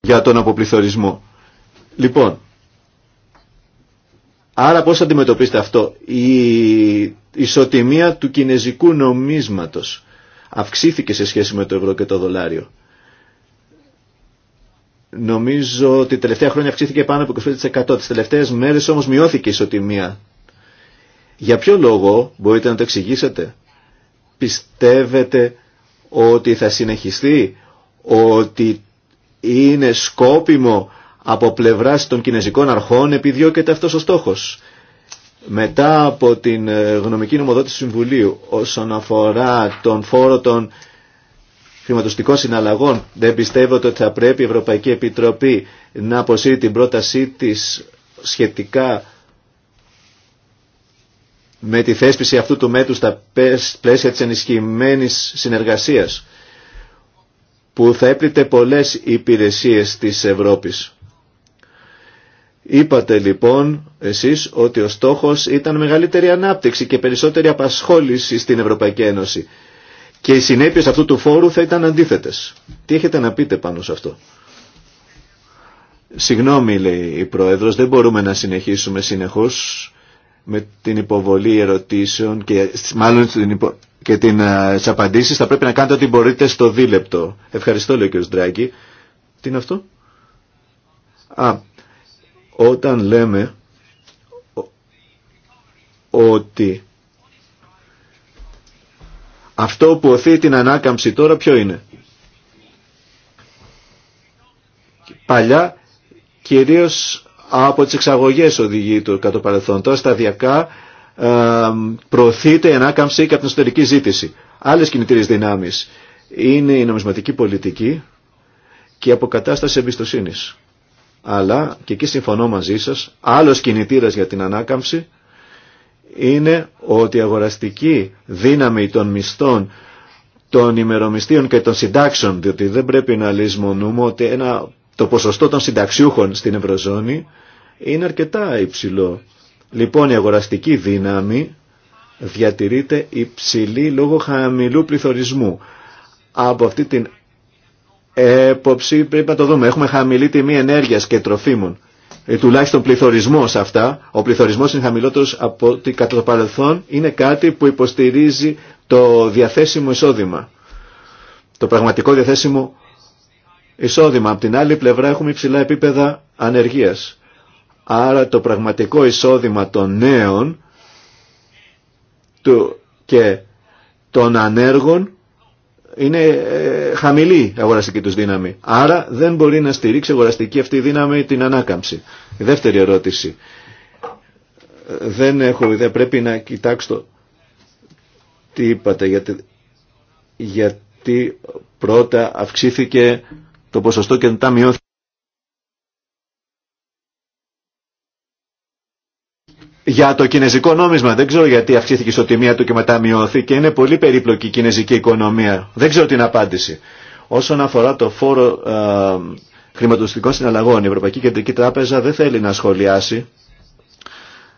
για τον αποπληθωρισμό. Λοιπόν, άρα πώς θα αντιμετωπίσετε αυτό. Η ισοτιμία του κινέζικου νομίσματος αυξήθηκε σε σχέση με το ευρώ και το δολάριο. Νομίζω ότι τελευταία χρόνια αυξήθηκε πάνω από 25%. Τις τελευταίες μέρες όμως μειώθηκε η ισοτιμία για ποιο λόγο μπορείτε να το εξηγήσετε. Πιστεύετε ότι θα συνεχιστεί, ότι είναι σκόπιμο από πλευράς των κινέζικων αρχών επιδιώκεται αυτός ο στόχος. Μετά από την ε, γνωμική νομοδότηση του Συμβουλίου όσον αφορά τον φόρο των χρηματοστικών συναλλαγών δεν πιστεύω ότι θα πρέπει η Ευρωπαϊκή Επιτροπή να αποσύρει την πρότασή της σχετικά με τη θέσπιση αυτού του μέτρου στα πλαίσια της ενισχυμένης συνεργασίας που θα έπληκτε πολλές υπηρεσίες της Ευρώπης. Είπατε λοιπόν εσείς ότι ο στόχος ήταν μεγαλύτερη ανάπτυξη και περισσότερη απασχόληση στην Ευρωπαϊκή Ένωση και οι συνέπειες αυτού του φόρου θα ήταν αντίθετες. Τι έχετε να πείτε πάνω σε αυτό. Συγγνώμη λέει η Πρόεδρος, δεν μπορούμε να συνεχίσουμε συνεχώς με την υποβολή ερωτήσεων και μάλλον και την, ε, τις θα πρέπει να κάνετε ό,τι μπορείτε στο δίλεπτο. Ευχαριστώ λέει ο κ. Δράκη. Τι είναι αυτό? Α, όταν λέμε ότι αυτό που οθεί την ανάκαμψη τώρα ποιο είναι. Παλιά κυρίως από τις εξαγωγές οδηγεί το κατ' παρελθόν. Τώρα σταδιακά ε, προωθείται η ανάκαμψη και από την εσωτερική ζήτηση. Άλλες κινητήρες δυνάμεις είναι η νομισματική πολιτική και η αποκατάσταση εμπιστοσύνη. Αλλά, και εκεί συμφωνώ μαζί σας, άλλος κινητήρας για την ανάκαμψη είναι ότι η αγοραστική δύναμη των μισθών, των ημερομισθείων και των συντάξεων, διότι δεν πρέπει να λησμονούμε ότι ένα το ποσοστό των συνταξιούχων στην Ευρωζώνη είναι αρκετά υψηλό. Λοιπόν, η αγοραστική δύναμη διατηρείται υψηλή λόγω χαμηλού πληθωρισμού. Από αυτή την έποψη πρέπει να το δούμε. Έχουμε χαμηλή τιμή ενέργειας και τροφίμων. Ε, τουλάχιστον πληθωρισμό αυτά. Ο πληθωρισμός είναι χαμηλότερος από ότι κατά το παρελθόν είναι κάτι που υποστηρίζει το διαθέσιμο εισόδημα. Το πραγματικό διαθέσιμο εισόδημα. Από την άλλη πλευρά έχουμε υψηλά επίπεδα ανεργίας. Άρα το πραγματικό εισόδημα των νέων του και των ανέργων είναι ε, χαμηλή η αγοραστική τους δύναμη. Άρα δεν μπορεί να στηρίξει αγοραστική αυτή δύναμη την ανάκαμψη. Η δεύτερη ερώτηση. Δεν έχω ιδέα, πρέπει να κοιτάξω τι είπατε, γιατί, γιατί πρώτα αυξήθηκε το ποσοστό και μετά μειώθηκε. Για το κινέζικο νόμισμα δεν ξέρω γιατί αυξήθηκε η ισοτιμία του και μετά μειώθηκε. Είναι πολύ περίπλοκη η κινέζικη οικονομία. Δεν ξέρω την απάντηση. Όσον αφορά το φόρο ε, συναλλαγών, η Ευρωπαϊκή Κεντρική Τράπεζα δεν θέλει να σχολιάσει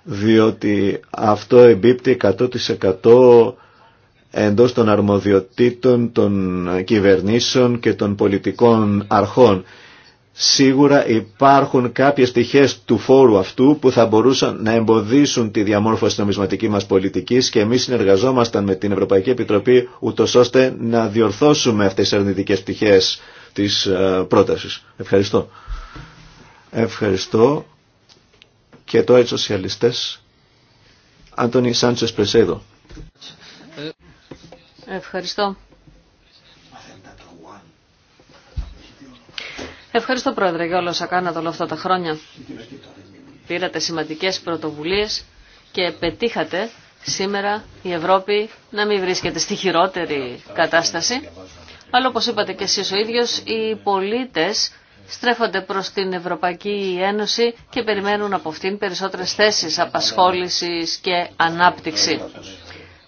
διότι αυτό εμπίπτει 100% εντός των αρμοδιοτήτων των κυβερνήσεων και των πολιτικών αρχών. Σίγουρα υπάρχουν κάποιες πτυχές του φόρου αυτού που θα μπορούσαν να εμποδίσουν τη διαμόρφωση νομισματικής μας πολιτικής και εμείς συνεργαζόμασταν με την Ευρωπαϊκή Επιτροπή ούτως ώστε να διορθώσουμε αυτές τις αρνητικές πτυχές της ε, πρότασης. Ευχαριστώ. Ευχαριστώ. Και τώρα οι σοσιαλιστές. Άντωνη Σάντσες Πρεσέδο. Ευχαριστώ. Ευχαριστώ Πρόεδρε για όλα όσα κάνατε όλα αυτά τα χρόνια. Πήρατε σημαντικές πρωτοβουλίες και πετύχατε σήμερα η Ευρώπη να μην βρίσκεται στη χειρότερη κατάσταση. Αλλά όπως είπατε και εσείς ο ίδιος, οι πολίτες στρέφονται προς την Ευρωπαϊκή Ένωση και περιμένουν από αυτήν περισσότερες θέσεις απασχόλησης και ανάπτυξη.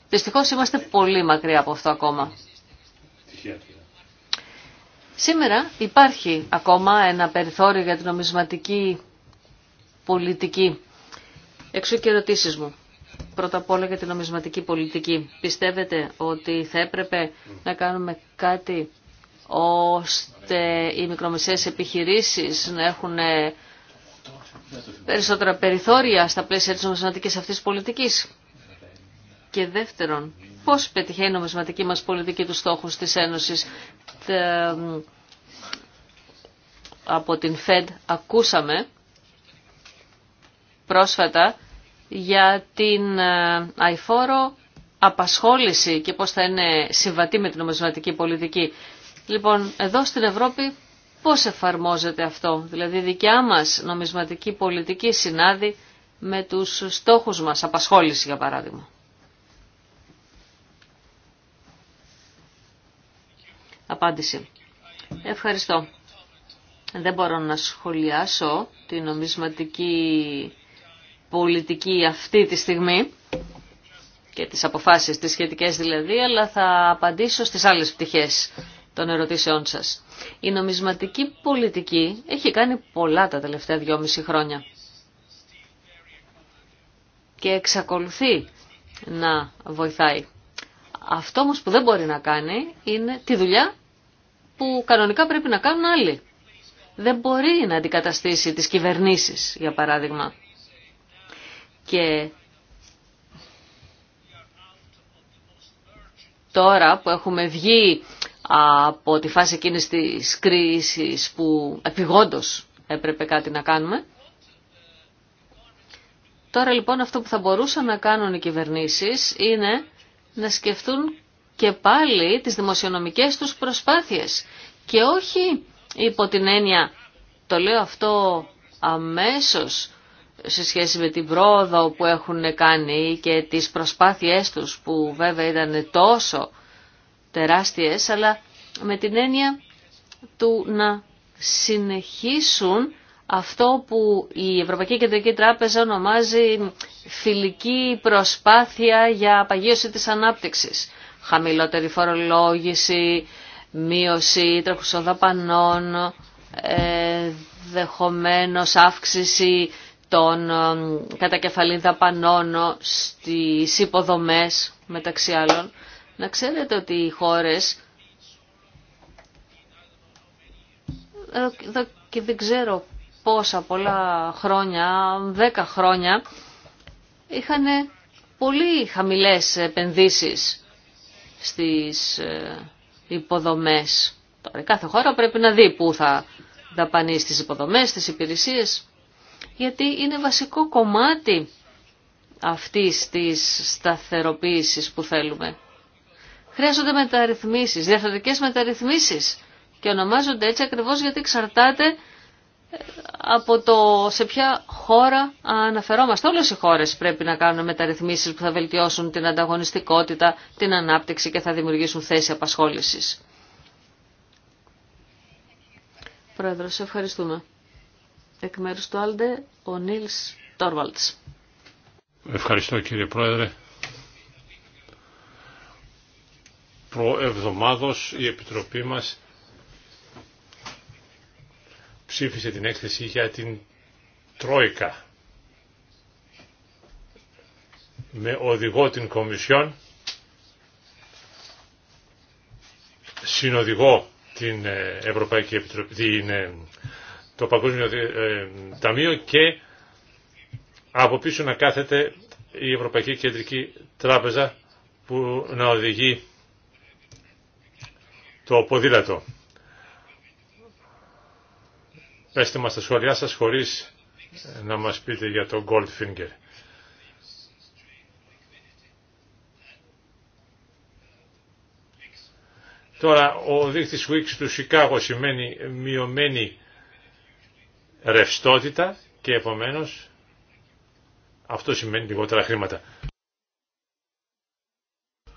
Δυστυχώ, είμαστε πολύ μακριά από αυτό ακόμα. Σήμερα υπάρχει ακόμα ένα περιθώριο για την νομισματική πολιτική. Εξού και ερωτήσει μου. Πρώτα απ' όλα για την νομισματική πολιτική. Πιστεύετε ότι θα έπρεπε να κάνουμε κάτι ώστε οι μικρομεσαίες επιχειρήσεις να έχουν ε, περισσότερα περιθώρια στα πλαίσια της νομισματικής αυτής πολιτικής. Και δεύτερον, πώς πετυχαίνει η νομισματική μας πολιτική του στόχου της Ένωσης. Από την ΦΕΔ ακούσαμε πρόσφατα για την ε, αϊφόρο απασχόληση και πώς θα είναι συμβατή με την νομισματική πολιτική. Λοιπόν, εδώ στην Ευρώπη πώς εφαρμόζεται αυτό. Δηλαδή η δικιά μας νομισματική πολιτική συνάδει με τους στόχους μας, απασχόληση για παράδειγμα. απάντηση. Ευχαριστώ. Δεν μπορώ να σχολιάσω τη νομισματική πολιτική αυτή τη στιγμή και τις αποφάσεις τις σχετικές δηλαδή, αλλά θα απαντήσω στις άλλες πτυχές των ερωτήσεών σας. Η νομισματική πολιτική έχει κάνει πολλά τα τελευταία δυόμιση χρόνια και εξακολουθεί να βοηθάει. Αυτό όμως που δεν μπορεί να κάνει είναι τη δουλειά που κανονικά πρέπει να κάνουν άλλοι. Δεν μπορεί να αντικαταστήσει τις κυβερνήσεις, για παράδειγμα. Και τώρα που έχουμε βγει από τη φάση εκείνης της κρίσης που επιγόντως έπρεπε κάτι να κάνουμε. Τώρα λοιπόν αυτό που θα μπορούσαν να κάνουν οι κυβερνήσεις είναι να σκεφτούν και πάλι τις δημοσιονομικές τους προσπάθειες και όχι υπό την έννοια, το λέω αυτό αμέσως σε σχέση με την πρόοδο που έχουν κάνει και τις προσπάθειές τους που βέβαια ήταν τόσο τεράστιες αλλά με την έννοια του να συνεχίσουν αυτό που η Ευρωπαϊκή Κεντρική Τράπεζα ονομάζει φιλική προσπάθεια για απαγίωση της ανάπτυξης. Χαμηλότερη φορολόγηση, μείωση τρέχουσων δαπανών, ε, δεχομένως αύξηση των ε, κατακεφαλήν δαπανών στις υποδομές μεταξύ άλλων. Να ξέρετε ότι οι χώρες ε, και δεν ξέρω πόσα πολλά χρόνια, δέκα χρόνια, είχαν πολύ χαμηλές επενδύσεις στις ε, υποδομές. Τώρα κάθε χώρα πρέπει να δει πού θα δαπανεί στις υποδομές, στις υπηρεσίες, γιατί είναι βασικό κομμάτι αυτής της σταθεροποίησης που θέλουμε. Χρειάζονται μεταρρυθμίσεις, διαφορετικές μεταρρυθμίσεις και ονομάζονται έτσι ακριβώς γιατί εξαρτάται από το σε ποια χώρα αναφερόμαστε. Όλες οι χώρες πρέπει να κάνουν μεταρρυθμίσεις που θα βελτιώσουν την ανταγωνιστικότητα, την ανάπτυξη και θα δημιουργήσουν θέσεις απασχόλησης. Πρόεδρος, ευχαριστούμε. Εκ μέρους του Άλντε, ο Νίλς Τόρβαλτς. Ευχαριστώ κύριε Πρόεδρε. Προεβδομάδος η Επιτροπή μας ψήφισε την έκθεση για την Τρόικα με οδηγό την Κομισιόν, συνοδηγό την ε, Ευρωπαϊκή Επιτροπή, ε, το Παγκόσμιο ε, Ταμείο και από πίσω να κάθεται η Ευρωπαϊκή Κεντρική Τράπεζα που να οδηγεί το ποδήλατο. Πέστε μας τα σχόλιά σας χωρίς ε, να μας πείτε για το Goldfinger. Τώρα, ο δείχτης Wix του Σικάγο σημαίνει μειωμένη ρευστότητα και επομένως αυτό σημαίνει λιγότερα χρήματα.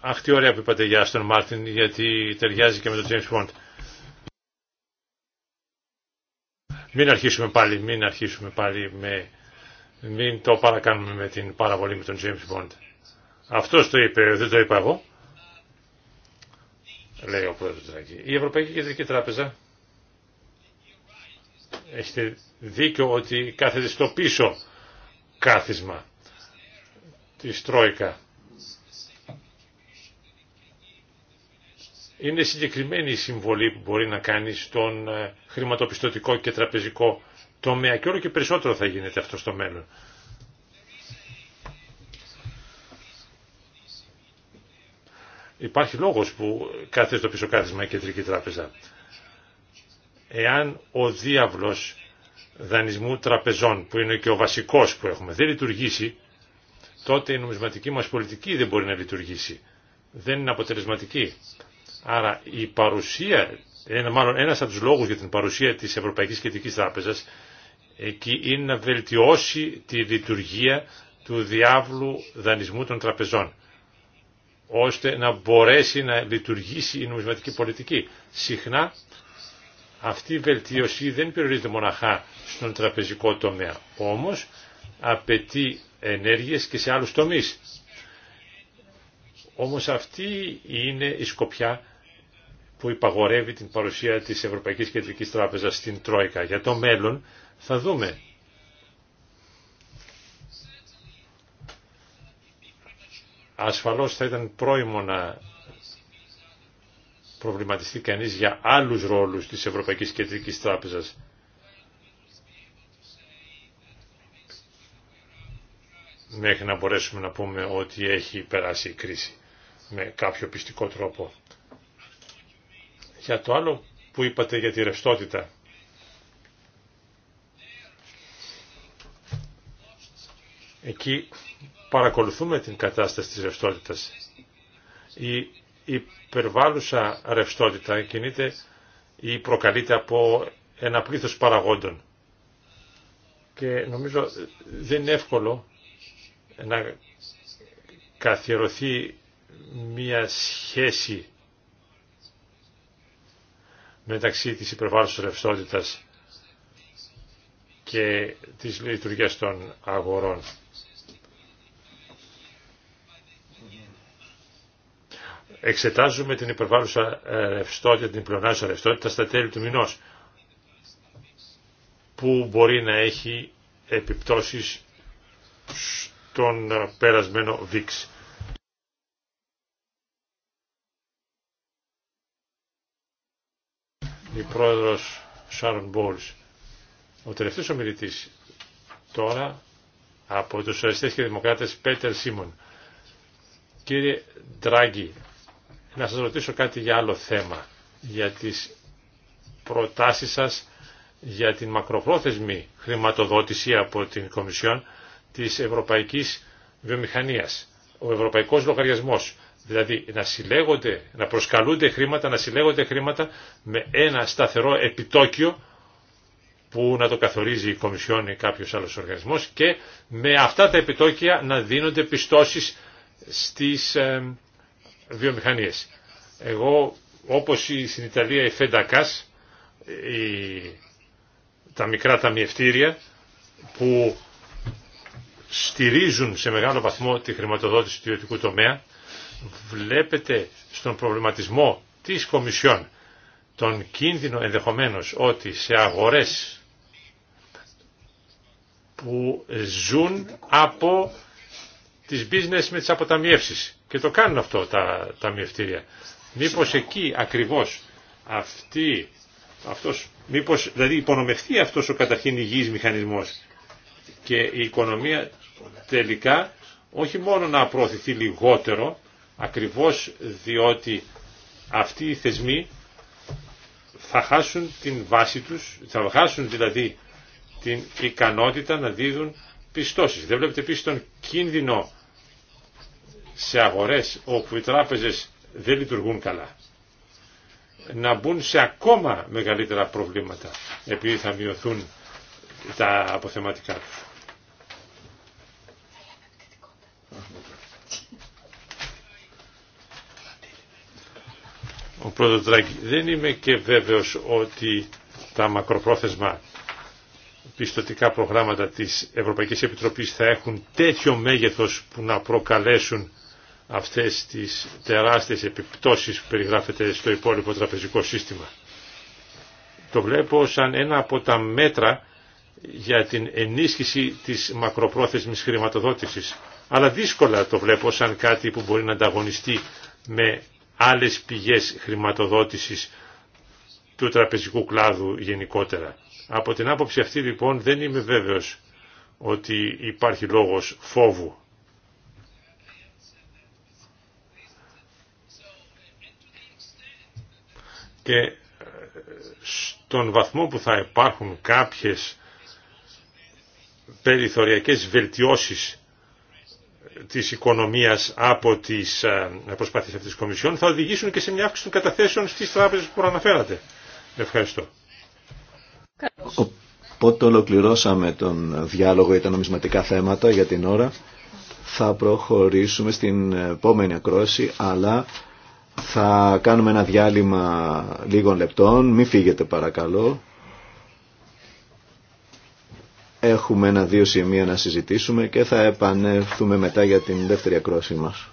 Αχ, τι ωραία που είπατε για στον Μάρτιν, γιατί ταιριάζει και με τον James Bond. Μην αρχίσουμε πάλι, μην αρχίσουμε πάλι με... Μην το παρακάνουμε με την παραβολή με τον James Bond. Αυτός το είπε, δεν το είπα εγώ. Λέει ο πρόεδρος Δράκη. Η Ευρωπαϊκή Κεντρική Τράπεζα έχετε δίκιο ότι κάθεται στο πίσω κάθισμα της Τρόικα. Είναι συγκεκριμένη η συμβολή που μπορεί να κάνει στον ε, χρηματοπιστωτικό και τραπεζικό τομέα και όλο και περισσότερο θα γίνεται αυτό στο μέλλον. Υπάρχει λόγος που κάθεται στο κάθισμα η Κεντρική Τράπεζα. Εάν ο διάβλος δανεισμού τραπεζών, που είναι και ο βασικός που έχουμε, δεν λειτουργήσει, τότε η νομισματική μας πολιτική δεν μπορεί να λειτουργήσει. Δεν είναι αποτελεσματική. Άρα η παρουσία, ένα, μάλλον ένας από τους λόγους για την παρουσία της Ευρωπαϊκής Κεντρικής Τράπεζας εκεί είναι να βελτιώσει τη λειτουργία του διάβλου δανεισμού των τραπεζών ώστε να μπορέσει να λειτουργήσει η νομισματική πολιτική. Συχνά αυτή η βελτίωση δεν περιορίζεται μοναχά στον τραπεζικό τομέα, όμως απαιτεί ενέργειες και σε άλλους τομείς. Όμως αυτή είναι η σκοπιά που υπαγορεύει την παρουσία της Ευρωπαϊκής Κεντρικής Τράπεζας στην Τρόικα. Για το μέλλον θα δούμε. Ασφαλώς θα ήταν πρόημο να προβληματιστεί κανείς για άλλους ρόλους της Ευρωπαϊκής Κεντρικής Τράπεζας. Μέχρι να μπορέσουμε να πούμε ότι έχει περάσει η κρίση με κάποιο πιστικό τρόπο. Για το άλλο που είπατε για τη ρευστότητα. Εκεί παρακολουθούμε την κατάσταση της ρευστότητας. Η υπερβάλλουσα ρευστότητα κινείται ή προκαλείται από ένα πλήθος παραγόντων. Και νομίζω δεν είναι εύκολο να καθιερωθεί μια σχέση μεταξύ της υπερβάλλουσας ρευστότητα και της λειτουργίας των αγορών. Εξετάζουμε την υπερβάλλουσα ε, ρευστότητα, την πλεονάζουσα ρευστότητα στα τέλη του μηνός που μπορεί να έχει επιπτώσεις στον ε, περασμένο VIX. η πρόεδρος Σάρων Ο τελευταίος ομιλητής τώρα από τους Σοσιαλιστές και Δημοκράτες Πέτερ Σίμον. Κύριε Ντράγκη, να σας ρωτήσω κάτι για άλλο θέμα, για τις προτάσεις σας για την μακροπρόθεσμη χρηματοδότηση από την Κομισιόν της Ευρωπαϊκής Βιομηχανίας. Ο Ευρωπαϊκός Λογαριασμός δηλαδή να συλλέγονται, να προσκαλούνται χρήματα, να συλλέγονται χρήματα με ένα σταθερό επιτόκιο που να το καθορίζει η Κομισιόν ή κάποιος άλλος οργανισμός και με αυτά τα επιτόκια να δίνονται πιστώσεις στις ε, βιομηχανίες. Εγώ, όπως στην Ιταλία η Φεντακάς, τα μικρά ταμιευτήρια που στηρίζουν σε μεγάλο βαθμό τη χρηματοδότηση του ιδιωτικού τομέα βλέπετε στον προβληματισμό της Κομισιόν τον κίνδυνο ενδεχομένως ότι σε αγορές που ζουν από τις business με τις αποταμιεύσεις και το κάνουν αυτό τα ταμιευτήρια. Μήπως εκεί ακριβώς αυτή, αυτός, μήπως δηλαδή υπονομευτεί αυτός ο καταρχήν υγιής μηχανισμός και η οικονομία τελικά όχι μόνο να προωθηθεί λιγότερο ακριβώς διότι αυτοί οι θεσμοί θα χάσουν την βάση τους, θα χάσουν δηλαδή την ικανότητα να δίδουν πιστώσεις. Δεν βλέπετε επίσης τον κίνδυνο σε αγορές όπου οι τράπεζες δεν λειτουργούν καλά να μπουν σε ακόμα μεγαλύτερα προβλήματα επειδή θα μειωθούν τα αποθεματικά τους. ο Δεν είμαι και βέβαιος ότι τα μακροπρόθεσμα πιστοτικά προγράμματα της Ευρωπαϊκής Επιτροπής θα έχουν τέτοιο μέγεθος που να προκαλέσουν αυτές τις τεράστιες επιπτώσεις που περιγράφεται στο υπόλοιπο τραπεζικό σύστημα. Το βλέπω σαν ένα από τα μέτρα για την ενίσχυση της μακροπρόθεσμης χρηματοδότησης. Αλλά δύσκολα το βλέπω σαν κάτι που μπορεί να ανταγωνιστεί με άλλες πηγές χρηματοδότησης του τραπεζικού κλάδου γενικότερα. Από την άποψη αυτή λοιπόν δεν είμαι βέβαιος ότι υπάρχει λόγος φόβου. Και ε, στον βαθμό που θα υπάρχουν κάποιες περιθωριακές βελτιώσεις της οικονομίας από τις ε, προσπάθειες αυτής της Κομισιόν θα οδηγήσουν και σε μια αύξηση των καταθέσεων στις τράπεζες που προαναφέρατε. Ευχαριστώ. Οπότε ολοκληρώσαμε τον διάλογο για τα νομισματικά θέματα για την ώρα. Θα προχωρήσουμε στην επόμενη ακρόση, αλλά θα κάνουμε ένα διάλειμμα λίγων λεπτών. Μην φύγετε παρακαλώ. Έχουμε ένα-δύο σημεία να συζητήσουμε και θα επανέλθουμε μετά για την δεύτερη ακρόαση μας.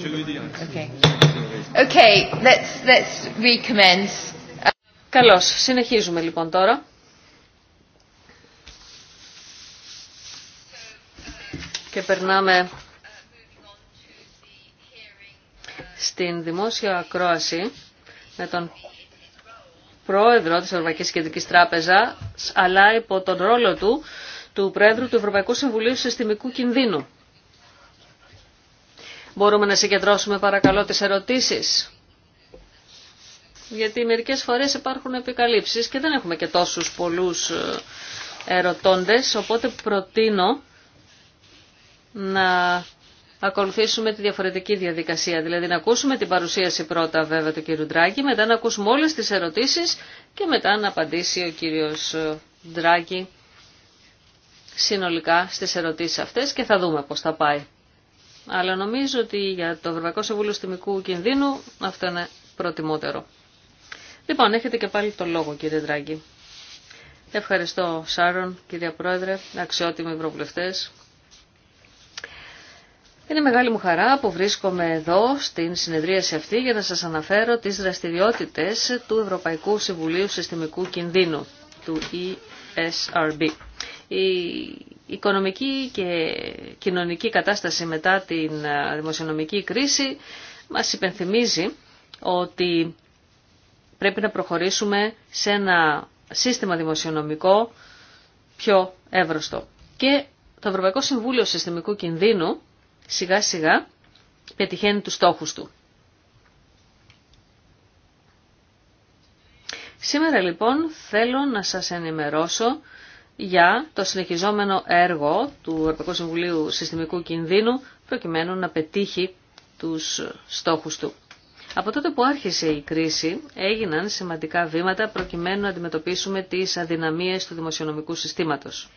Okay. Okay, let's, let's recommence. Καλώς, συνεχίζουμε λοιπόν τώρα. Και περνάμε στην δημόσια ακρόαση με τον πρόεδρο της Ευρωπαϊκής Κεντρικής Τράπεζας, αλλά υπό τον ρόλο του, του πρόεδρου του Ευρωπαϊκού Συμβουλίου Συστημικού Κινδύνου. Μπορούμε να συγκεντρώσουμε παρακαλώ τις ερωτήσεις. Γιατί μερικές φορές υπάρχουν επικαλύψεις και δεν έχουμε και τόσους πολλούς ε, ερωτώντες, οπότε προτείνω να ακολουθήσουμε τη διαφορετική διαδικασία. Δηλαδή να ακούσουμε την παρουσίαση πρώτα βέβαια του κύριου Ντράγκη, μετά να ακούσουμε όλες τις ερωτήσεις και μετά να απαντήσει ο κύριος ε, Ντράγκη συνολικά στις ερωτήσεις αυτές και θα δούμε πώς θα πάει. Αλλά νομίζω ότι για το Ευρωπαϊκό Συμβούλιο Συστημικού Κινδύνου αυτό είναι προτιμότερο. Λοιπόν, έχετε και πάλι το λόγο κύριε Δράγκη. Ευχαριστώ Σάρον, κυρία Πρόεδρε, αξιότιμοι ευρωβουλευτέ. Είναι μεγάλη μου χαρά που βρίσκομαι εδώ στην συνεδρίαση αυτή για να σας αναφέρω τις δραστηριότητες του Ευρωπαϊκού Συμβουλίου Συστημικού Κινδύνου, του ESRB. Η οικονομική και κοινωνική κατάσταση μετά την δημοσιονομική κρίση μας υπενθυμίζει ότι πρέπει να προχωρήσουμε σε ένα σύστημα δημοσιονομικό πιο εύρωστο. Και το Ευρωπαϊκό Συμβούλιο Συστημικού Κινδύνου σιγά σιγά πετυχαίνει τους στόχους του. Σήμερα λοιπόν θέλω να σας ενημερώσω για το συνεχιζόμενο έργο του Ευρωπαϊκού Συμβουλίου Συστημικού Κινδύνου προκειμένου να πετύχει τους στόχους του. Από τότε που άρχισε η κρίση έγιναν σημαντικά βήματα προκειμένου να αντιμετωπίσουμε τις αδυναμίες του δημοσιονομικού συστήματος.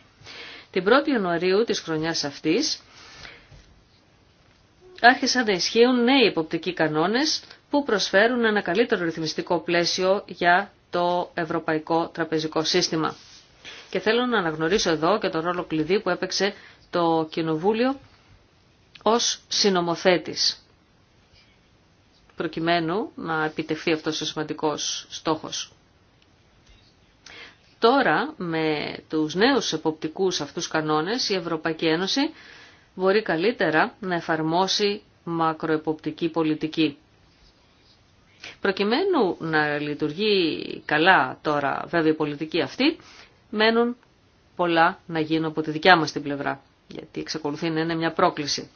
Την 1η Ιανουαρίου της χρονιάς αυτής άρχισαν να ισχύουν νέοι υποπτικοί κανόνες που προσφέρουν ένα καλύτερο ρυθμιστικό πλαίσιο για το ευρωπαϊκό τραπεζικό σύστημα. Και θέλω να αναγνωρίσω εδώ και τον ρόλο κλειδί που έπαιξε το Κοινοβούλιο ως συνομοθέτης προκειμένου να επιτευχθεί αυτός ο σημαντικός στόχος. Τώρα με τους νέους εποπτικούς αυτούς κανόνες η Ευρωπαϊκή Ένωση μπορεί καλύτερα να εφαρμόσει μακροεποπτική πολιτική. Προκειμένου να λειτουργεί καλά τώρα βέβαια η πολιτική αυτή, μένουν πολλά να γίνουν από τη δικιά μας την πλευρά, γιατί εξακολουθεί να είναι μια πρόκληση.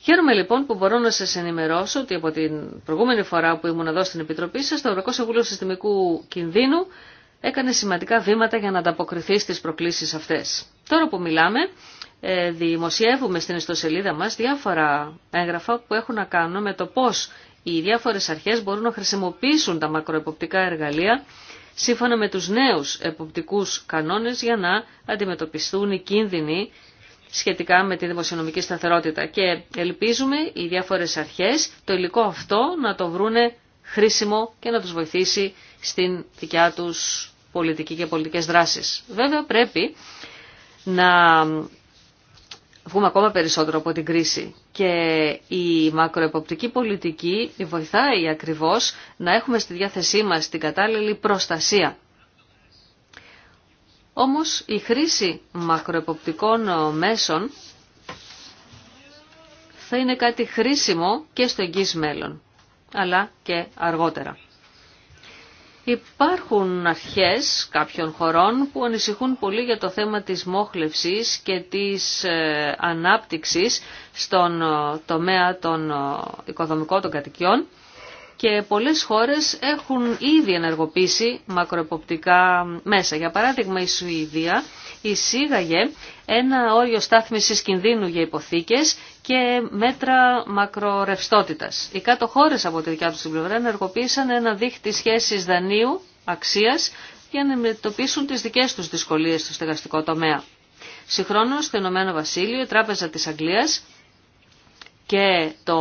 Χαίρομαι λοιπόν που μπορώ να σα ενημερώσω ότι από την προηγούμενη φορά που ήμουν εδώ στην Επιτροπή σα, το Ευρωπαϊκό Συμβούλιο Συστημικού Κινδύνου έκανε σημαντικά βήματα για να ανταποκριθεί στις προκλήσει αυτέ. Τώρα που μιλάμε, ε, δημοσιεύουμε στην ιστοσελίδα μα διάφορα έγγραφα που έχουν να κάνουν με το πώ οι διάφορε αρχέ μπορούν να χρησιμοποιήσουν τα μακροεποπτικά εργαλεία σύμφωνα με τους νέους εποπτικούς κανόνες για να αντιμετωπιστούν οι κίνδυνοι σχετικά με τη δημοσιονομική σταθερότητα. Και ελπίζουμε οι διάφορες αρχές το υλικό αυτό να το βρούνε χρήσιμο και να τους βοηθήσει στην δικιά τους πολιτική και πολιτικές δράσεις. Βέβαια πρέπει να βγούμε ακόμα περισσότερο από την κρίση. Και η μακροεποπτική πολιτική βοηθάει ακριβώς να έχουμε στη διάθεσή μας την κατάλληλη προστασία. Όμως η χρήση μακροεποπτικών μέσων θα είναι κάτι χρήσιμο και στο εγγύς μέλλον, αλλά και αργότερα. Υπάρχουν αρχές κάποιων χωρών που ανησυχούν πολύ για το θέμα της μόχλευσης και της ε, ανάπτυξης στον ε, τομέα των ε, οικοδομικών των κατοικιών και πολλές χώρες έχουν ήδη ενεργοποιήσει μακροεποπτικά μέσα. Για παράδειγμα η Σουηδία εισήγαγε ένα όριο στάθμισης κινδύνου για υποθήκες και μέτρα μακρορευστότητας. Οι κάτω χώρες από τη δικιά τους την πλευρά ενεργοποίησαν ένα δίχτυ σχέσης δανείου αξίας για να αντιμετωπίσουν τις δικές τους δυσκολίες στο στεγαστικό τομέα. Συγχρόνως στο Ηνωμένο Βασίλειο η Τράπεζα της Αγγλίας και το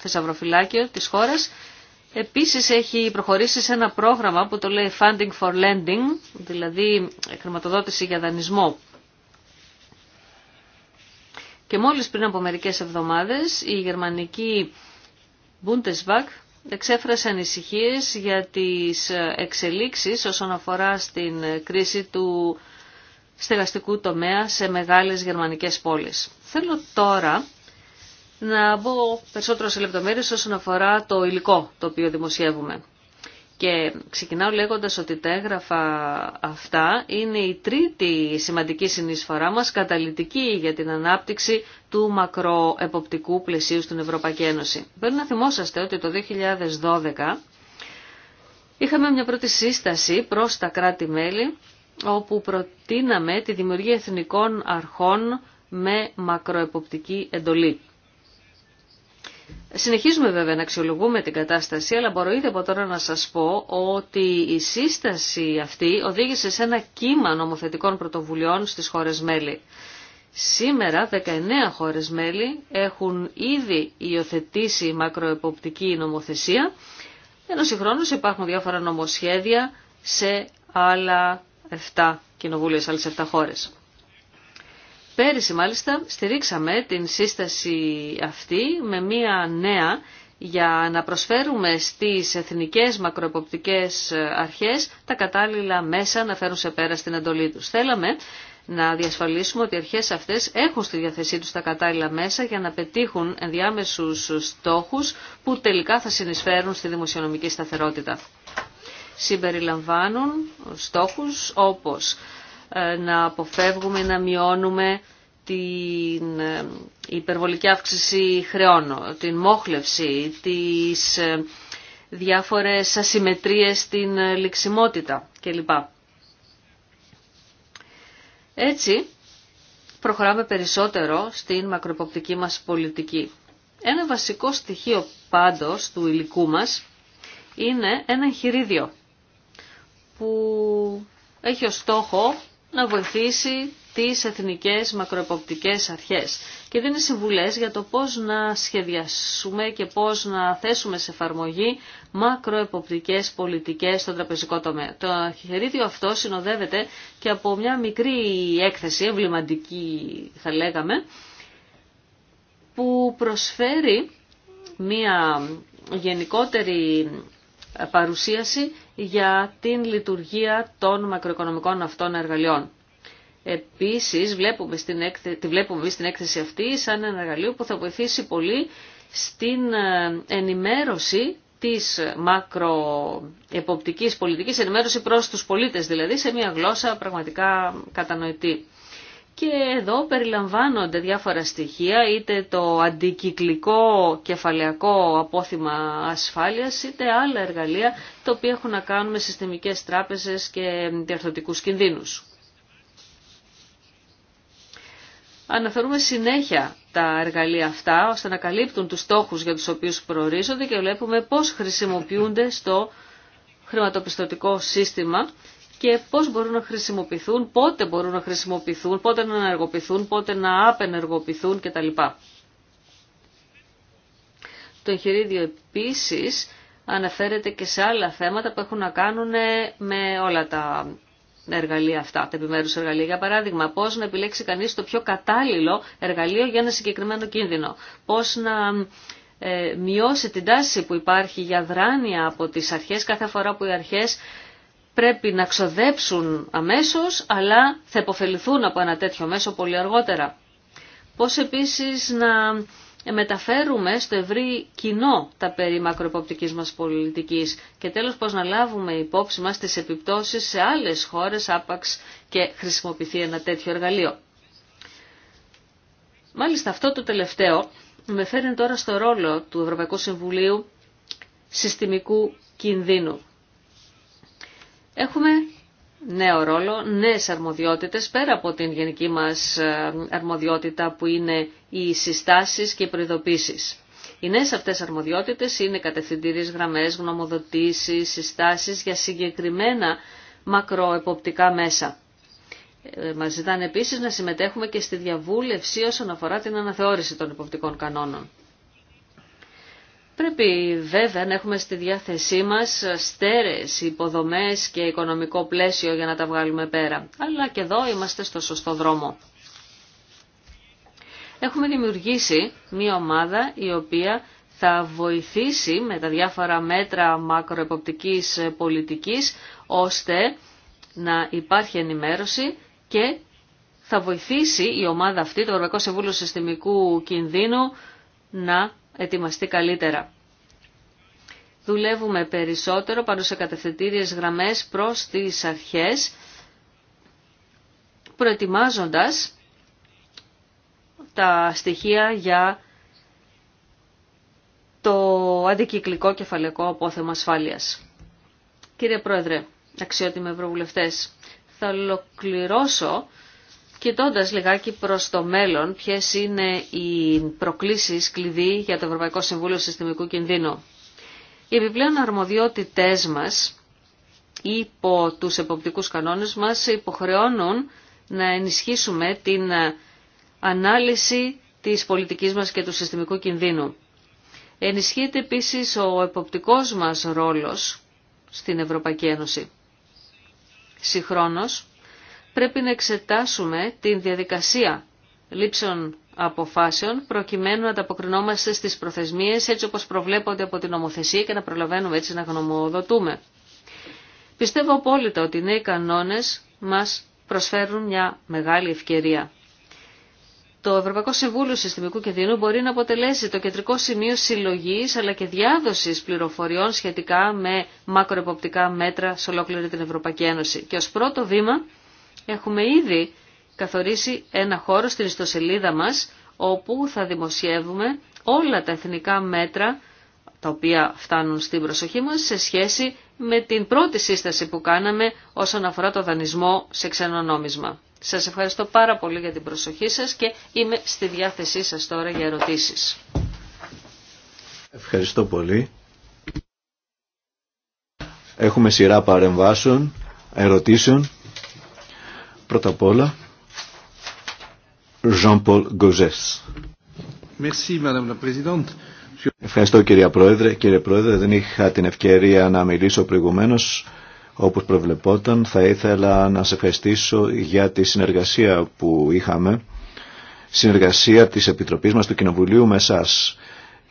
θησαυροφυλάκιο της χώρας Επίσης έχει προχωρήσει σε ένα πρόγραμμα που το λέει Funding for Lending, δηλαδή χρηματοδότηση για δανεισμό. Και μόλις πριν από μερικές εβδομάδες η γερμανική Bundesbank εξέφρασε ανησυχίες για τις εξελίξεις όσον αφορά στην κρίση του στεγαστικού τομέα σε μεγάλες γερμανικές πόλεις. Θέλω τώρα να μπω περισσότερο σε λεπτομέρειες όσον αφορά το υλικό το οποίο δημοσιεύουμε. Και ξεκινάω λέγοντας ότι τα έγγραφα αυτά είναι η τρίτη σημαντική συνεισφορά μας καταλητική για την ανάπτυξη του μακροεποπτικού πλαισίου στην Ευρωπαϊκή Ένωση. Πρέπει να θυμόσαστε ότι το 2012 είχαμε μια πρώτη σύσταση προς τα κράτη-μέλη όπου προτείναμε τη δημιουργία εθνικών αρχών με μακροεποπτική εντολή. Συνεχίζουμε βέβαια να αξιολογούμε την κατάσταση, αλλά μπορώ ήδη από τώρα να σας πω ότι η σύσταση αυτή οδήγησε σε ένα κύμα νομοθετικών πρωτοβουλειών στις χώρες μέλη. Σήμερα 19 χώρες μέλη έχουν ήδη υιοθετήσει μακροεποπτική νομοθεσία, ενώ συγχρόνως υπάρχουν διάφορα νομοσχέδια σε άλλα 7 κοινοβούλια, σε άλλες 7 χώρες. Πέρυσι μάλιστα στηρίξαμε την σύσταση αυτή με μία νέα για να προσφέρουμε στις εθνικές μακροεποπτικές αρχές τα κατάλληλα μέσα να φέρουν σε πέρα στην εντολή τους. Θέλαμε να διασφαλίσουμε ότι οι αρχές αυτές έχουν στη διαθεσή τους τα κατάλληλα μέσα για να πετύχουν ενδιάμεσους στόχους που τελικά θα συνεισφέρουν στη δημοσιονομική σταθερότητα. Συμπεριλαμβάνουν στόχους όπως ε, να αποφεύγουμε, να μειώνουμε την ε, υπερβολική αύξηση χρεών, την μόχλευση, τις ε, διάφορες ασυμμετρίες στην ληξιμότητα κλπ. Έτσι προχωράμε περισσότερο στην μακροποπτική μας πολιτική. Ένα βασικό στοιχείο πάντως του υλικού μας είναι ένα εγχειρίδιο που έχει ως στόχο να βοηθήσει τις εθνικές μακροεποπτικές αρχές και δίνει συμβουλές για το πώς να σχεδιάσουμε και πώς να θέσουμε σε εφαρμογή μακροεποπτικές πολιτικές στον τραπεζικό τομέα. Το αρχιερίδιο αυτό συνοδεύεται και από μια μικρή έκθεση, εμβληματική θα λέγαμε, που προσφέρει μια γενικότερη παρουσίαση για την λειτουργία των μακροοικονομικών αυτών εργαλειών. Επίσης, βλέπουμε στην τη βλέπουμε στην έκθεση αυτή σαν ένα εργαλείο που θα βοηθήσει πολύ στην ε, ενημέρωση της μακροεποπτικής πολιτικής, ενημέρωση προς τους πολίτες δηλαδή, σε μια γλώσσα πραγματικά κατανοητή. Και εδώ περιλαμβάνονται διάφορα στοιχεία, είτε το αντικυκλικό κεφαλαιακό απόθυμα ασφάλειας, είτε άλλα εργαλεία τα οποία έχουν να κάνουν με συστημικές τράπεζες και διαρθρωτικούς κινδύνους. Αναφέρουμε συνέχεια τα εργαλεία αυτά ώστε να καλύπτουν τους στόχους για τους οποίους προορίζονται και βλέπουμε πώς χρησιμοποιούνται στο χρηματοπιστωτικό σύστημα και πώς μπορούν να χρησιμοποιηθούν, πότε μπορούν να χρησιμοποιηθούν, πότε να ενεργοποιηθούν, πότε να απενεργοποιηθούν κτλ. Το εγχειρίδιο επίσης αναφέρεται και σε άλλα θέματα που έχουν να κάνουν με όλα τα εργαλεία αυτά, τα επιμέρους εργαλεία. Για παράδειγμα, πώς να επιλέξει κανείς το πιο κατάλληλο εργαλείο για ένα συγκεκριμένο κίνδυνο. Πώς να ε, μειώσει την τάση που υπάρχει για δράνεια από τις αρχές κάθε φορά που οι αρχές πρέπει να ξοδέψουν αμέσως, αλλά θα υποφεληθούν από ένα τέτοιο μέσο πολύ αργότερα. Πώς επίσης να μεταφέρουμε στο ευρύ κοινό τα περί μακροποπτικής μας πολιτικής και τέλος πώς να λάβουμε υπόψη μας τις επιπτώσεις σε άλλες χώρες άπαξ και χρησιμοποιηθεί ένα τέτοιο εργαλείο. Μάλιστα αυτό το τελευταίο με φέρνει τώρα στο ρόλο του Ευρωπαϊκού Συμβουλίου Συστημικού Κινδύνου. Έχουμε νέο ρόλο, νέες αρμοδιότητες πέρα από την γενική μας ε, αρμοδιότητα που είναι οι συστάσεις και οι προειδοποίησεις. Οι νέες αυτές αρμοδιότητες είναι κατευθυντήριες γραμμές, γνωμοδοτήσεις, συστάσεις για συγκεκριμένα μακροεποπτικά μέσα. Ε, μας ζητάνε επίσης να συμμετέχουμε και στη διαβούλευση όσον αφορά την αναθεώρηση των υποπτικών κανόνων. Πρέπει βέβαια να έχουμε στη διάθεσή μας στέρες, υποδομές και οικονομικό πλαίσιο για να τα βγάλουμε πέρα. Αλλά και εδώ είμαστε στο σωστό δρόμο. Έχουμε δημιουργήσει μία ομάδα η οποία θα βοηθήσει με τα διάφορα μέτρα μακροεποπτικής πολιτικής ώστε να υπάρχει ενημέρωση και θα βοηθήσει η ομάδα αυτή, το Ευρωπαϊκό Συμβούλιο Συστημικού Κινδύνου, να ετοιμαστεί καλύτερα. Δουλεύουμε περισσότερο πάνω σε γραμμές προς τις αρχές, προετοιμάζοντας τα στοιχεία για το αντικυκλικό κεφαλαικό απόθεμα ασφάλειας. Κύριε Πρόεδρε, αξιότιμοι ευρωβουλευτές, θα ολοκληρώσω Κοιτώντα λιγάκι προς το μέλλον, ποιες είναι οι προκλήσεις κλειδί για το Ευρωπαϊκό Συμβούλιο Συστημικού Κινδύνου. Οι επιπλέον αρμοδιότητές μας υπό τους εποπτικούς κανόνες μας υποχρεώνουν να ενισχύσουμε την ανάλυση της πολιτικής μας και του συστημικού κινδύνου. Ενισχύεται επίσης ο εποπτικός μας ρόλος στην Ευρωπαϊκή Ένωση. Συγχρόνως, πρέπει να εξετάσουμε την διαδικασία λήψεων αποφάσεων προκειμένου να ανταποκρινόμαστε στις προθεσμίες έτσι όπως προβλέπονται από την νομοθεσία και να προλαβαίνουμε έτσι να γνωμοδοτούμε. Πιστεύω απόλυτα ότι οι νέοι κανόνες μας προσφέρουν μια μεγάλη ευκαιρία. Το Ευρωπαϊκό Συμβούλιο Συστημικού Κινδύνου μπορεί να αποτελέσει το κεντρικό σημείο συλλογής αλλά και διάδοσης πληροφοριών σχετικά με μακροεποπτικά μέτρα σε ολόκληρη την Ευρωπαϊκή Ένωση. Και ως πρώτο βήμα Έχουμε ήδη καθορίσει ένα χώρο στην ιστοσελίδα μας όπου θα δημοσιεύουμε όλα τα εθνικά μέτρα τα οποία φτάνουν στην προσοχή μας σε σχέση με την πρώτη σύσταση που κάναμε όσον αφορά το δανεισμό σε ξενονόμισμα. Σας ευχαριστώ πάρα πολύ για την προσοχή σας και είμαι στη διάθεσή σας τώρα για ερωτήσεις. Ευχαριστώ πολύ. Έχουμε σειρά παρεμβάσεων, ερωτήσεων. Πρώτα απ' όλα, Jean-Paul Gauzès. Ευχαριστώ κυρία Πρόεδρε. Κύριε Πρόεδρε, δεν είχα την ευκαιρία να μιλήσω προηγουμένω, όπως προβλεπόταν. Θα ήθελα να σε ευχαριστήσω για τη συνεργασία που είχαμε, συνεργασία της Επιτροπής μας του Κοινοβουλίου με εσάς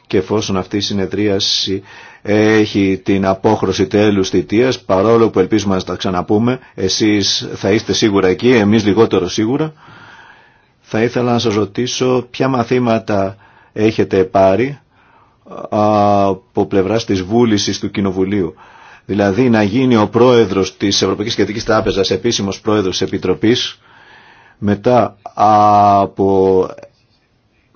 και εφόσον αυτή η συνεδρίαση έχει την απόχρωση τέλους θητείας, παρόλο που ελπίζουμε να τα ξαναπούμε, εσείς θα είστε σίγουρα εκεί, εμείς λιγότερο σίγουρα, θα ήθελα να σας ρωτήσω ποια μαθήματα έχετε πάρει από πλευράς της βούλησης του Κοινοβουλίου. Δηλαδή να γίνει ο πρόεδρος της Ευρωπαϊκής Κεντρική Τράπεζας, επίσημος πρόεδρος της Επιτροπής, μετά από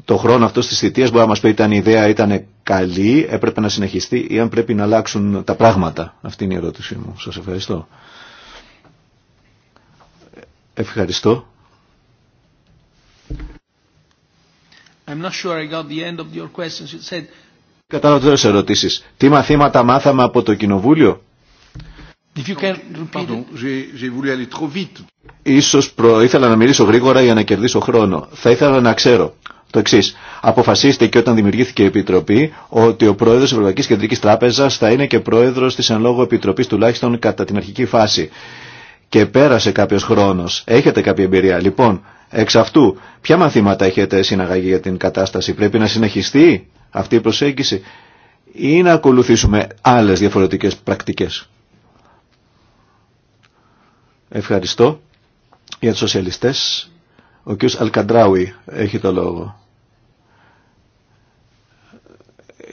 το χρόνο αυτό τη θητεία μπορεί να μα πει ήταν η ιδέα, ήταν καλή, έπρεπε να συνεχιστεί ή αν πρέπει να αλλάξουν τα πράγματα. Αυτή είναι η ερώτησή μου. Σα ευχαριστώ. Ευχαριστώ. I'm not sure I got the end of your questions. It said... Κατάλαβα τις ερωτήσεις. Τι μαθήματα μάθαμε από το Κοινοβούλιο. If Ίσως προ... ήθελα να μιλήσω γρήγορα για να κερδίσω χρόνο. Θα ήθελα να ξέρω το εξή. Αποφασίστηκε όταν δημιουργήθηκε η Επιτροπή ότι ο πρόεδρο τη Ευρωπαϊκή Κεντρική Τράπεζα θα είναι και πρόεδρο τη εν λόγω Επιτροπή τουλάχιστον κατά την αρχική φάση. Και πέρασε κάποιο χρόνο. Έχετε κάποια εμπειρία. Λοιπόν, εξ αυτού, ποια μαθήματα έχετε συναγάγει για την κατάσταση. Πρέπει να συνεχιστεί αυτή η προσέγγιση ή να ακολουθήσουμε άλλες διαφορετικές πρακτικές. Ευχαριστώ για τους σοσιαλιστές. Ο κ. Αλκαντράουι έχει το λόγο.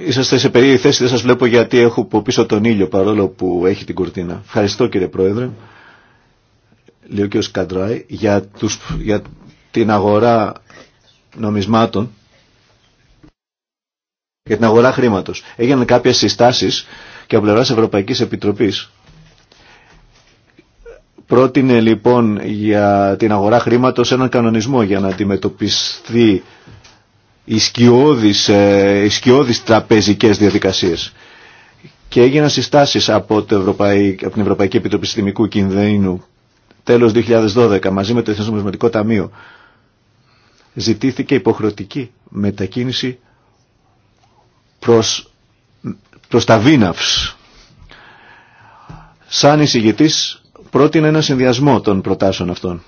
είσαστε σε περίεργη θέση, δεν σας βλέπω γιατί έχω από πίσω τον ήλιο παρόλο που έχει την κουρτίνα. Ευχαριστώ κύριε Πρόεδρε, λέει ο Καντράη, για, τους, για την αγορά νομισμάτων, για την αγορά χρήματος. Έγιναν κάποιες συστάσεις και από πλευράς Ευρωπαϊκής Επιτροπής. Πρότεινε λοιπόν για την αγορά χρήματος έναν κανονισμό για να αντιμετωπιστεί οι ε, τραπεζικές διαδικασίες. Και έγιναν συστάσεις από, από την Ευρωπαϊκή Επιτροπή Συστημικού Κινδύνου τέλος 2012 μαζί με το Εθνικό Νομισματικό Ταμείο. Ζητήθηκε υποχρεωτική μετακίνηση προς, προς τα βίναυς. Σαν εισηγητής πρότεινε ένα συνδυασμό των προτάσεων αυτών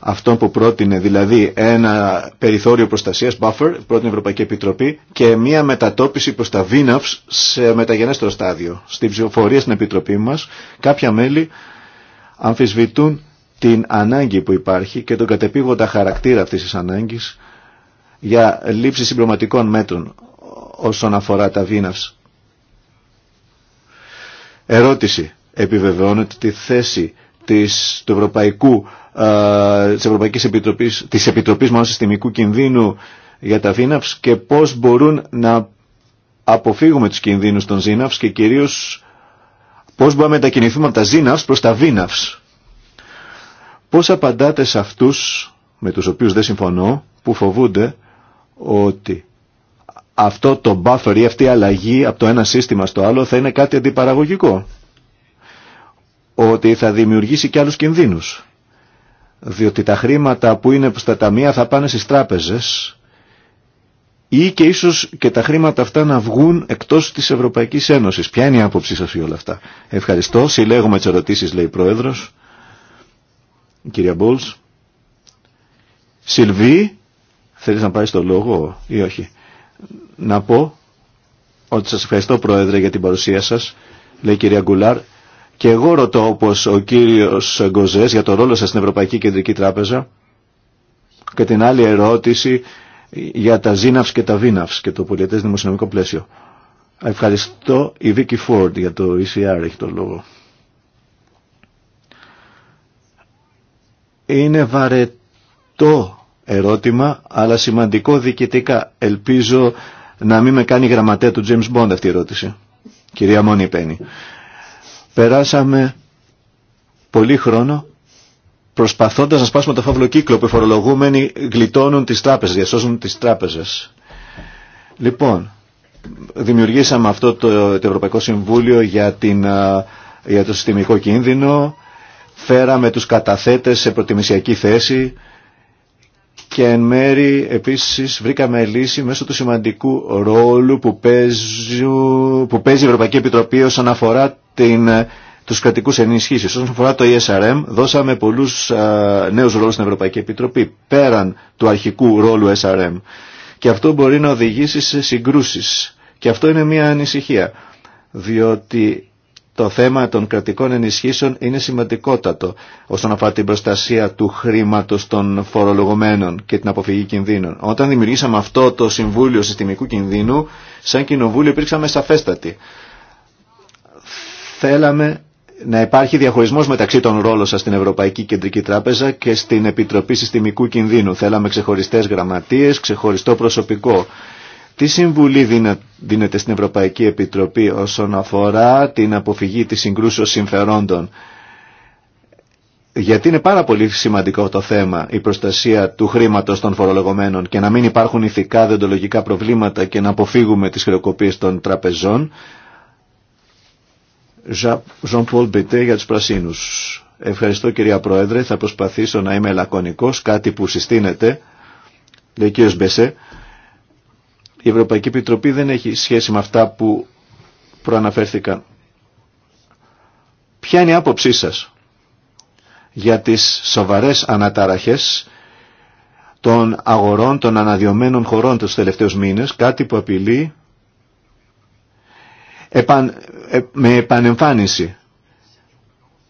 αυτό που πρότεινε, δηλαδή ένα περιθώριο προστασίας, buffer, πρότεινε η Ευρωπαϊκή Επιτροπή και μια μετατόπιση προς τα VNAVs σε μεταγενέστερο στάδιο. Στην ψηφοφορία στην Επιτροπή μας κάποια μέλη αμφισβητούν την ανάγκη που υπάρχει και τον κατεπίγοντα χαρακτήρα αυτής της ανάγκης για λήψη συμπληρωματικών μέτρων όσον αφορά τα VNAVs. Ερώτηση. Επιβεβαιώνεται τη θέση της, του Ευρωπαϊκού ε, της Ευρωπαϊκής Επιτροπής, της Επιτροπής Μάλλον Συστημικού Κινδύνου για τα Βίναυς και πώς μπορούν να αποφύγουμε τους κινδύνους των ΖΙΝΑΒΣ και κυρίως πώς μπορούμε να μετακινηθούμε από τα ΖΙΝΑΒΣ προς τα ΒΙΝΑΒΣ. Πώς απαντάτε σε αυτούς με τους οποίους δεν συμφωνώ που φοβούνται ότι αυτό το buffer ή αυτή η αλλαγή από το ένα σύστημα στο άλλο θα είναι κάτι αντιπαραγωγικό. Ότι θα δημιουργήσει και άλλους κινδύνους διότι τα χρήματα που είναι στα ταμεία θα πάνε στις τράπεζες ή και ίσως και τα χρήματα αυτά να βγουν εκτός της Ευρωπαϊκής Ένωσης. Ποια είναι η άποψή σας για όλα αυτά. Ευχαριστώ. Συλλέγουμε τις ερωτήσεις λέει η Πρόεδρος. Η κυρία Μπούλς. Σιλβί, θέλεις να πάρεις το λόγο ή όχι. Να πω ότι σας ευχαριστώ Πρόεδρε για την παρουσία σας, λέει η κυρία Γκουλάρ. Και εγώ ρωτώ όπως ο κύριος Γκοζές για το ρόλο σας στην Ευρωπαϊκή Κεντρική Τράπεζα και την άλλη ερώτηση για τα ΖΙΝΑΒΣ και τα ΒΙΝΑΒΣ και το πολιετές δημοσιονομικό πλαίσιο. Ευχαριστώ η Βίκη Φόρντ για το ECR έχει το λόγο. Είναι βαρετό ερώτημα αλλά σημαντικό διοικητικά. Ελπίζω να μην με κάνει γραμματέα του James Bond αυτή η ερώτηση. Κυρία Μόνη Πένη. Περάσαμε πολύ χρόνο προσπαθώντας να σπάσουμε το φαύλο κύκλο που οι φορολογούμενοι γλιτώνουν τις τράπεζες, διασώζουν τις τράπεζες. Λοιπόν, δημιουργήσαμε αυτό το, το Ευρωπαϊκό Συμβούλιο για, την, για το συστημικό κίνδυνο, φέραμε τους καταθέτες σε προτιμησιακή θέση, και εν μέρη επίσης βρήκαμε λύση μέσω του σημαντικού ρόλου που, παίζει, που παίζει η Ευρωπαϊκή Επιτροπή όσον αφορά την, τους κρατικούς ενισχύσεις. Όσον αφορά το ESRM δώσαμε πολλούς νέους ρόλους στην Ευρωπαϊκή Επιτροπή πέραν του αρχικού ρόλου e SRM και αυτό μπορεί να οδηγήσει σε συγκρούσεις και αυτό είναι μια ανησυχία διότι το θέμα των κρατικών ενισχύσεων είναι σημαντικότατο όσον αφορά την προστασία του χρήματος των φορολογωμένων και την αποφυγή κινδύνων. Όταν δημιουργήσαμε αυτό το Συμβούλιο Συστημικού Κινδύνου, σαν Κοινοβούλιο υπήρξαμε σαφέστατοι. Θέλαμε να υπάρχει διαχωρισμός μεταξύ των ρόλων σας στην Ευρωπαϊκή Κεντρική Τράπεζα και στην Επιτροπή Συστημικού Κινδύνου. Θέλαμε ξεχωριστές γραμματείες, ξεχωριστό προσωπικό τι συμβουλή δίνεται στην Ευρωπαϊκή Επιτροπή όσον αφορά την αποφυγή της συγκρούσεως συμφερόντων. Γιατί είναι πάρα πολύ σημαντικό το θέμα η προστασία του χρήματος των φορολογωμένων και να μην υπάρχουν ηθικά δεντολογικά προβλήματα και να αποφύγουμε τις χρεοκοπίες των τραπεζών. Jean-Paul για τους Ευχαριστώ κυρία Πρόεδρε, θα προσπαθήσω να είμαι λακωνικός, κάτι που συστήνεται, λέει Μπεσέ, η Ευρωπαϊκή Επιτροπή δεν έχει σχέση με αυτά που προαναφέρθηκαν. Ποια είναι η άποψή σας για τις σοβαρές αναταραχές των αγορών των αναδιωμένων χωρών τους τελευταίους μήνες, κάτι που απειλεί ε, με επανεμφάνιση.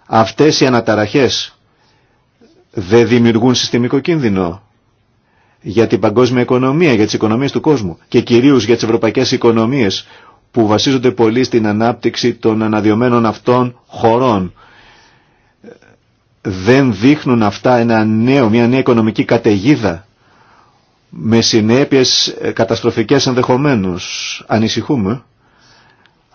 Αυτές οι αναταραχές δεν δημιουργούν συστημικό κίνδυνο για την παγκόσμια οικονομία, για τις οικονομίες του κόσμου και κυρίως για τις ευρωπαϊκές οικονομίες που βασίζονται πολύ στην ανάπτυξη των αναδειωμένων αυτών χωρών. Δεν δείχνουν αυτά ένα νέο, μια νέα οικονομική καταιγίδα με συνέπειες καταστροφικές ενδεχομένως. Ανησυχούμε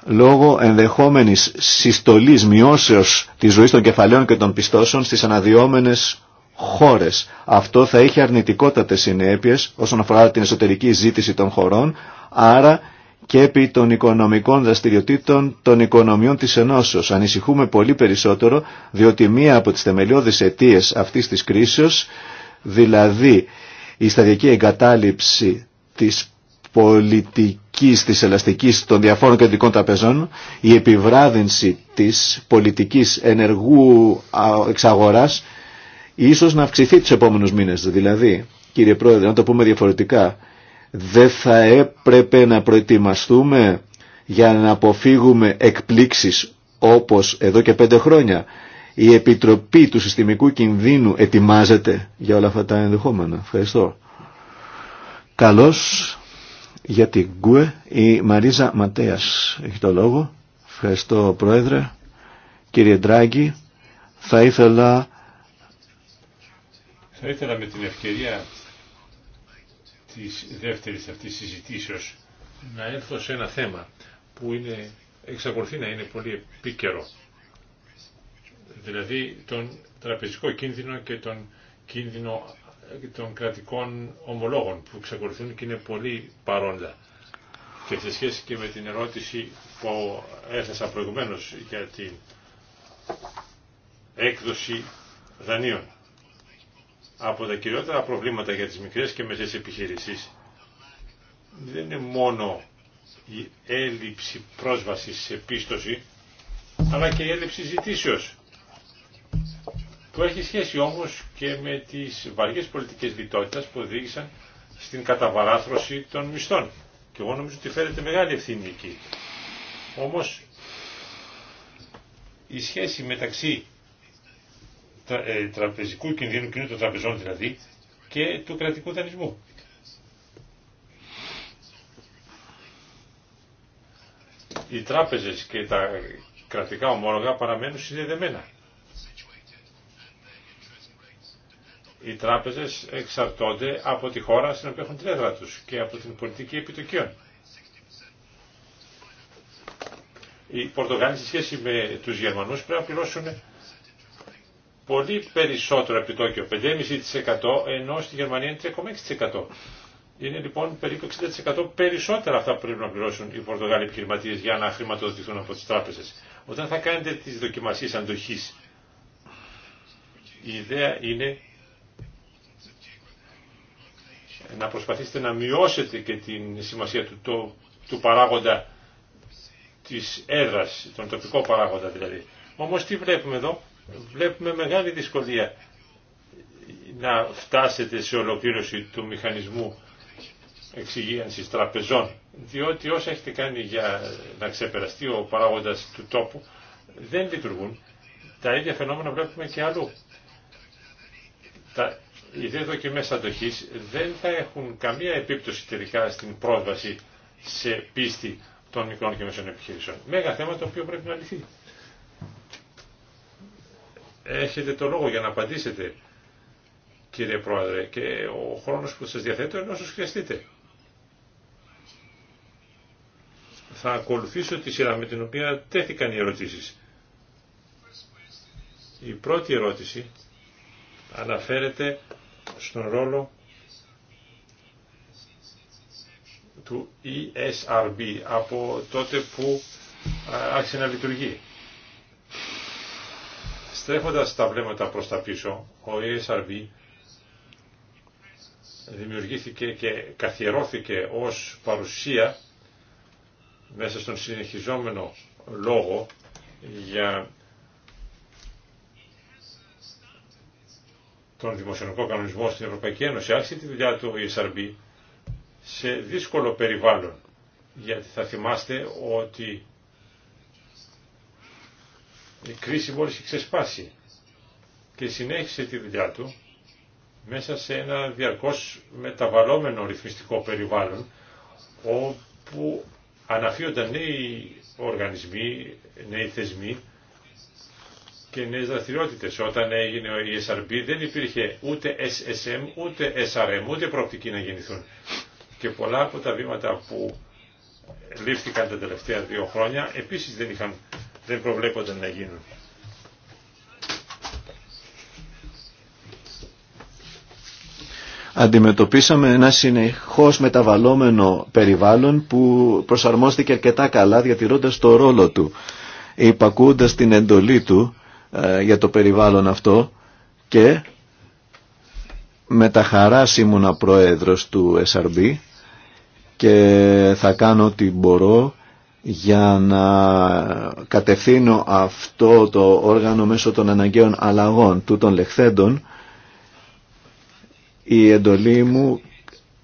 λόγω ενδεχόμενης συστολής μειώσεως της ζωής των κεφαλαίων και των πιστώσεων στις αναδιόμενες χώρες. Αυτό θα είχε αρνητικότατες συνέπειες όσον αφορά την εσωτερική ζήτηση των χωρών, άρα και επί των οικονομικών δραστηριοτήτων των οικονομιών της Ενώσεως. Ανησυχούμε πολύ περισσότερο, διότι μία από τις θεμελιώδεις αιτίες αυτής της κρίσεως, δηλαδή η σταδιακή εγκατάλειψη της πολιτικής της ελαστικής των διαφόρων κεντρικών τραπεζών, η επιβράδυνση της πολιτικής ενεργού εξαγοράς ίσως να αυξηθεί τους επόμενους μήνες. Δηλαδή, κύριε Πρόεδρε, να το πούμε διαφορετικά, δεν θα έπρεπε να προετοιμαστούμε για να αποφύγουμε εκπλήξεις όπως εδώ και πέντε χρόνια. Η Επιτροπή του Συστημικού Κινδύνου ετοιμάζεται για όλα αυτά τα ενδεχόμενα. Ευχαριστώ. Καλώς για την ΚΟΕ η Μαρίζα Ματέας έχει το λόγο. Ευχαριστώ Πρόεδρε. Κύριε Ντράγκη, θα ήθελα θα ήθελα με την ευκαιρία της δεύτερης αυτής συζητήσεως να έρθω σε ένα θέμα που είναι, εξακολουθεί να είναι πολύ επίκαιρο. Δηλαδή τον τραπεζικό κίνδυνο και τον κίνδυνο των κρατικών ομολόγων που εξακολουθούν και είναι πολύ παρόντα. Και σε σχέση και με την ερώτηση που έθεσα προηγουμένως για την έκδοση δανείων από τα κυριότερα προβλήματα για τις μικρές και μεσές επιχειρήσεις δεν είναι μόνο η έλλειψη πρόσβασης σε πίστοση, αλλά και η έλλειψη ζητήσεως, που έχει σχέση όμως και με τις βαριές πολιτικές λιτότητας που οδήγησαν στην καταβαράθρωση των μισθών. Και εγώ νομίζω ότι φέρεται μεγάλη ευθύνη εκεί. Όμως η σχέση μεταξύ ε, τραπεζικού κινδύνου κοινού των τραπεζών δηλαδή και του κρατικού δανεισμού. Οι τράπεζες και τα κρατικά ομόλογα παραμένουν συνδεδεμένα. Οι τράπεζες εξαρτώνται από τη χώρα στην οποία έχουν τρέδρα έδρα και από την πολιτική επιτοκίων. Οι Πορτογάλοι σε σχέση με τους Γερμανούς πρέπει να πληρώσουν πολύ περισσότερο επιτόκιο, 5,5% ενώ στη Γερμανία είναι 3,6%. Είναι λοιπόν περίπου 60% περισσότερα αυτά που πρέπει να πληρώσουν οι Πορτογάλοι επιχειρηματίε για να χρηματοδοτηθούν από τι τράπεζε. Όταν θα κάνετε τι δοκιμασίε αντοχή, η ιδέα είναι να προσπαθήσετε να μειώσετε και την σημασία του, του παράγοντα της έδρας, τον τοπικό παράγοντα δηλαδή. Όμως τι βλέπουμε εδώ, βλέπουμε μεγάλη δυσκολία να φτάσετε σε ολοκλήρωση του μηχανισμού εξυγίανσης τραπεζών, διότι όσα έχετε κάνει για να ξεπεραστεί ο παράγοντας του τόπου δεν λειτουργούν. Τα ίδια φαινόμενα βλέπουμε και αλλού. Τα, οι δοκιμές αντοχής δεν θα έχουν καμία επίπτωση τελικά στην πρόσβαση σε πίστη των μικρών και μεσών επιχειρήσεων. Μέγα θέμα το οποίο πρέπει να λυθεί έχετε το λόγο για να απαντήσετε, κύριε Πρόεδρε, και ο χρόνος που σας διαθέτω είναι όσο χρειαστείτε. Θα ακολουθήσω τη σειρά με την οποία τέθηκαν οι ερωτήσεις. Η πρώτη ερώτηση αναφέρεται στον ρόλο του ESRB από τότε που άρχισε να λειτουργεί. Στρέφοντας τα βλέμματα προς τα πίσω, ο ESRB δημιουργήθηκε και καθιερώθηκε ως παρουσία μέσα στον συνεχιζόμενο λόγο για τον δημοσιονομικό κανονισμό στην Ευρωπαϊκή Ένωση. Άρχισε τη δουλειά του ESRB σε δύσκολο περιβάλλον, γιατί θα θυμάστε ότι η κρίση μόλις είχε ξεσπάσει και συνέχισε τη δουλειά του μέσα σε ένα διαρκώς μεταβαλλόμενο ρυθμιστικό περιβάλλον όπου αναφύονταν νέοι οργανισμοί, νέοι θεσμοί και νέες δραστηριότητες. Όταν έγινε ο ESRB δεν υπήρχε ούτε SSM, ούτε SRM, ούτε προοπτική να γεννηθούν. Και πολλά από τα βήματα που λήφθηκαν τα τελευταία δύο χρόνια επίσης δεν είχαν δεν προβλέπονται να γίνουν. αντιμετωπίσαμε ένα συνεχώς μεταβαλλόμενο περιβάλλον που προσαρμόστηκε αρκετά καλά διατηρώντας το ρόλο του, υπακούντας την εντολή του ε, για το περιβάλλον αυτό και με τα χαράς ήμουνα πρόεδρος του SRB και θα κάνω ό,τι μπορώ για να κατευθύνω αυτό το όργανο μέσω των αναγκαίων αλλαγών του των λεχθέντων η εντολή μου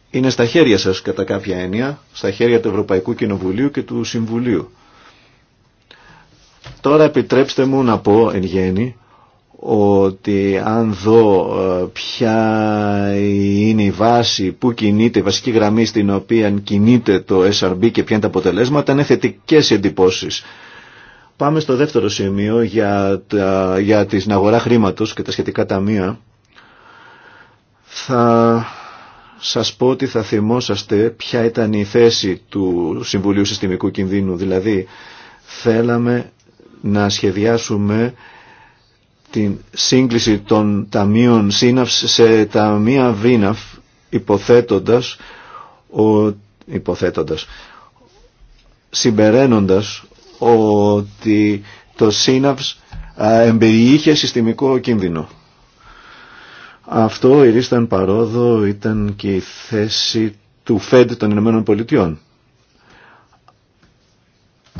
είναι στα χέρια σας κατά κάποια έννοια, στα χέρια του Ευρωπαϊκού Κοινοβουλίου και του Συμβουλίου. Τώρα επιτρέψτε μου να πω εν γέννη ότι αν δω ε, ποια είναι η βάση, που κινείται η βασική γραμμή στην οποία κινείται το SRB και ποια είναι τα αποτελέσματα, είναι θετικές εντυπώσεις. Πάμε στο δεύτερο σημείο για, για την αγορά χρήματος και τα σχετικά ταμεία. Θα σας πω ότι θα θυμόσαστε ποια ήταν η θέση του Συμβουλίου Συστημικού Κινδύνου. Δηλαδή, θέλαμε να σχεδιάσουμε την σύγκληση των ταμείων σύναφ σε ταμεία βίναυ υποθέτοντας, ο, υποθέτοντας συμπεραίνοντας ότι το σύναυς εμπεριείχε συστημικό κίνδυνο. Αυτό ηρίσταν παρόδο ήταν και η θέση του ΦΕΔ των Ηνωμένων Πολιτειών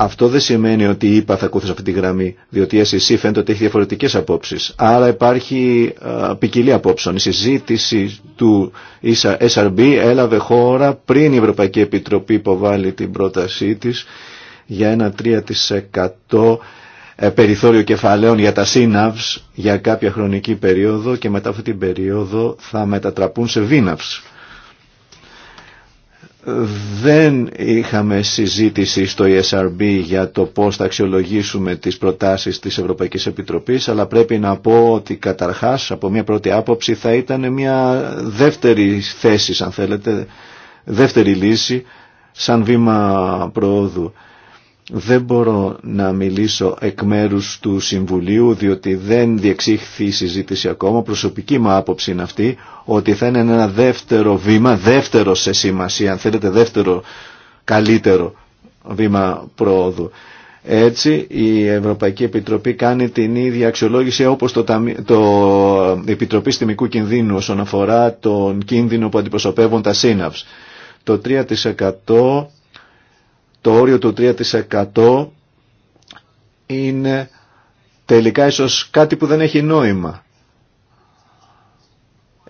αυτό δεν σημαίνει ότι είπα θα ακολουθήσει αυτή τη γραμμή, διότι η SEC φαίνεται ότι έχει διαφορετικέ απόψει. Άρα υπάρχει α, ποικιλία απόψεων. Η συζήτηση του SRB έλαβε χώρα πριν η Ευρωπαϊκή Επιτροπή υποβάλει την πρότασή τη για ένα 3% ε, περιθώριο κεφαλαίων για τα σύναυς για κάποια χρονική περίοδο και μετά αυτή την περίοδο θα μετατραπούν σε βίναυς δεν είχαμε συζήτηση στο ESRB για το πώς θα αξιολογήσουμε τις προτάσεις της Ευρωπαϊκής Επιτροπής αλλά πρέπει να πω ότι καταρχάς από μια πρώτη άποψη θα ήταν μια δεύτερη θέση αν θέλετε, δεύτερη λύση σαν βήμα προόδου. Δεν μπορώ να μιλήσω εκ μέρου του Συμβουλίου διότι δεν διεξήχθη η συζήτηση ακόμα. Προσωπική μου άποψη είναι αυτή ότι θα είναι ένα δεύτερο βήμα, δεύτερο σε σημασία, αν θέλετε δεύτερο καλύτερο βήμα πρόοδου. Έτσι η Ευρωπαϊκή Επιτροπή κάνει την ίδια αξιολόγηση όπως το, το ε, Επιτροπή Στημικού Κινδύνου όσον αφορά τον κίνδυνο που αντιπροσωπεύουν τα σύναυς. Το 3% το όριο του 3% είναι τελικά ίσως κάτι που δεν έχει νόημα.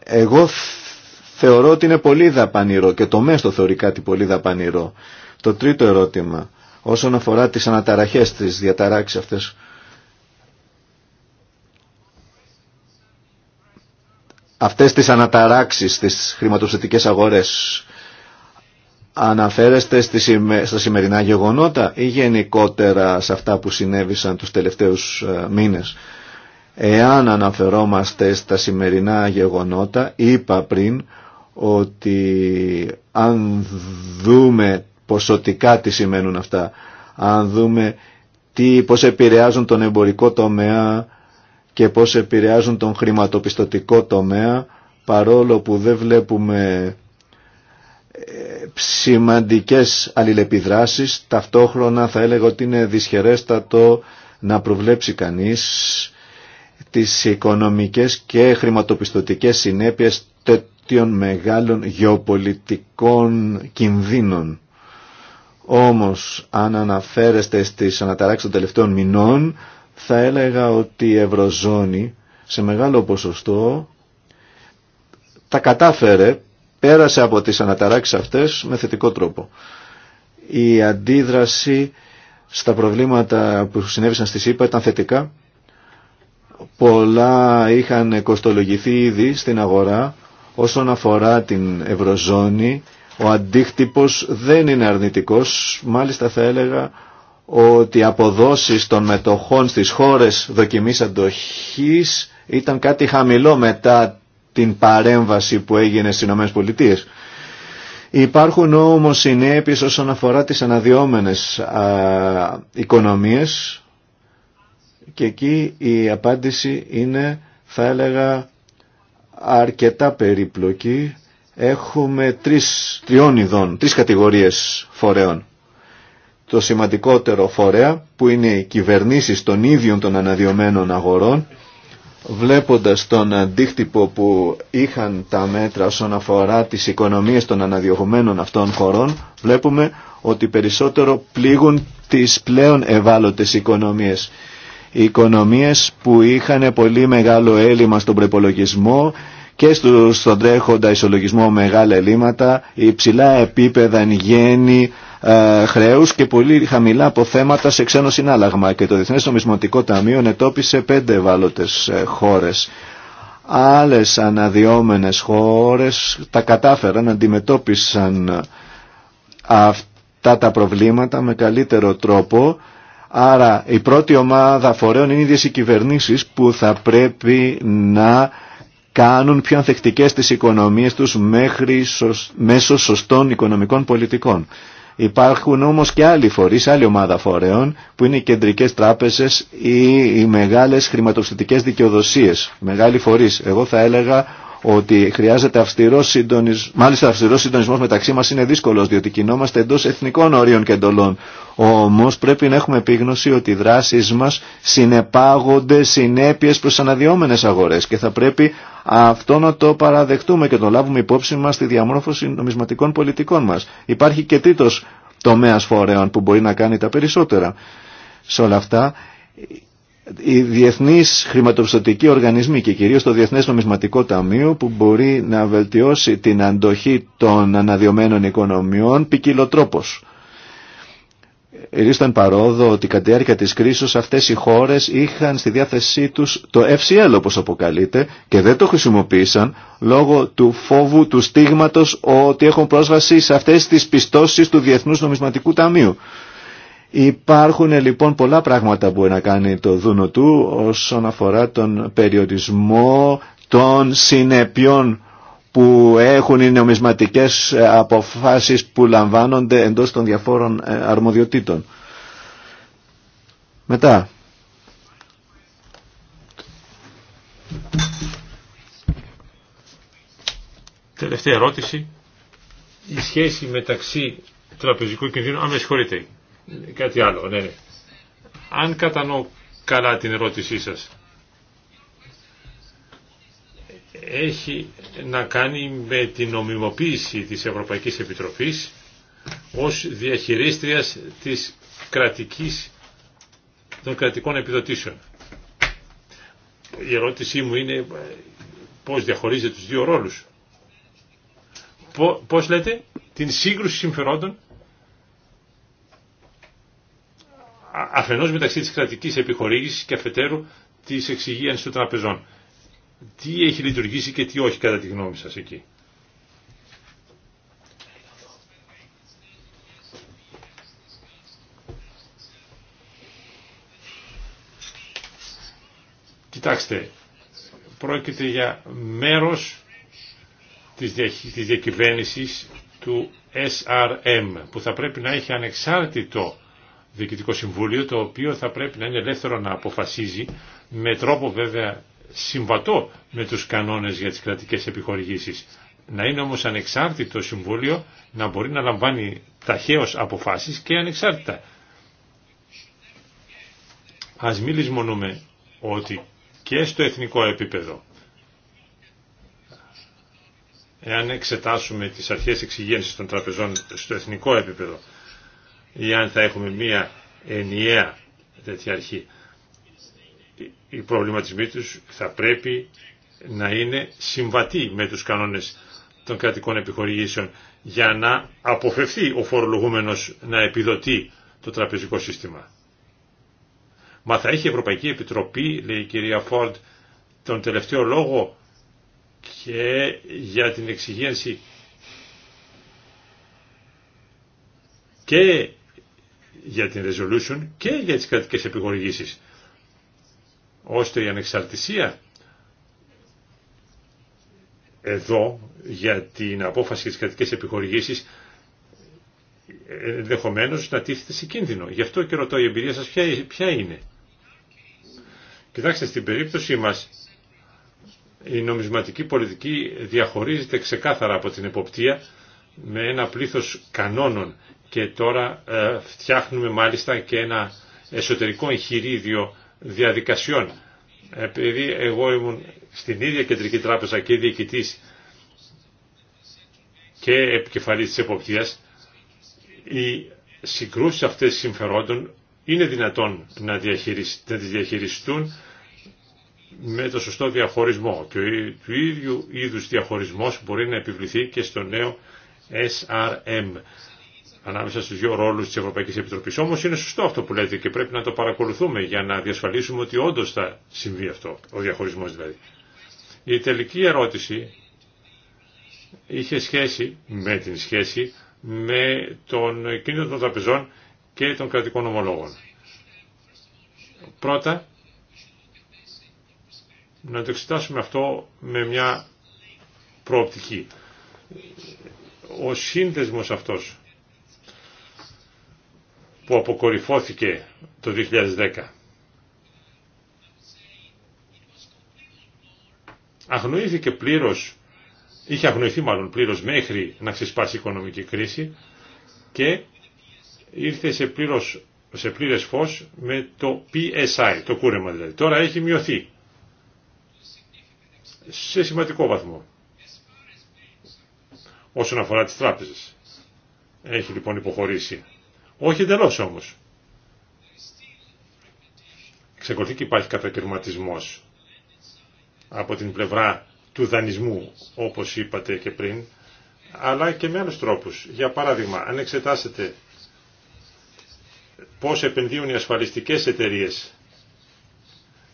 Εγώ θεωρώ ότι είναι πολύ δαπανηρό και το μέσο θεωρεί κάτι πολύ δαπανηρό. Το τρίτο ερώτημα όσον αφορά τις αναταραχές της διαταράξεις αυτές. Αυτές τις αναταράξεις στις χρηματοψηφιστικές αγορές Αναφέρεστε στα σημερινά γεγονότα ή γενικότερα σε αυτά που συνέβησαν τους τελευταίους ε, μήνες. Εάν αναφερόμαστε στα σημερινά γεγονότα, είπα πριν ότι αν δούμε ποσοτικά τι σημαίνουν αυτά, αν δούμε τι, πώς επηρεάζουν τον εμπορικό τομέα και πώς επηρεάζουν τον χρηματοπιστωτικό τομέα, παρόλο που δεν βλέπουμε σημαντικές αλληλεπιδράσεις. Ταυτόχρονα θα έλεγα ότι είναι δυσχερέστατο να προβλέψει κανείς τις οικονομικές και χρηματοπιστωτικές συνέπειες τέτοιων μεγάλων γεωπολιτικών κινδύνων. Όμως, αν αναφέρεστε στις αναταράξεις των τελευταίων μηνών, θα έλεγα ότι η Ευρωζώνη σε μεγάλο ποσοστό τα κατάφερε πέρασε από τις αναταράξεις αυτές με θετικό τρόπο. Η αντίδραση στα προβλήματα που συνέβησαν στη ΣΥΠΑ ήταν θετικά. Πολλά είχαν κοστολογηθεί ήδη στην αγορά. Όσον αφορά την Ευρωζώνη, ο αντίκτυπος δεν είναι αρνητικός. Μάλιστα θα έλεγα ότι οι αποδόσεις των μετοχών στις χώρες δοκιμής αντοχής ήταν κάτι χαμηλό μετά την παρέμβαση που έγινε στις Πολιτείε. Υπάρχουν όμως συνέπειες όσον αφορά τις αναδυόμενες οικονομίες και εκεί η απάντηση είναι θα έλεγα αρκετά περίπλοκη. Έχουμε τρεις, τριών ειδών, τρεις κατηγορίες φορέων. Το σημαντικότερο φορέα που είναι οι κυβερνήσεις των ίδιων των αναδυομένων αγορών βλέποντας τον αντίκτυπο που είχαν τα μέτρα όσον αφορά τις οικονομίες των αναδιωγμένων αυτών χωρών, βλέπουμε ότι περισσότερο πλήγουν τις πλέον ευάλωτες οικονομίες. Οι οικονομίες που είχαν πολύ μεγάλο έλλειμμα στον προπολογισμό και στον τρέχοντα ισολογισμό μεγάλα ελλείμματα, υψηλά επίπεδα εν γέννη, ε, χρέου και πολύ χαμηλά αποθέματα σε ξένο συνάλλαγμα και το Διεθνές Νομισματικό Ταμείο ενετόπισε πέντε ευάλωτες ε, χώρες. Άλλες αναδιόμενες χώρες τα κατάφεραν, αντιμετώπισαν ε, αυτά τα προβλήματα με καλύτερο τρόπο Άρα η πρώτη ομάδα φορέων είναι οι ίδιες οι κυβερνήσεις που θα πρέπει να κάνουν πιο ανθεκτικές τις οικονομίες τους μέχρι μέσω σωστών οικονομικών πολιτικών. Υπάρχουν όμως και άλλοι φορείς, άλλη ομάδα φορέων που είναι οι κεντρικές τράπεζες ή οι μεγάλες χρηματοπιστωτικές δικαιοδοσίες. Μεγάλοι φορείς. Εγώ θα έλεγα ότι χρειάζεται αυστηρό συντονισμό. Μάλιστα, αυστηρό συντονισμό μεταξύ μα είναι δύσκολο, διότι κινόμαστε εντό εθνικών ορίων και εντολών. Όμω πρέπει να έχουμε επίγνωση ότι οι δράσει μα συνεπάγονται συνέπειε προ αναδυόμενε αγορέ και θα πρέπει αυτό να το παραδεχτούμε και το λάβουμε υπόψη μα στη διαμόρφωση νομισματικών πολιτικών μα. Υπάρχει και τρίτο τομέα φορέων που μπορεί να κάνει τα περισσότερα. Σε όλα αυτά οι διεθνείς χρηματοπιστωτικοί οργανισμοί και κυρίως το Διεθνές Νομισματικό Ταμείο που μπορεί να βελτιώσει την αντοχή των αναδειωμένων οικονομιών ποικιλοτρόπος. Ρίσταν παρόδο ότι κατά τη διάρκεια της κρίσης αυτές οι χώρες είχαν στη διάθεσή τους το FCL όπως αποκαλείται και δεν το χρησιμοποίησαν λόγω του φόβου του στίγματος ότι έχουν πρόσβαση σε αυτές τις πιστώσεις του Διεθνούς Νομισματικού Ταμείου. Υπάρχουν λοιπόν πολλά πράγματα που μπορεί να κάνει το Δούνο του όσον αφορά τον περιορισμό των συνεπειών που έχουν οι νομισματικές αποφάσεις που λαμβάνονται εντός των διαφόρων ε, αρμοδιοτήτων. Μετά. Τελευταία ερώτηση. Η σχέση μεταξύ τραπεζικού κινδύνου, αν με Κάτι άλλο, ναι, ναι. Αν κατανοώ καλά την ερώτησή σας, έχει να κάνει με την νομιμοποίηση της Ευρωπαϊκής Επιτροπής ως διαχειρίστριας της κρατικής, των κρατικών επιδοτήσεων. Η ερώτησή μου είναι πώς διαχωρίζετε τους δύο ρόλους. Πώς λέτε την σύγκρουση συμφερόντων αφενός μεταξύ της κρατικής επιχορήγησης και αφετέρου της εξυγίανσης των τραπεζών. Τι έχει λειτουργήσει και τι όχι κατά τη γνώμη σας εκεί. Κοιτάξτε, πρόκειται για μέρος της, της του SRM που θα πρέπει να έχει ανεξάρτητο Διοικητικό Συμβούλιο, το οποίο θα πρέπει να είναι ελεύθερο να αποφασίζει με τρόπο βέβαια συμβατό με τους κανόνες για τις κρατικές επιχορηγήσεις. Να είναι όμως ανεξάρτητο Συμβούλιο, να μπορεί να λαμβάνει ταχαίως αποφάσεις και ανεξάρτητα. Ας μην λησμονούμε ότι και στο εθνικό επίπεδο, εάν εξετάσουμε τις αρχές εξυγένσης των τραπεζών στο εθνικό επίπεδο, ή αν θα έχουμε μία ενιαία τέτοια αρχή. Οι προβληματισμοί τους θα πρέπει να είναι συμβατοί με τους κανόνες των κρατικών επιχορηγήσεων για να αποφευθεί ο φορολογούμενος να επιδοτεί το τραπεζικό σύστημα. Μα θα έχει η Ευρωπαϊκή Επιτροπή, λέει η κυρία Φόρντ, τον τελευταίο λόγο και για την εξυγίανση και για την resolution και για τις κρατικές επιχορηγήσεις ώστε η ανεξαρτησία εδώ για την απόφαση για τις κρατικές επιχορηγήσεις ενδεχομένω να τίθεται σε κίνδυνο. Γι' αυτό και ρωτώ η εμπειρία σας ποια, είναι. Κοιτάξτε, στην περίπτωσή μας η νομισματική πολιτική διαχωρίζεται ξεκάθαρα από την εποπτεία με ένα πλήθος κανόνων και τώρα ε, φτιάχνουμε μάλιστα και ένα εσωτερικό εγχειρίδιο διαδικασιών. Επειδή εγώ ήμουν στην ίδια κεντρική τράπεζα και διοικητής και επικεφαλής της εποπτείας, οι συγκρούσεις αυτές συμφερόντων είναι δυνατόν να, τις διαχειριστούν με το σωστό διαχωρισμό και του ίδιου είδους διαχωρισμός μπορεί να επιβληθεί και στο νέο SRM ανάμεσα στους δύο ρόλους της Ευρωπαϊκής Επιτροπής. Όμως είναι σωστό αυτό που λέτε και πρέπει να το παρακολουθούμε για να διασφαλίσουμε ότι όντως θα συμβεί αυτό, ο διαχωρισμός δηλαδή. Η τελική ερώτηση είχε σχέση με την σχέση με τον κίνδυνο των τραπεζών και των κρατικών ομολόγων. Πρώτα, να το εξετάσουμε αυτό με μια προοπτική. Ο σύνδεσμος αυτός που αποκορυφώθηκε το 2010. Αγνοήθηκε πλήρως, είχε αγνοηθεί μάλλον πλήρως μέχρι να ξεσπάσει η οικονομική κρίση και ήρθε σε, πλήρως, σε πλήρες φως με το PSI, το κούρεμα δηλαδή. Τώρα έχει μειωθεί σε σημαντικό βαθμό όσον αφορά τις τράπεζες. Έχει λοιπόν υποχωρήσει. Όχι εντελώ όμως. Ξεκολουθεί και υπάρχει κατακαιρματισμό από την πλευρά του δανεισμού, όπως είπατε και πριν, αλλά και με άλλους τρόπους. Για παράδειγμα, αν εξετάσετε πώς επενδύουν οι ασφαλιστικές εταιρείε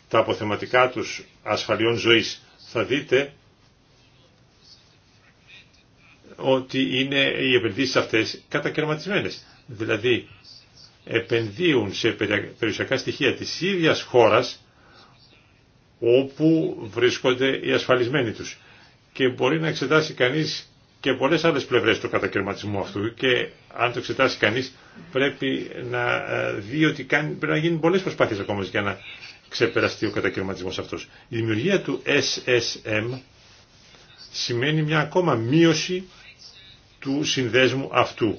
τα αποθεματικά τους ασφαλιών ζωής, θα δείτε ότι είναι οι επενδύσεις αυτές κατακαιρματισμένες δηλαδή επενδύουν σε περιουσιακά στοιχεία της ίδιας χώρας όπου βρίσκονται οι ασφαλισμένοι τους. Και μπορεί να εξετάσει κανείς και πολλές άλλες πλευρές του κατακαιρματισμού αυτού και αν το εξετάσει κανείς πρέπει να ε, δει ότι κάνει, πρέπει να γίνουν πολλές προσπάθειες ακόμα για να ξεπεραστεί ο κατακαιρματισμός αυτός. Η δημιουργία του SSM σημαίνει μια ακόμα μείωση του συνδέσμου αυτού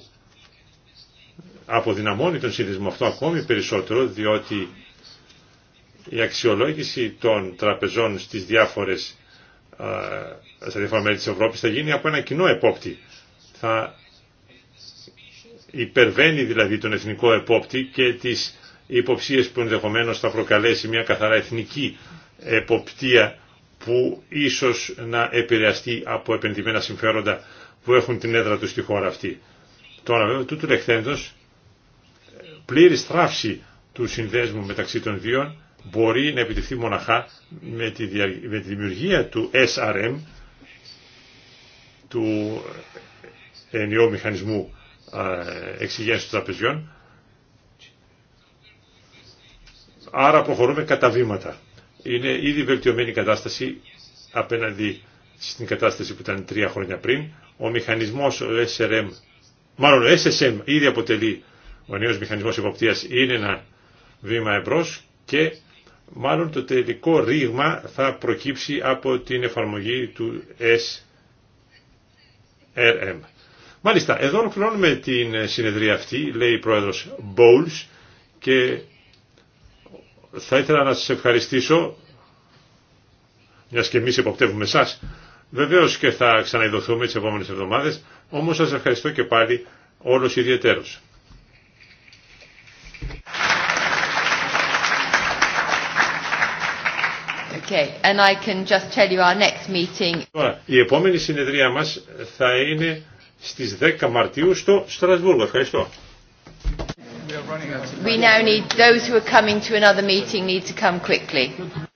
αποδυναμώνει τον σύνδεσμο αυτό ακόμη περισσότερο διότι η αξιολόγηση των τραπεζών στις διάφορες στα διάφορα μέρη της Ευρώπης θα γίνει από ένα κοινό επόπτη. Θα υπερβαίνει δηλαδή τον εθνικό επόπτη και τις υποψίες που ενδεχομένω θα προκαλέσει μια καθαρά εθνική εποπτεία που ίσως να επηρεαστεί από επενδυμένα συμφέροντα που έχουν την έδρα του στη χώρα αυτή. Τώρα βέβαια τούτου λεχθέντος Πλήρη στράψη του συνδέσμου μεταξύ των δύο μπορεί να επιτευχθεί μοναχά με τη, με δημιουργία του SRM, του ενιαίου μηχανισμού εξηγένσης των τραπεζιών. Άρα προχωρούμε κατά βήματα. Είναι ήδη βελτιωμένη η κατάσταση απέναντι στην κατάσταση που ήταν τρία χρόνια πριν. Ο μηχανισμός SRM, μάλλον ο SSM ήδη αποτελεί ο νέος μηχανισμός υποπτία είναι ένα βήμα εμπρός και μάλλον το τελικό ρήγμα θα προκύψει από την εφαρμογή του SRM. Μάλιστα, εδώ ολοκληρώνουμε την συνεδρία αυτή, λέει η πρόεδρος Bowles και θα ήθελα να σας ευχαριστήσω, μιας και εμείς υποπτεύουμε εσά. Βεβαίως και θα ξαναειδωθούμε τις επόμενες εβδομάδες, όμως σας ευχαριστώ και πάλι όλος ιδιαίτερος. Okay. And I can just tell you our next meeting. Τώρα, η επόμενη συνεδρία μας θα είναι στις 10 Μαρτίου στο Στρασβούργο. Ευχαριστώ. We now need those who are coming to another meeting need to come quickly.